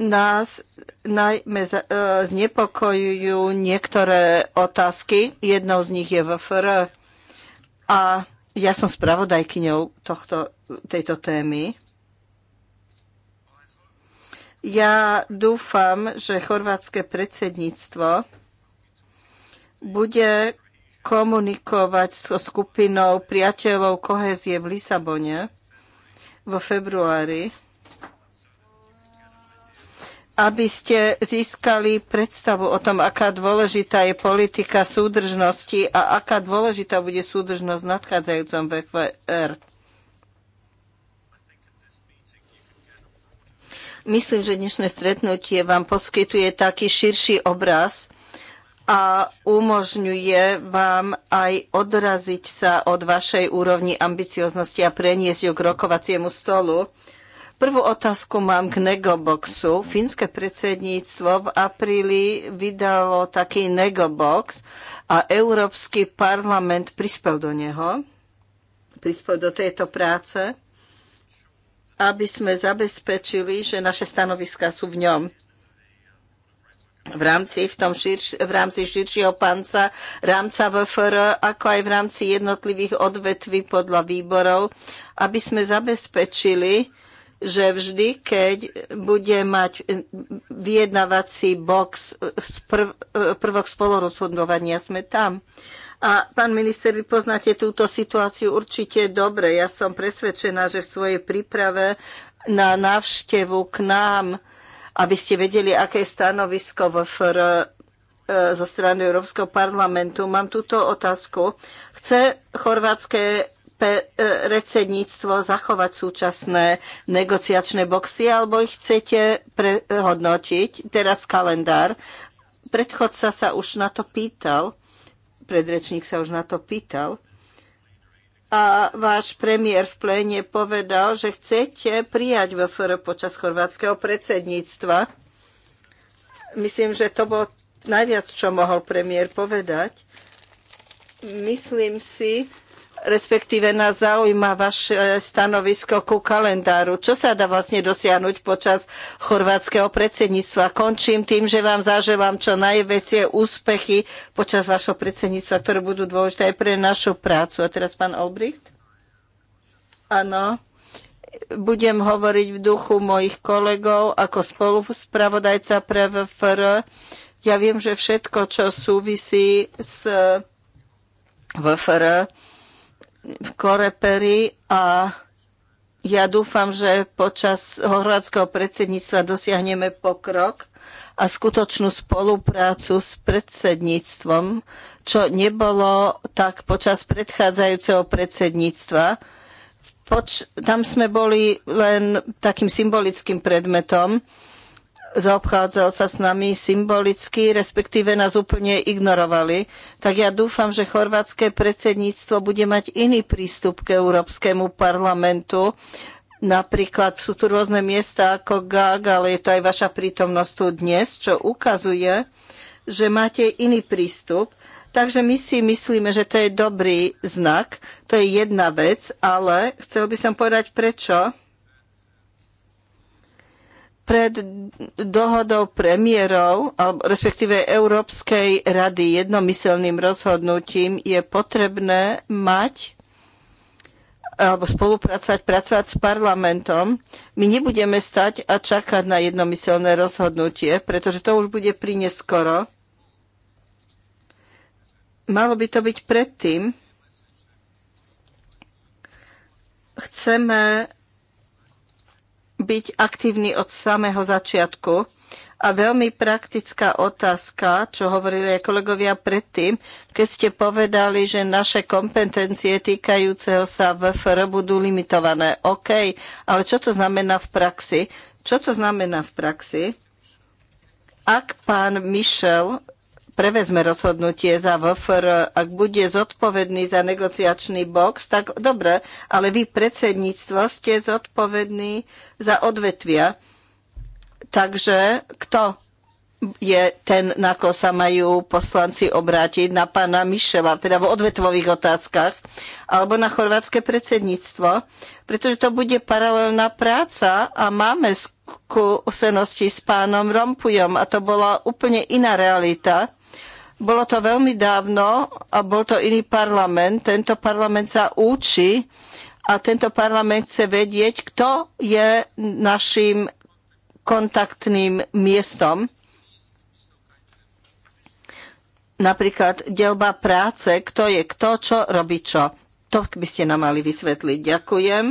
nás najmä e, znepokojujú niektoré otázky. Jednou z nich je VFR a ja som spravodajkyňou tohto, tejto témy. Ja dúfam, že chorvátske predsedníctvo bude komunikovať so skupinou priateľov kohézie v Lisabone vo februári aby ste získali predstavu o tom, aká dôležitá je politika súdržnosti a aká dôležitá bude súdržnosť v nadchádzajúcom VFR. Myslím, že dnešné stretnutie vám poskytuje taký širší obraz a umožňuje vám aj odraziť sa od vašej úrovni ambicioznosti a preniesť ju k rokovaciemu stolu. Prvú otázku mám k Negoboxu. Fínske predsedníctvo v apríli vydalo taký Negobox a Európsky parlament prispel do neho, prispel do tejto práce, aby sme zabezpečili, že naše stanoviská sú v ňom v rámci, v, tom širš, v rámci širšieho panca, rámca VFR, ako aj v rámci jednotlivých odvetví podľa výborov, aby sme zabezpečili, že vždy, keď bude mať vyjednávací box prv, prvok spolorozhodovania, sme tam. A pán minister, vy poznáte túto situáciu určite dobre. Ja som presvedčená, že v svojej príprave na návštevu k nám, aby ste vedeli, aké je stanovisko v FR e, zo strany Európskeho parlamentu. Mám túto otázku. Chce chorvátske E, predsedníctvo zachovať súčasné negociačné boxy, alebo ich chcete prehodnotiť? Teraz kalendár. Predchodca sa už na to pýtal, predrečník sa už na to pýtal. A váš premiér v pléne povedal, že chcete prijať VFR počas chorvátskeho predsedníctva. Myslím, že to bolo najviac, čo mohol premiér povedať. Myslím si, respektíve nás zaujíma vaše stanovisko ku kalendáru. Čo sa dá vlastne dosiahnuť počas chorvátskeho predsedníctva? Končím tým, že vám zaželám čo najväčšie úspechy počas vašho predsedníctva, ktoré budú dôležité aj pre našu prácu. A teraz pán Olbricht. Áno. Budem hovoriť v duchu mojich kolegov ako spoluspravodajca pre VFR. Ja viem, že všetko, čo súvisí s VFR, koreperi a ja dúfam, že počas horvátskeho predsedníctva dosiahneme pokrok a skutočnú spoluprácu s predsedníctvom, čo nebolo tak počas predchádzajúceho predsedníctva. Poč- tam sme boli len takým symbolickým predmetom zaobchádzal sa s nami symbolicky, respektíve nás úplne ignorovali. Tak ja dúfam, že chorvátske predsedníctvo bude mať iný prístup k Európskemu parlamentu. Napríklad sú tu rôzne miesta ako GAG, ale je to aj vaša prítomnosť tu dnes, čo ukazuje, že máte iný prístup. Takže my si myslíme, že to je dobrý znak, to je jedna vec, ale chcel by som povedať prečo pred dohodou premiérov, alebo respektíve Európskej rady jednomyselným rozhodnutím je potrebné mať alebo spolupracovať, pracovať s parlamentom. My nebudeme stať a čakať na jednomyselné rozhodnutie, pretože to už bude prineskoro. Malo by to byť predtým. Chceme byť aktívny od samého začiatku. A veľmi praktická otázka, čo hovorili aj kolegovia predtým, keď ste povedali, že naše kompetencie týkajúceho sa VFR budú limitované. OK, ale čo to znamená v praxi? Čo to znamená v praxi? Ak pán Michel prevezme rozhodnutie za VFR, ak bude zodpovedný za negociačný box, tak dobre, ale vy predsedníctvo ste zodpovední za odvetvia. Takže kto je ten, na ko sa majú poslanci obrátiť, na pána Mišela, teda v odvetvových otázkach, alebo na chorvátske predsedníctvo, pretože to bude paralelná práca a máme skúsenosti s pánom Rompujom a to bola úplne iná realita. Bolo to veľmi dávno a bol to iný parlament. Tento parlament sa učí a tento parlament chce vedieť, kto je našim kontaktným miestom. Napríklad delba práce, kto je kto, čo robí čo. To by ste nám mali vysvetliť. Ďakujem.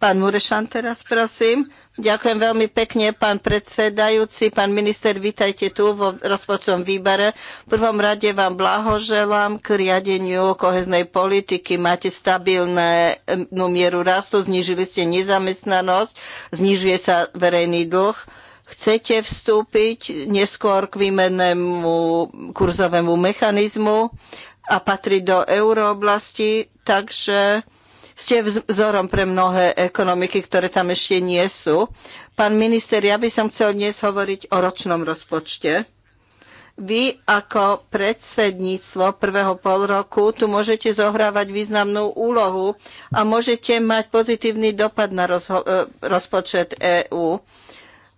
Pán Murešan teraz, prosím. Ďakujem veľmi pekne, pán predsedajúci. Pán minister, vítajte tu vo rozpočtovom výbere. V prvom rade vám blahoželám k riadeniu koheznej politiky. Máte stabilnú mieru rastu, znížili ste nezamestnanosť, znižuje sa verejný dlh. Chcete vstúpiť neskôr k výmennému kurzovému mechanizmu a patriť do eurooblasti, takže ste vzorom pre mnohé ekonomiky, ktoré tam ešte nie sú. Pán minister, ja by som chcel dnes hovoriť o ročnom rozpočte. Vy ako predsedníctvo prvého pol roku tu môžete zohrávať významnú úlohu a môžete mať pozitívny dopad na e, rozpočet EÚ.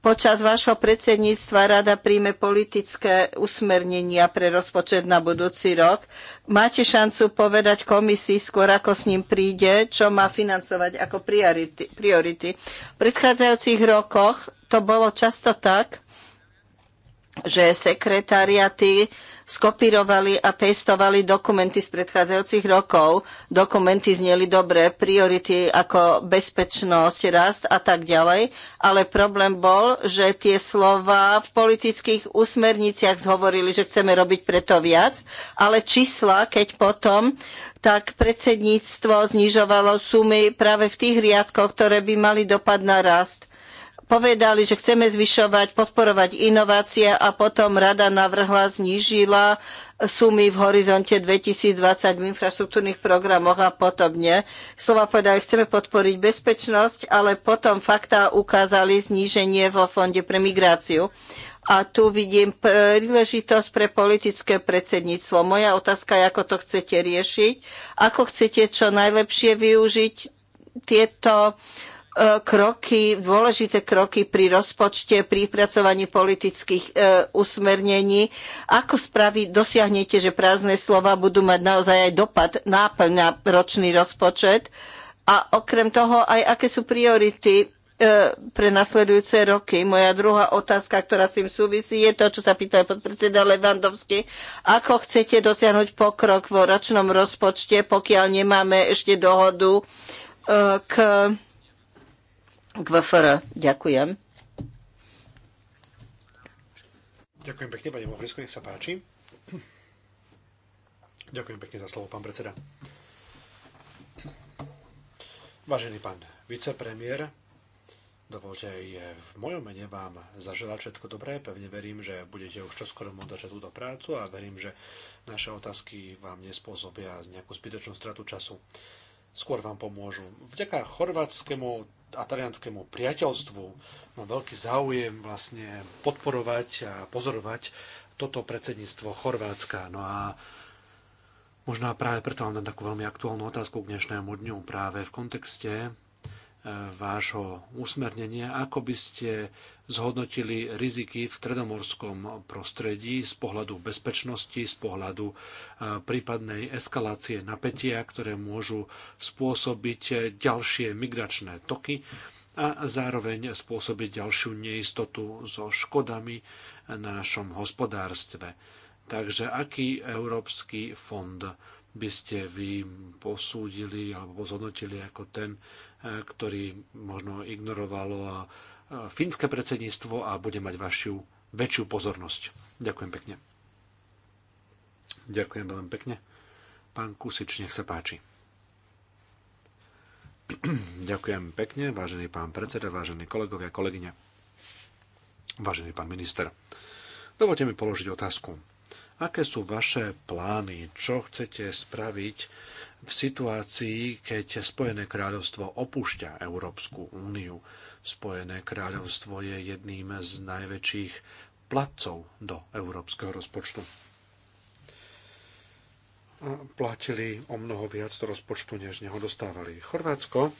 Počas vášho predsedníctva rada príjme politické usmernenia pre rozpočet na budúci rok. Máte šancu povedať komisii skôr, ako s ním príde, čo má financovať ako priority. priority. V predchádzajúcich rokoch to bolo často tak, že sekretariaty skopírovali a pestovali dokumenty z predchádzajúcich rokov. Dokumenty zneli dobre, priority ako bezpečnosť, rast a tak ďalej, ale problém bol, že tie slova v politických usmerniciach zhovorili, že chceme robiť preto viac, ale čísla, keď potom tak predsedníctvo znižovalo sumy práve v tých riadkoch, ktoré by mali dopad na rast povedali, že chceme zvyšovať, podporovať inovácie a potom rada navrhla, znížila sumy v horizonte 2020 v infraštruktúrnych programoch a podobne. Slova povedali, chceme podporiť bezpečnosť, ale potom fakta ukázali zníženie vo Fonde pre migráciu. A tu vidím príležitosť pre politické predsedníctvo. Moja otázka je, ako to chcete riešiť, ako chcete čo najlepšie využiť tieto E, kroky, dôležité kroky pri rozpočte, pri pracovaní politických e, usmernení. Ako spraví, dosiahnete, že prázdne slova budú mať naozaj aj dopad, náplň na ročný rozpočet? A okrem toho aj aké sú priority e, pre nasledujúce roky. Moja druhá otázka, ktorá s tým súvisí, je to, čo sa pýta aj podpredseda Levandovský. Ako chcete dosiahnuť pokrok vo ročnom rozpočte, pokiaľ nemáme ešte dohodu e, k Ďakujem. Ďakujem pekne, pani nech sa páči. Ďakujem pekne za slovo, pán predseda. Vážený pán vicepremiér, dovolte aj v mojom mene vám zaželať všetko dobré. Pevne verím, že budete už čoskoro môcť začať túto prácu a verím, že naše otázky vám nespôsobia nejakú zbytočnú stratu času. Skôr vám pomôžu. Vďaka chorvátskemu a talianskému priateľstvu má veľký záujem vlastne podporovať a pozorovať toto predsedníctvo Chorvátska. No a možná práve preto mám takú veľmi aktuálnu otázku k dnešnému dňu práve v kontexte vášho usmernenia, ako by ste zhodnotili riziky v stredomorskom prostredí z pohľadu bezpečnosti, z pohľadu e, prípadnej eskalácie napätia, ktoré môžu spôsobiť ďalšie migračné toky a zároveň spôsobiť ďalšiu neistotu so škodami na našom hospodárstve. Takže aký Európsky fond by ste vy posúdili alebo zhodnotili ako ten E, ktorý možno ignorovalo a e, fínske predsedníctvo a bude mať vašu väčšiu pozornosť. Ďakujem pekne. Ďakujem veľmi pekne. Pán Kusič, nech sa páči. Ďakujem pekne, vážený pán predseda, vážení kolegovia, kolegyne, vážený pán minister. Dovolte mi položiť otázku. Aké sú vaše plány? Čo chcete spraviť v situácii, keď Spojené kráľovstvo opúšťa Európsku úniu? Spojené kráľovstvo je jedným z najväčších platcov do európskeho rozpočtu. Platili o mnoho viac do rozpočtu, než neho dostávali. Chorvátsko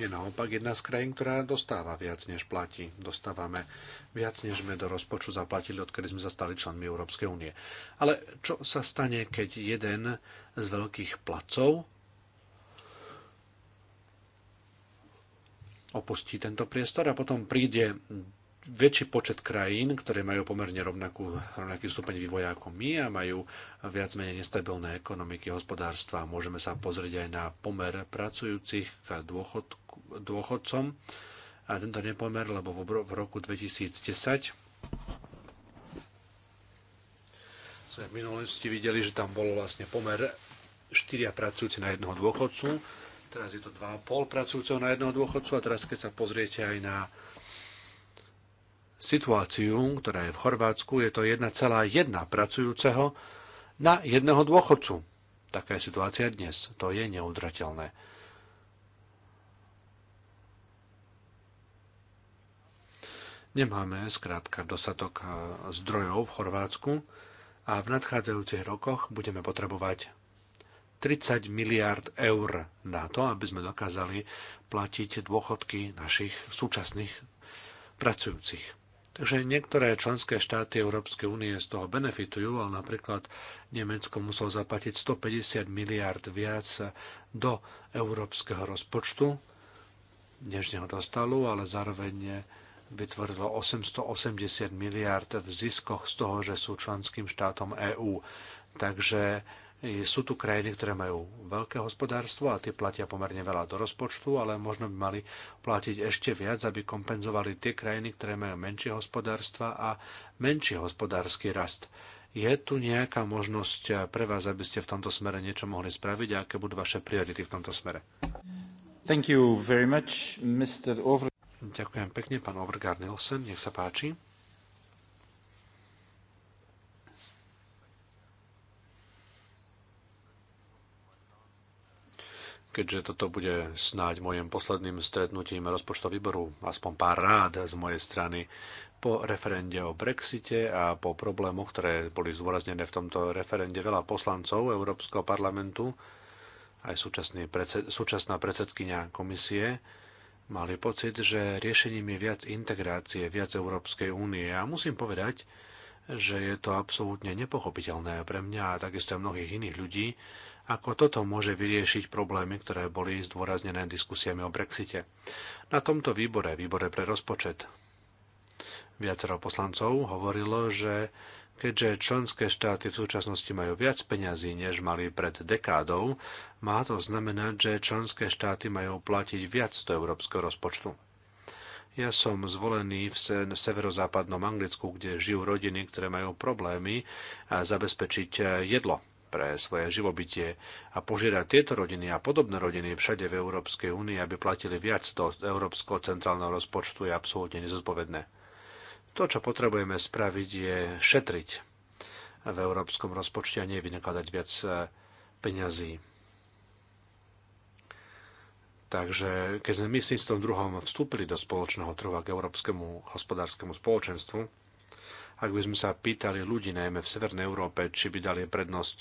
je naopak jedna z krajín, ktorá dostáva viac, než platí. Dostávame viac, než sme do rozpočtu zaplatili, odkedy sme sa stali členmi Európskej únie. Ale čo sa stane, keď jeden z veľkých placov opustí tento priestor a potom príde väčší počet krajín, ktoré majú pomerne rovnakú, rovnaký stupeň vývoja ako my a majú viac menej nestabilné ekonomiky, hospodárstva. Môžeme sa pozrieť aj na pomer pracujúcich k dôchod, dôchodcom a tento nepomer, lebo v roku 2010 sme v minulosti videli, že tam bol vlastne pomer 4 pracujúci na jednoho dôchodcu, teraz je to 2,5 pracujúceho na jednoho dôchodcu a teraz keď sa pozriete aj na situáciu, ktorá je v Chorvátsku, je to 1,1 pracujúceho na jedného dôchodcu. Taká je situácia dnes. To je neudrateľné. Nemáme skrátka dostatok e, zdrojov v Chorvátsku a v nadchádzajúcich rokoch budeme potrebovať 30 miliard eur na to, aby sme dokázali platiť dôchodky našich súčasných pracujúcich. Takže niektoré členské štáty Európskej únie z toho benefitujú, ale napríklad Nemecko muselo zaplatiť 150 miliard viac do európskeho rozpočtu, než neho dostalo, ale zároveň vytvorilo 880 miliard v ziskoch z toho, že sú členským štátom EÚ. Takže sú tu krajiny, ktoré majú veľké hospodárstvo a tie platia pomerne veľa do rozpočtu, ale možno by mali platiť ešte viac, aby kompenzovali tie krajiny, ktoré majú menšie hospodárstva a menší hospodársky rast. Je tu nejaká možnosť pre vás, aby ste v tomto smere niečo mohli spraviť a aké budú vaše priority v tomto smere? Thank you very much, Mr. Over- Ďakujem pekne, pán Overgaard Nielsen, nech sa páči. keďže toto bude snáď mojim posledným stretnutím rozpočtov výboru, aspoň pár rád z mojej strany, po referende o Brexite a po problémoch, ktoré boli zdôraznené v tomto referende veľa poslancov Európskeho parlamentu, aj predsed, súčasná predsedkynia komisie, mali pocit, že riešením je viac integrácie, viac Európskej únie. A musím povedať, že je to absolútne nepochopiteľné pre mňa a takisto aj mnohých iných ľudí, ako toto môže vyriešiť problémy, ktoré boli zdôraznené diskusiami o Brexite. Na tomto výbore, výbore pre rozpočet, viacero poslancov hovorilo, že keďže členské štáty v súčasnosti majú viac peňazí, než mali pred dekádou, má to znamenať, že členské štáty majú platiť viac do európskeho rozpočtu. Ja som zvolený v, sen, v severozápadnom Anglicku, kde žijú rodiny, ktoré majú problémy zabezpečiť jedlo pre svoje živobytie a požiadať tieto rodiny a podobné rodiny všade v Európskej únii, aby platili viac do Európskeho centrálneho rozpočtu, je absolútne nezodpovedné. To, čo potrebujeme spraviť, je šetriť v európskom rozpočte a nie vynakladať viac e, peňazí. Takže keď sme my s tom druhom vstúpili do spoločného trhu a k Európskemu hospodárskemu spoločenstvu, ak by sme sa pýtali ľudí, najmä v Severnej Európe, či by dali prednosť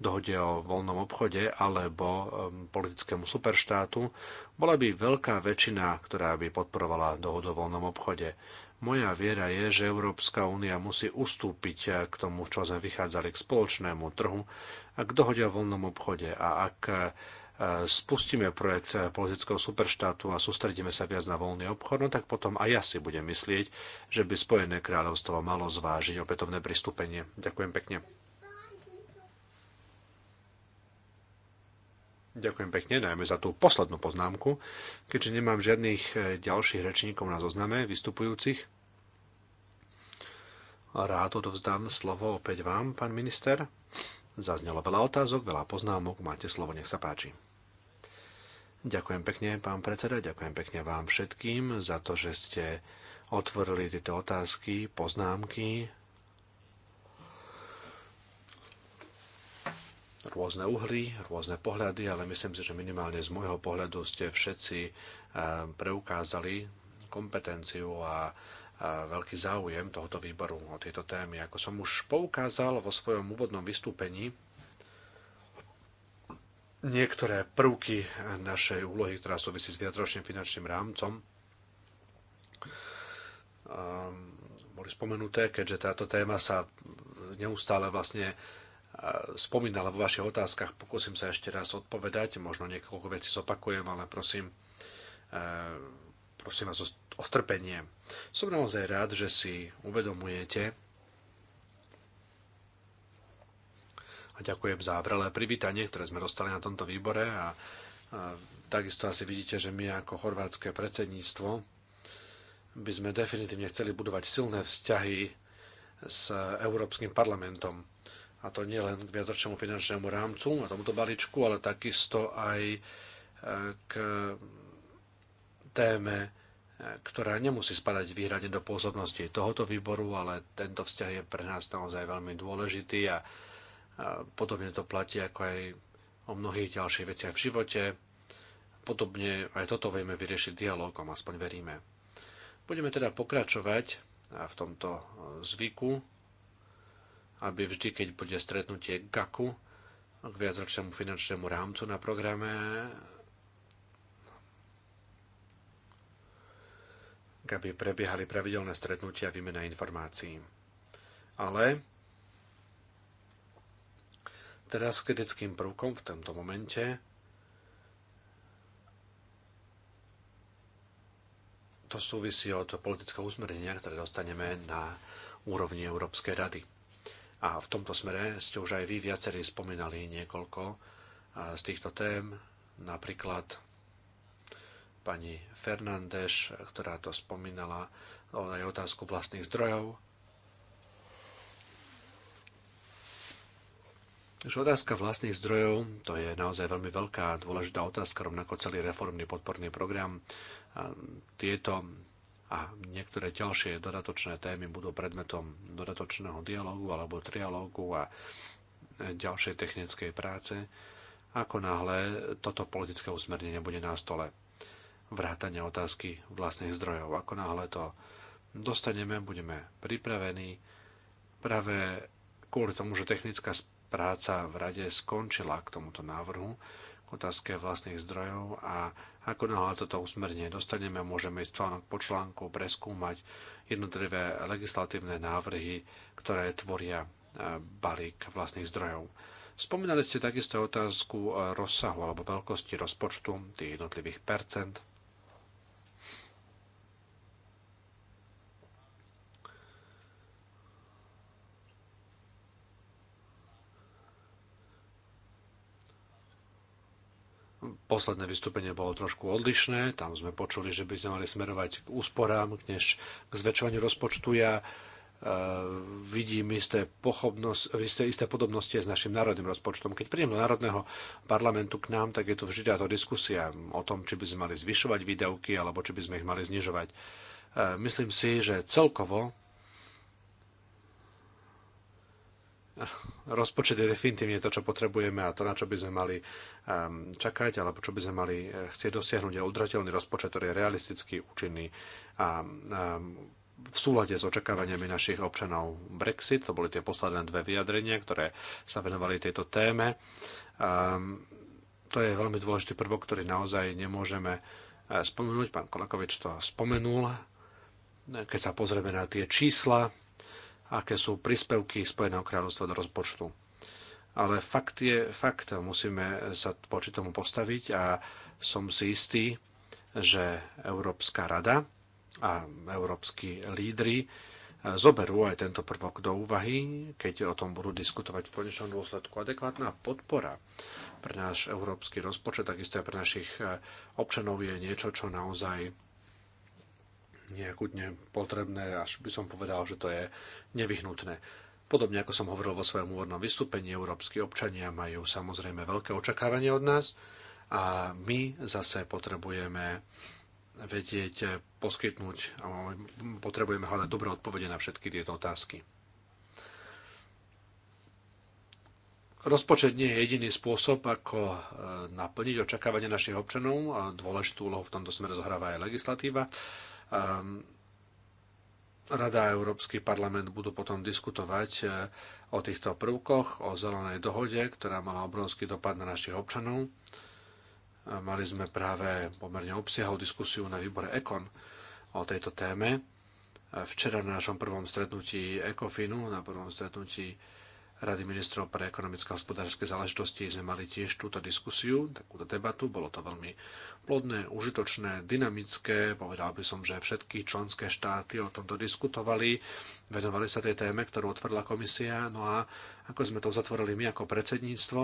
dohode o voľnom obchode alebo um, politickému superštátu, bola by veľká väčšina, ktorá by podporovala dohodu o voľnom obchode. Moja viera je, že Európska únia musí ustúpiť eh, k tomu, čo sme vychádzali k spoločnému trhu a k dohode o voľnom obchode. A ak eh, spustíme projekt politického superštátu a sústredíme sa viac na voľný obchod, no tak potom aj ja si budem myslieť, že by Spojené kráľovstvo malo zvážiť opätovné pristúpenie. Ďakujem pekne. Ďakujem pekne, najmä za tú poslednú poznámku, keďže nemám žiadnych eh, ďalších rečníkov na zozname vystupujúcich. Rád odovzdám slovo opäť vám, pán minister. Zaznelo veľa otázok, veľa poznámok, máte slovo, nech sa páči. Ďakujem pekne, pán predseda, ďakujem pekne vám všetkým za to, že ste otvorili tieto otázky, poznámky, rôzne uhly, rôzne pohľady, ale myslím si, že minimálne z môjho pohľadu ste všetci eh, preukázali kompetenciu a eh, veľký záujem tohoto výboru o tieto témy. Ako som už poukázal vo svojom úvodnom vystúpení, niektoré prvky našej úlohy, ktorá súvisí s viacročným finančným rámcom, ehm, boli spomenuté, keďže táto téma sa neustále vlastne e, spomínala vo vašich otázkach. Pokúsim sa ešte raz odpovedať, možno niekoľko vecí zopakujem, ale prosím, e, prosím vás o strpenie. Som naozaj rád, že si uvedomujete, a ďakujem za vrelé privítanie, ktoré sme dostali na tomto výbore a, a takisto asi vidíte, že my ako chorvátske predsedníctvo by sme definitívne chceli budovať silné vzťahy s Európskym parlamentom. A to nie len k viacročnému finančnému rámcu a tomuto balíčku, ale takisto aj e, k téme, e, ktorá nemusí spadať výhradne do pôsobnosti tohoto výboru, ale tento vzťah je pre nás naozaj veľmi dôležitý a Podobne to platí ako aj o mnohých ďalších veciach v živote. Podobne aj toto vieme vyriešiť dialogom, aspoň veríme. Budeme teda pokračovať v tomto e, zvyku, aby vždy, keď bude stretnutie GAKu k viacročnému finančnému rámcu na programe, aby prebiehali pravidelné stretnutia a výmena informácií. Ale teraz kritickým prvkom v tomto momente to súvisí od politického usmerenia, ktoré dostaneme na úrovni Európskej rady. A v tomto smere ste už aj vy viacerí spomínali niekoľko z týchto tém, napríklad pani Fernández, ktorá to spomínala, aj otázku vlastných zdrojov, Už otázka vlastných zdrojov, to je naozaj veľmi veľká a dôležitá otázka, rovnako celý reformný podporný program. A tieto a niektoré ďalšie dodatočné témy budú predmetom dodatočného dialógu alebo trialógu a ďalšej technickej práce, ako náhle toto politické usmernenie bude na stole. Vrátanie otázky vlastných zdrojov. Ako náhle to dostaneme, budeme pripravení. Práve kvôli tomu, že technická práca v rade skončila k tomuto návrhu, k otázke vlastných zdrojov a ako náhle toto usmernenie dostaneme, môžeme ísť článok po článku preskúmať jednotlivé legislatívne návrhy, ktoré tvoria e, balík vlastných zdrojov. Spomínali ste takisto otázku e, rozsahu alebo veľkosti rozpočtu, tých jednotlivých percent posledné vystúpenie bolo trošku odlišné. Tam sme počuli, že by sme mali smerovať k úsporám, než k zväčšovaniu rozpočtu. Ja e, vidím isté, isté, isté podobnosti s našim národným rozpočtom. Keď prídem do Národného parlamentu k nám, tak je tu vždy táto diskusia o tom, či by sme mali zvyšovať výdavky alebo či by sme ich mali znižovať. E, myslím si, že celkovo rozpočet je definitívne to, čo potrebujeme a to, na čo by sme mali ehm, čakať, alebo čo by sme mali eh, chcieť dosiahnuť, je udržateľný rozpočet, ktorý je realistický, účinný a ehm, v súlade s očakávaniami našich občanov Brexit. To boli tie posledné dve vyjadrenia, ktoré sa venovali tejto téme. Ehm, to je veľmi dôležitý prvok, ktorý naozaj nemôžeme eh, spomenúť. Pán Kolakovič to spomenul. Keď sa pozrieme na tie čísla, aké sú príspevky Spojeného kráľovstva do rozpočtu. Ale fakt je fakt, musíme sa voči tomu postaviť a som si istý, že Európska rada a európsky lídry eh, zoberú aj tento prvok do úvahy, keď o tom budú diskutovať v konečnom dôsledku. Adekvátna podpora pre náš európsky rozpočet, takisto aj pre našich eh, občanov je niečo, čo naozaj nejakutne potrebné, až by som povedal, že to je nevyhnutné. Podobne ako som hovoril vo svojom úvodnom vystúpení, európsky občania majú samozrejme veľké očakávanie od nás a my zase potrebujeme vedieť, poskytnúť, potrebujeme hľadať dobré odpovede na všetky tieto otázky. Rozpočet nie je jediný spôsob, ako e, naplniť očakávania našich občanov. Dôležitú úlohu v tomto smere zohráva aj legislatíva. Ehm, Rada a Európsky parlament budú potom diskutovať e, o týchto prvkoch, o zelenej dohode, ktorá mala obrovský dopad na našich občanov. E, mali sme práve pomerne obsiahov diskusiu na výbore EKON o tejto téme. E, včera na našom prvom stretnutí ECOFINu, na prvom stretnutí Rady ministrov pre ekonomické a hospodárske záležitosti sme mali tiež túto diskusiu, takúto debatu. Bolo to veľmi plodné, užitočné, dynamické. Povedal by som, že všetky členské štáty o tomto diskutovali, venovali sa tej téme, ktorú otvorila komisia. No a ako sme to zatvorili my ako predsedníctvo,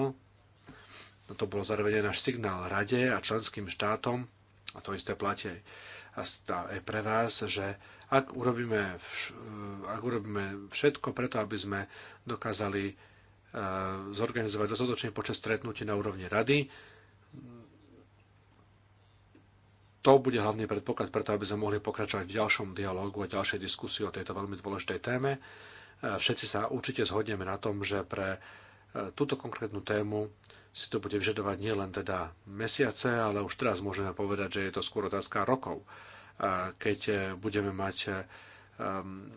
no to bol zároveň náš signál Rade a členským štátom, a to isté platí aj a aj pre vás, že ak urobíme, ak urobíme všetko preto, aby sme dokázali e, zorganizovať dostatočný počet stretnutí na úrovni rady, to bude hlavný predpoklad preto, aby sme mohli pokračovať v ďalšom dialógu a ďalšej diskusii o tejto veľmi dôležitej téme. E, všetci sa určite zhodneme na tom, že pre e, túto konkrétnu tému si to bude vyžadovať nielen teda mesiace, ale už teraz môžeme povedať, že je to skôr otázka rokov, keď e, budeme mať e,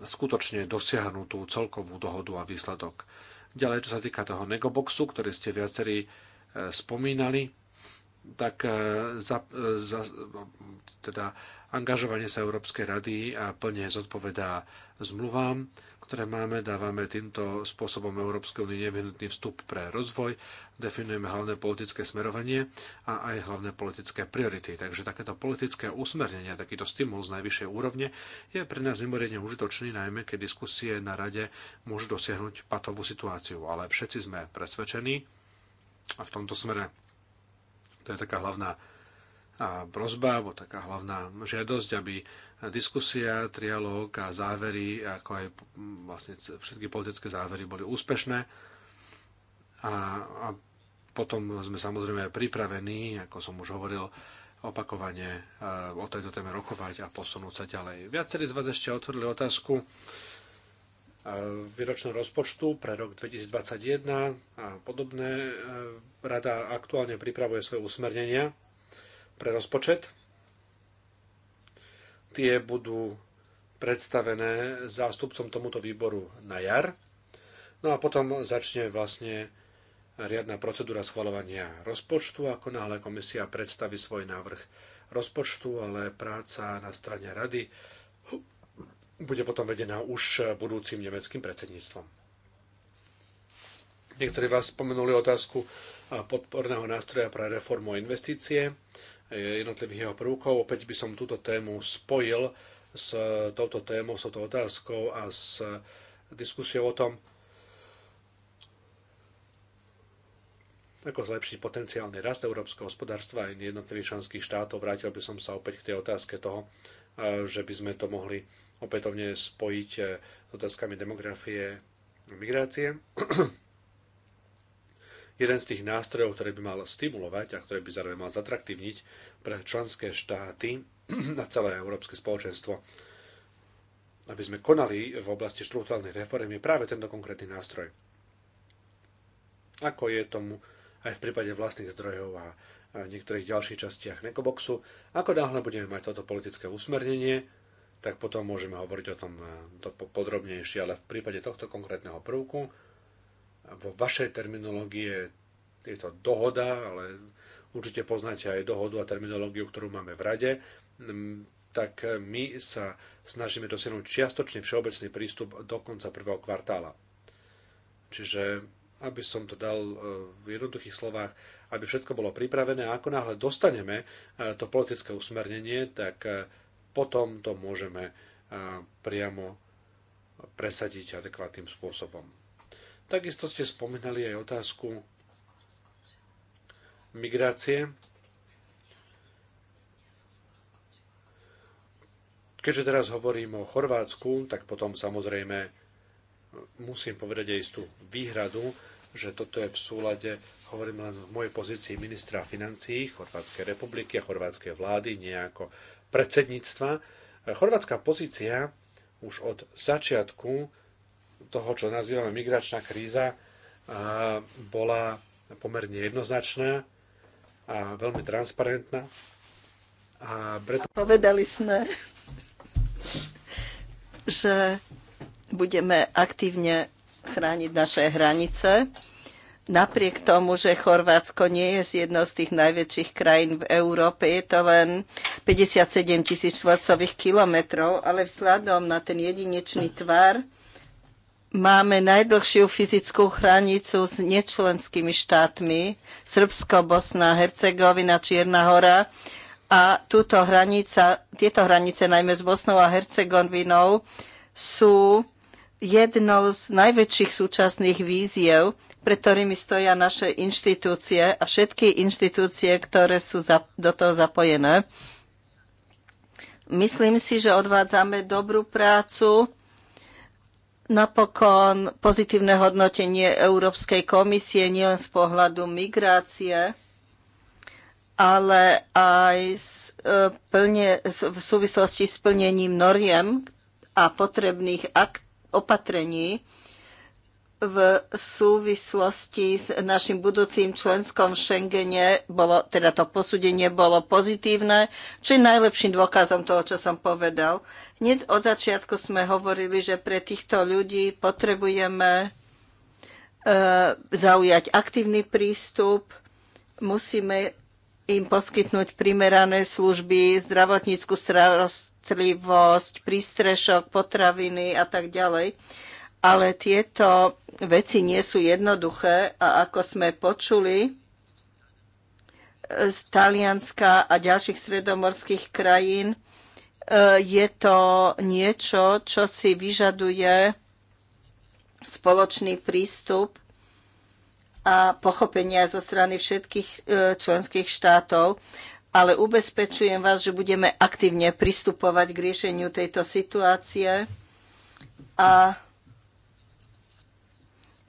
skutočne dosiahnutú celkovú dohodu a výsledok. Ďalej, čo sa týka toho negoboxu, ktorý ste viacerí e, spomínali, tak za, za, teda angažovanie sa Európskej rady plne zodpovedá zmluvám ktoré máme, dávame týmto spôsobom Európskej únie nevyhnutný vstup pre rozvoj, definujeme hlavné politické smerovanie a aj hlavné politické priority. Takže takéto politické usmernenie, takýto stimul z najvyššej úrovne je pre nás mimoriadne užitočný, najmä keď diskusie na rade môžu dosiahnuť patovú situáciu. Ale všetci sme presvedčení a v tomto smere to je taká hlavná prozba, alebo taká hlavná žiadosť, aby Diskusia, trialóg a závery, ako aj vlastne všetky politické závery boli úspešné. A, a potom sme samozrejme pripravení, ako som už hovoril, opakovane e, o tejto téme rokovať a posunúť sa ďalej. Viacerí z vás ešte otvorili otázku e, výročného rozpočtu pre rok 2021 a podobné. E, rada aktuálne pripravuje svoje usmernenia pre rozpočet Tie budú predstavené zástupcom tomuto výboru na jar. No a potom začne vlastne riadna procedúra schvalovania rozpočtu, ako náhle komisia predstaví svoj návrh rozpočtu, ale práca na strane rady bude potom vedená už budúcim nemeckým predsedníctvom. Niektorí vás spomenuli otázku podporného nástroja pre reformu a investície. Eh, jednotlivých jeho prvkov. Opäť by som túto tému spojil s touto témou, s touto otázkou a s diskusiou o tom, ako zlepšiť potenciálny rast európskeho hospodárstva aj jednotlivých členských štátov. Vrátil by som sa opäť k tej otázke toho, eh, že by sme to mohli opätovne spojiť eh, s otázkami demografie a migrácie jeden z tých nástrojov, ktorý by mal stimulovať a ktoré by zároveň mal zatraktívniť pre členské štáty na celé európske spoločenstvo, aby sme konali v oblasti štruktúrnych reform, je práve tento konkrétny nástroj. Ako je tomu aj v prípade vlastných zdrojov a niektorých ďalších častiach Nekoboxu. Ako náhle budeme mať toto politické usmernenie, tak potom môžeme hovoriť o tom e, to podrobnejšie, ale v prípade tohto konkrétneho prvku vo vašej terminológie je to dohoda, ale určite poznáte aj dohodu a terminológiu, ktorú máme v rade, mm, tak e, my sa snažíme dosiahnuť čiastočne všeobecný prístup do konca prvého kvartála. Čiže, aby som to dal e, v jednoduchých slovách, aby všetko bolo pripravené a ako náhle dostaneme e, to politické usmernenie, tak potom to môžeme priamo presadiť adekvátnym spôsobom. Takisto ste spomínali aj otázku migrácie. Keďže teraz hovorím o Chorvátsku, tak potom samozrejme musím povedať aj istú výhradu, že toto je v súlade, hovorím len v mojej pozícii ministra financií Chorvátskej republiky a chorvátskej vlády, nejako predsedníctva. Chorvátska pozícia už od začiatku toho, čo nazývame migračná kríza, bola pomerne jednoznačná a veľmi transparentná. A preto... Povedali sme, že budeme aktívne chrániť naše hranice. Napriek tomu, že Chorvátsko nie je z jednou z tých najväčších krajín v Európe, je to len 57 tisíc štvorcových kilometrov, ale vzhľadom na ten jedinečný tvar Máme najdlhšiu fyzickú hranicu s nečlenskými štátmi, Srbsko, Bosna, Hercegovina, Čierna hora. A túto hranica, tieto hranice najmä s Bosnou a Hercegovinou sú jednou z najväčších súčasných víziev, pred ktorými stoja naše inštitúcie a všetky inštitúcie, ktoré sú do toho zapojené. Myslím si, že odvádzame dobrú prácu Napokon pozitívne hodnotenie Európskej komisie nielen z pohľadu migrácie, ale aj s, e, plne, v súvislosti s plnením noriem a potrebných opatrení v súvislosti s našim budúcim členskom v Schengene, bolo, teda to posúdenie bolo pozitívne, čo je najlepším dôkazom toho, čo som povedal. Hneď od začiatku sme hovorili, že pre týchto ľudí potrebujeme e, zaujať aktívny prístup, musíme im poskytnúť primerané služby, zdravotníckú starostlivosť, prístrešok, potraviny a tak ďalej ale tieto veci nie sú jednoduché a ako sme počuli e, z Talianska a ďalších stredomorských krajín, e, je to niečo, čo si vyžaduje spoločný prístup a pochopenia zo strany všetkých e, členských štátov, ale ubezpečujem vás, že budeme aktívne pristupovať k riešeniu tejto situácie a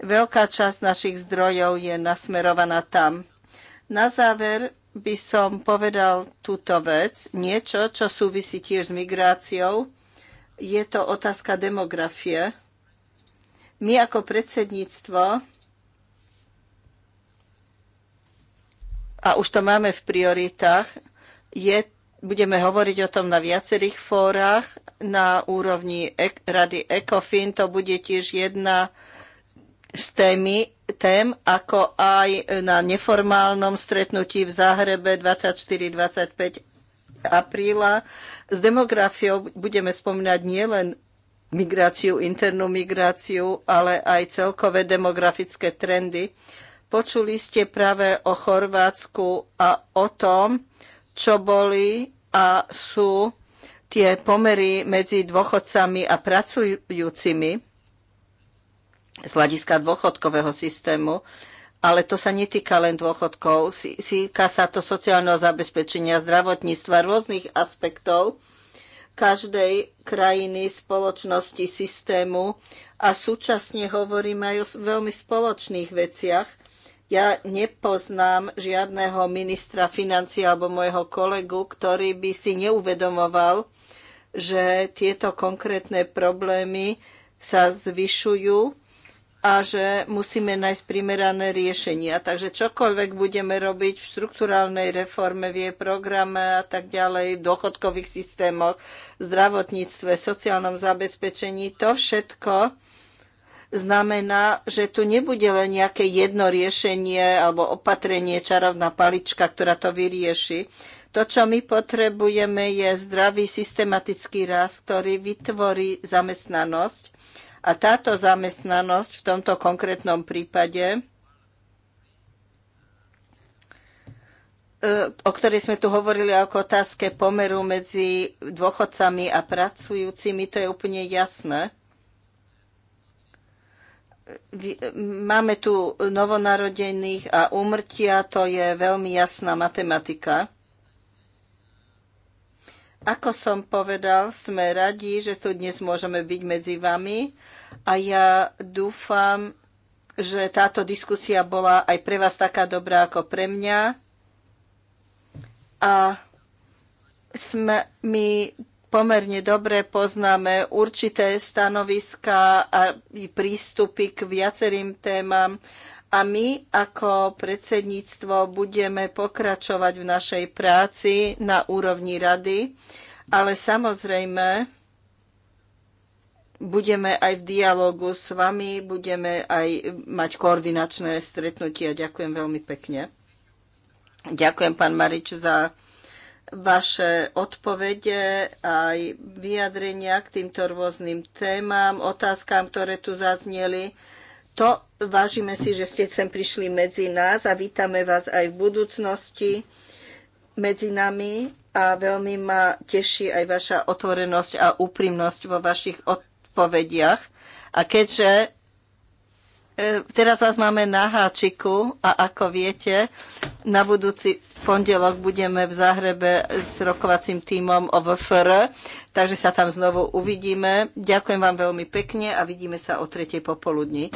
Veľká časť našich zdrojov je nasmerovaná tam. Na záver by som povedal túto vec, niečo, čo súvisí tiež s migráciou. Je to otázka demografie. My ako predsedníctvo, a už to máme v prioritách, je, budeme hovoriť o tom na viacerých fórach, na úrovni e- Rady ECOFIN, to bude tiež jedna s témy, tém, ako aj na neformálnom stretnutí v Záhrebe 24-25 apríla. S demografiou budeme spomínať nielen migráciu, internú migráciu, ale aj celkové demografické trendy. Počuli ste práve o Chorvátsku a o tom, čo boli a sú tie pomery medzi dôchodcami a pracujúcimi z hľadiska dôchodkového systému, ale to sa netýka len dôchodkov, týka sa to sociálneho zabezpečenia, zdravotníctva, rôznych aspektov každej krajiny, spoločnosti, systému a súčasne hovoríme aj o veľmi spoločných veciach. Ja nepoznám žiadného ministra financií alebo môjho kolegu, ktorý by si neuvedomoval, že tieto konkrétne problémy sa zvyšujú a že musíme nájsť primerané riešenia. Takže čokoľvek budeme robiť v štruktúralnej reforme, v jej programe a tak ďalej, v dochodkových systémoch, zdravotníctve, sociálnom zabezpečení, to všetko znamená, že tu nebude len nejaké jedno riešenie alebo opatrenie, čarovná palička, ktorá to vyrieši. To, čo my potrebujeme, je zdravý systematický rast, ktorý vytvorí zamestnanosť a táto zamestnanosť v tomto konkrétnom prípade, e, o ktorej sme tu hovorili ako otázke pomeru medzi dôchodcami a pracujúcimi, to je úplne jasné máme tu novonarodených a úmrtia, to je veľmi jasná matematika. Ako som povedal, sme radi, že tu dnes môžeme byť medzi vami a ja dúfam, že táto diskusia bola aj pre vás taká dobrá ako pre mňa. A sme, my pomerne dobre poznáme určité stanoviska a prístupy k viacerým témam a my ako predsedníctvo budeme pokračovať v našej práci na úrovni rady, ale samozrejme budeme aj v dialogu s vami, budeme aj mať koordinačné stretnutia. Ďakujem veľmi pekne. Ďakujem, pán Marič, za vaše odpovede aj vyjadrenia k týmto rôznym témam, otázkám, ktoré tu zazneli. To vážime si, že ste sem prišli medzi nás a vítame vás aj v budúcnosti medzi nami a veľmi ma teší aj vaša otvorenosť a úprimnosť vo vašich odpovediach odpovediach. A keďže e, Teraz vás máme na háčiku a ako viete, na budúci pondelok budeme v Záhrebe s rokovacím tímom o VFR, takže sa tam znovu uvidíme. Ďakujem vám veľmi pekne a vidíme sa o tretej popoludní.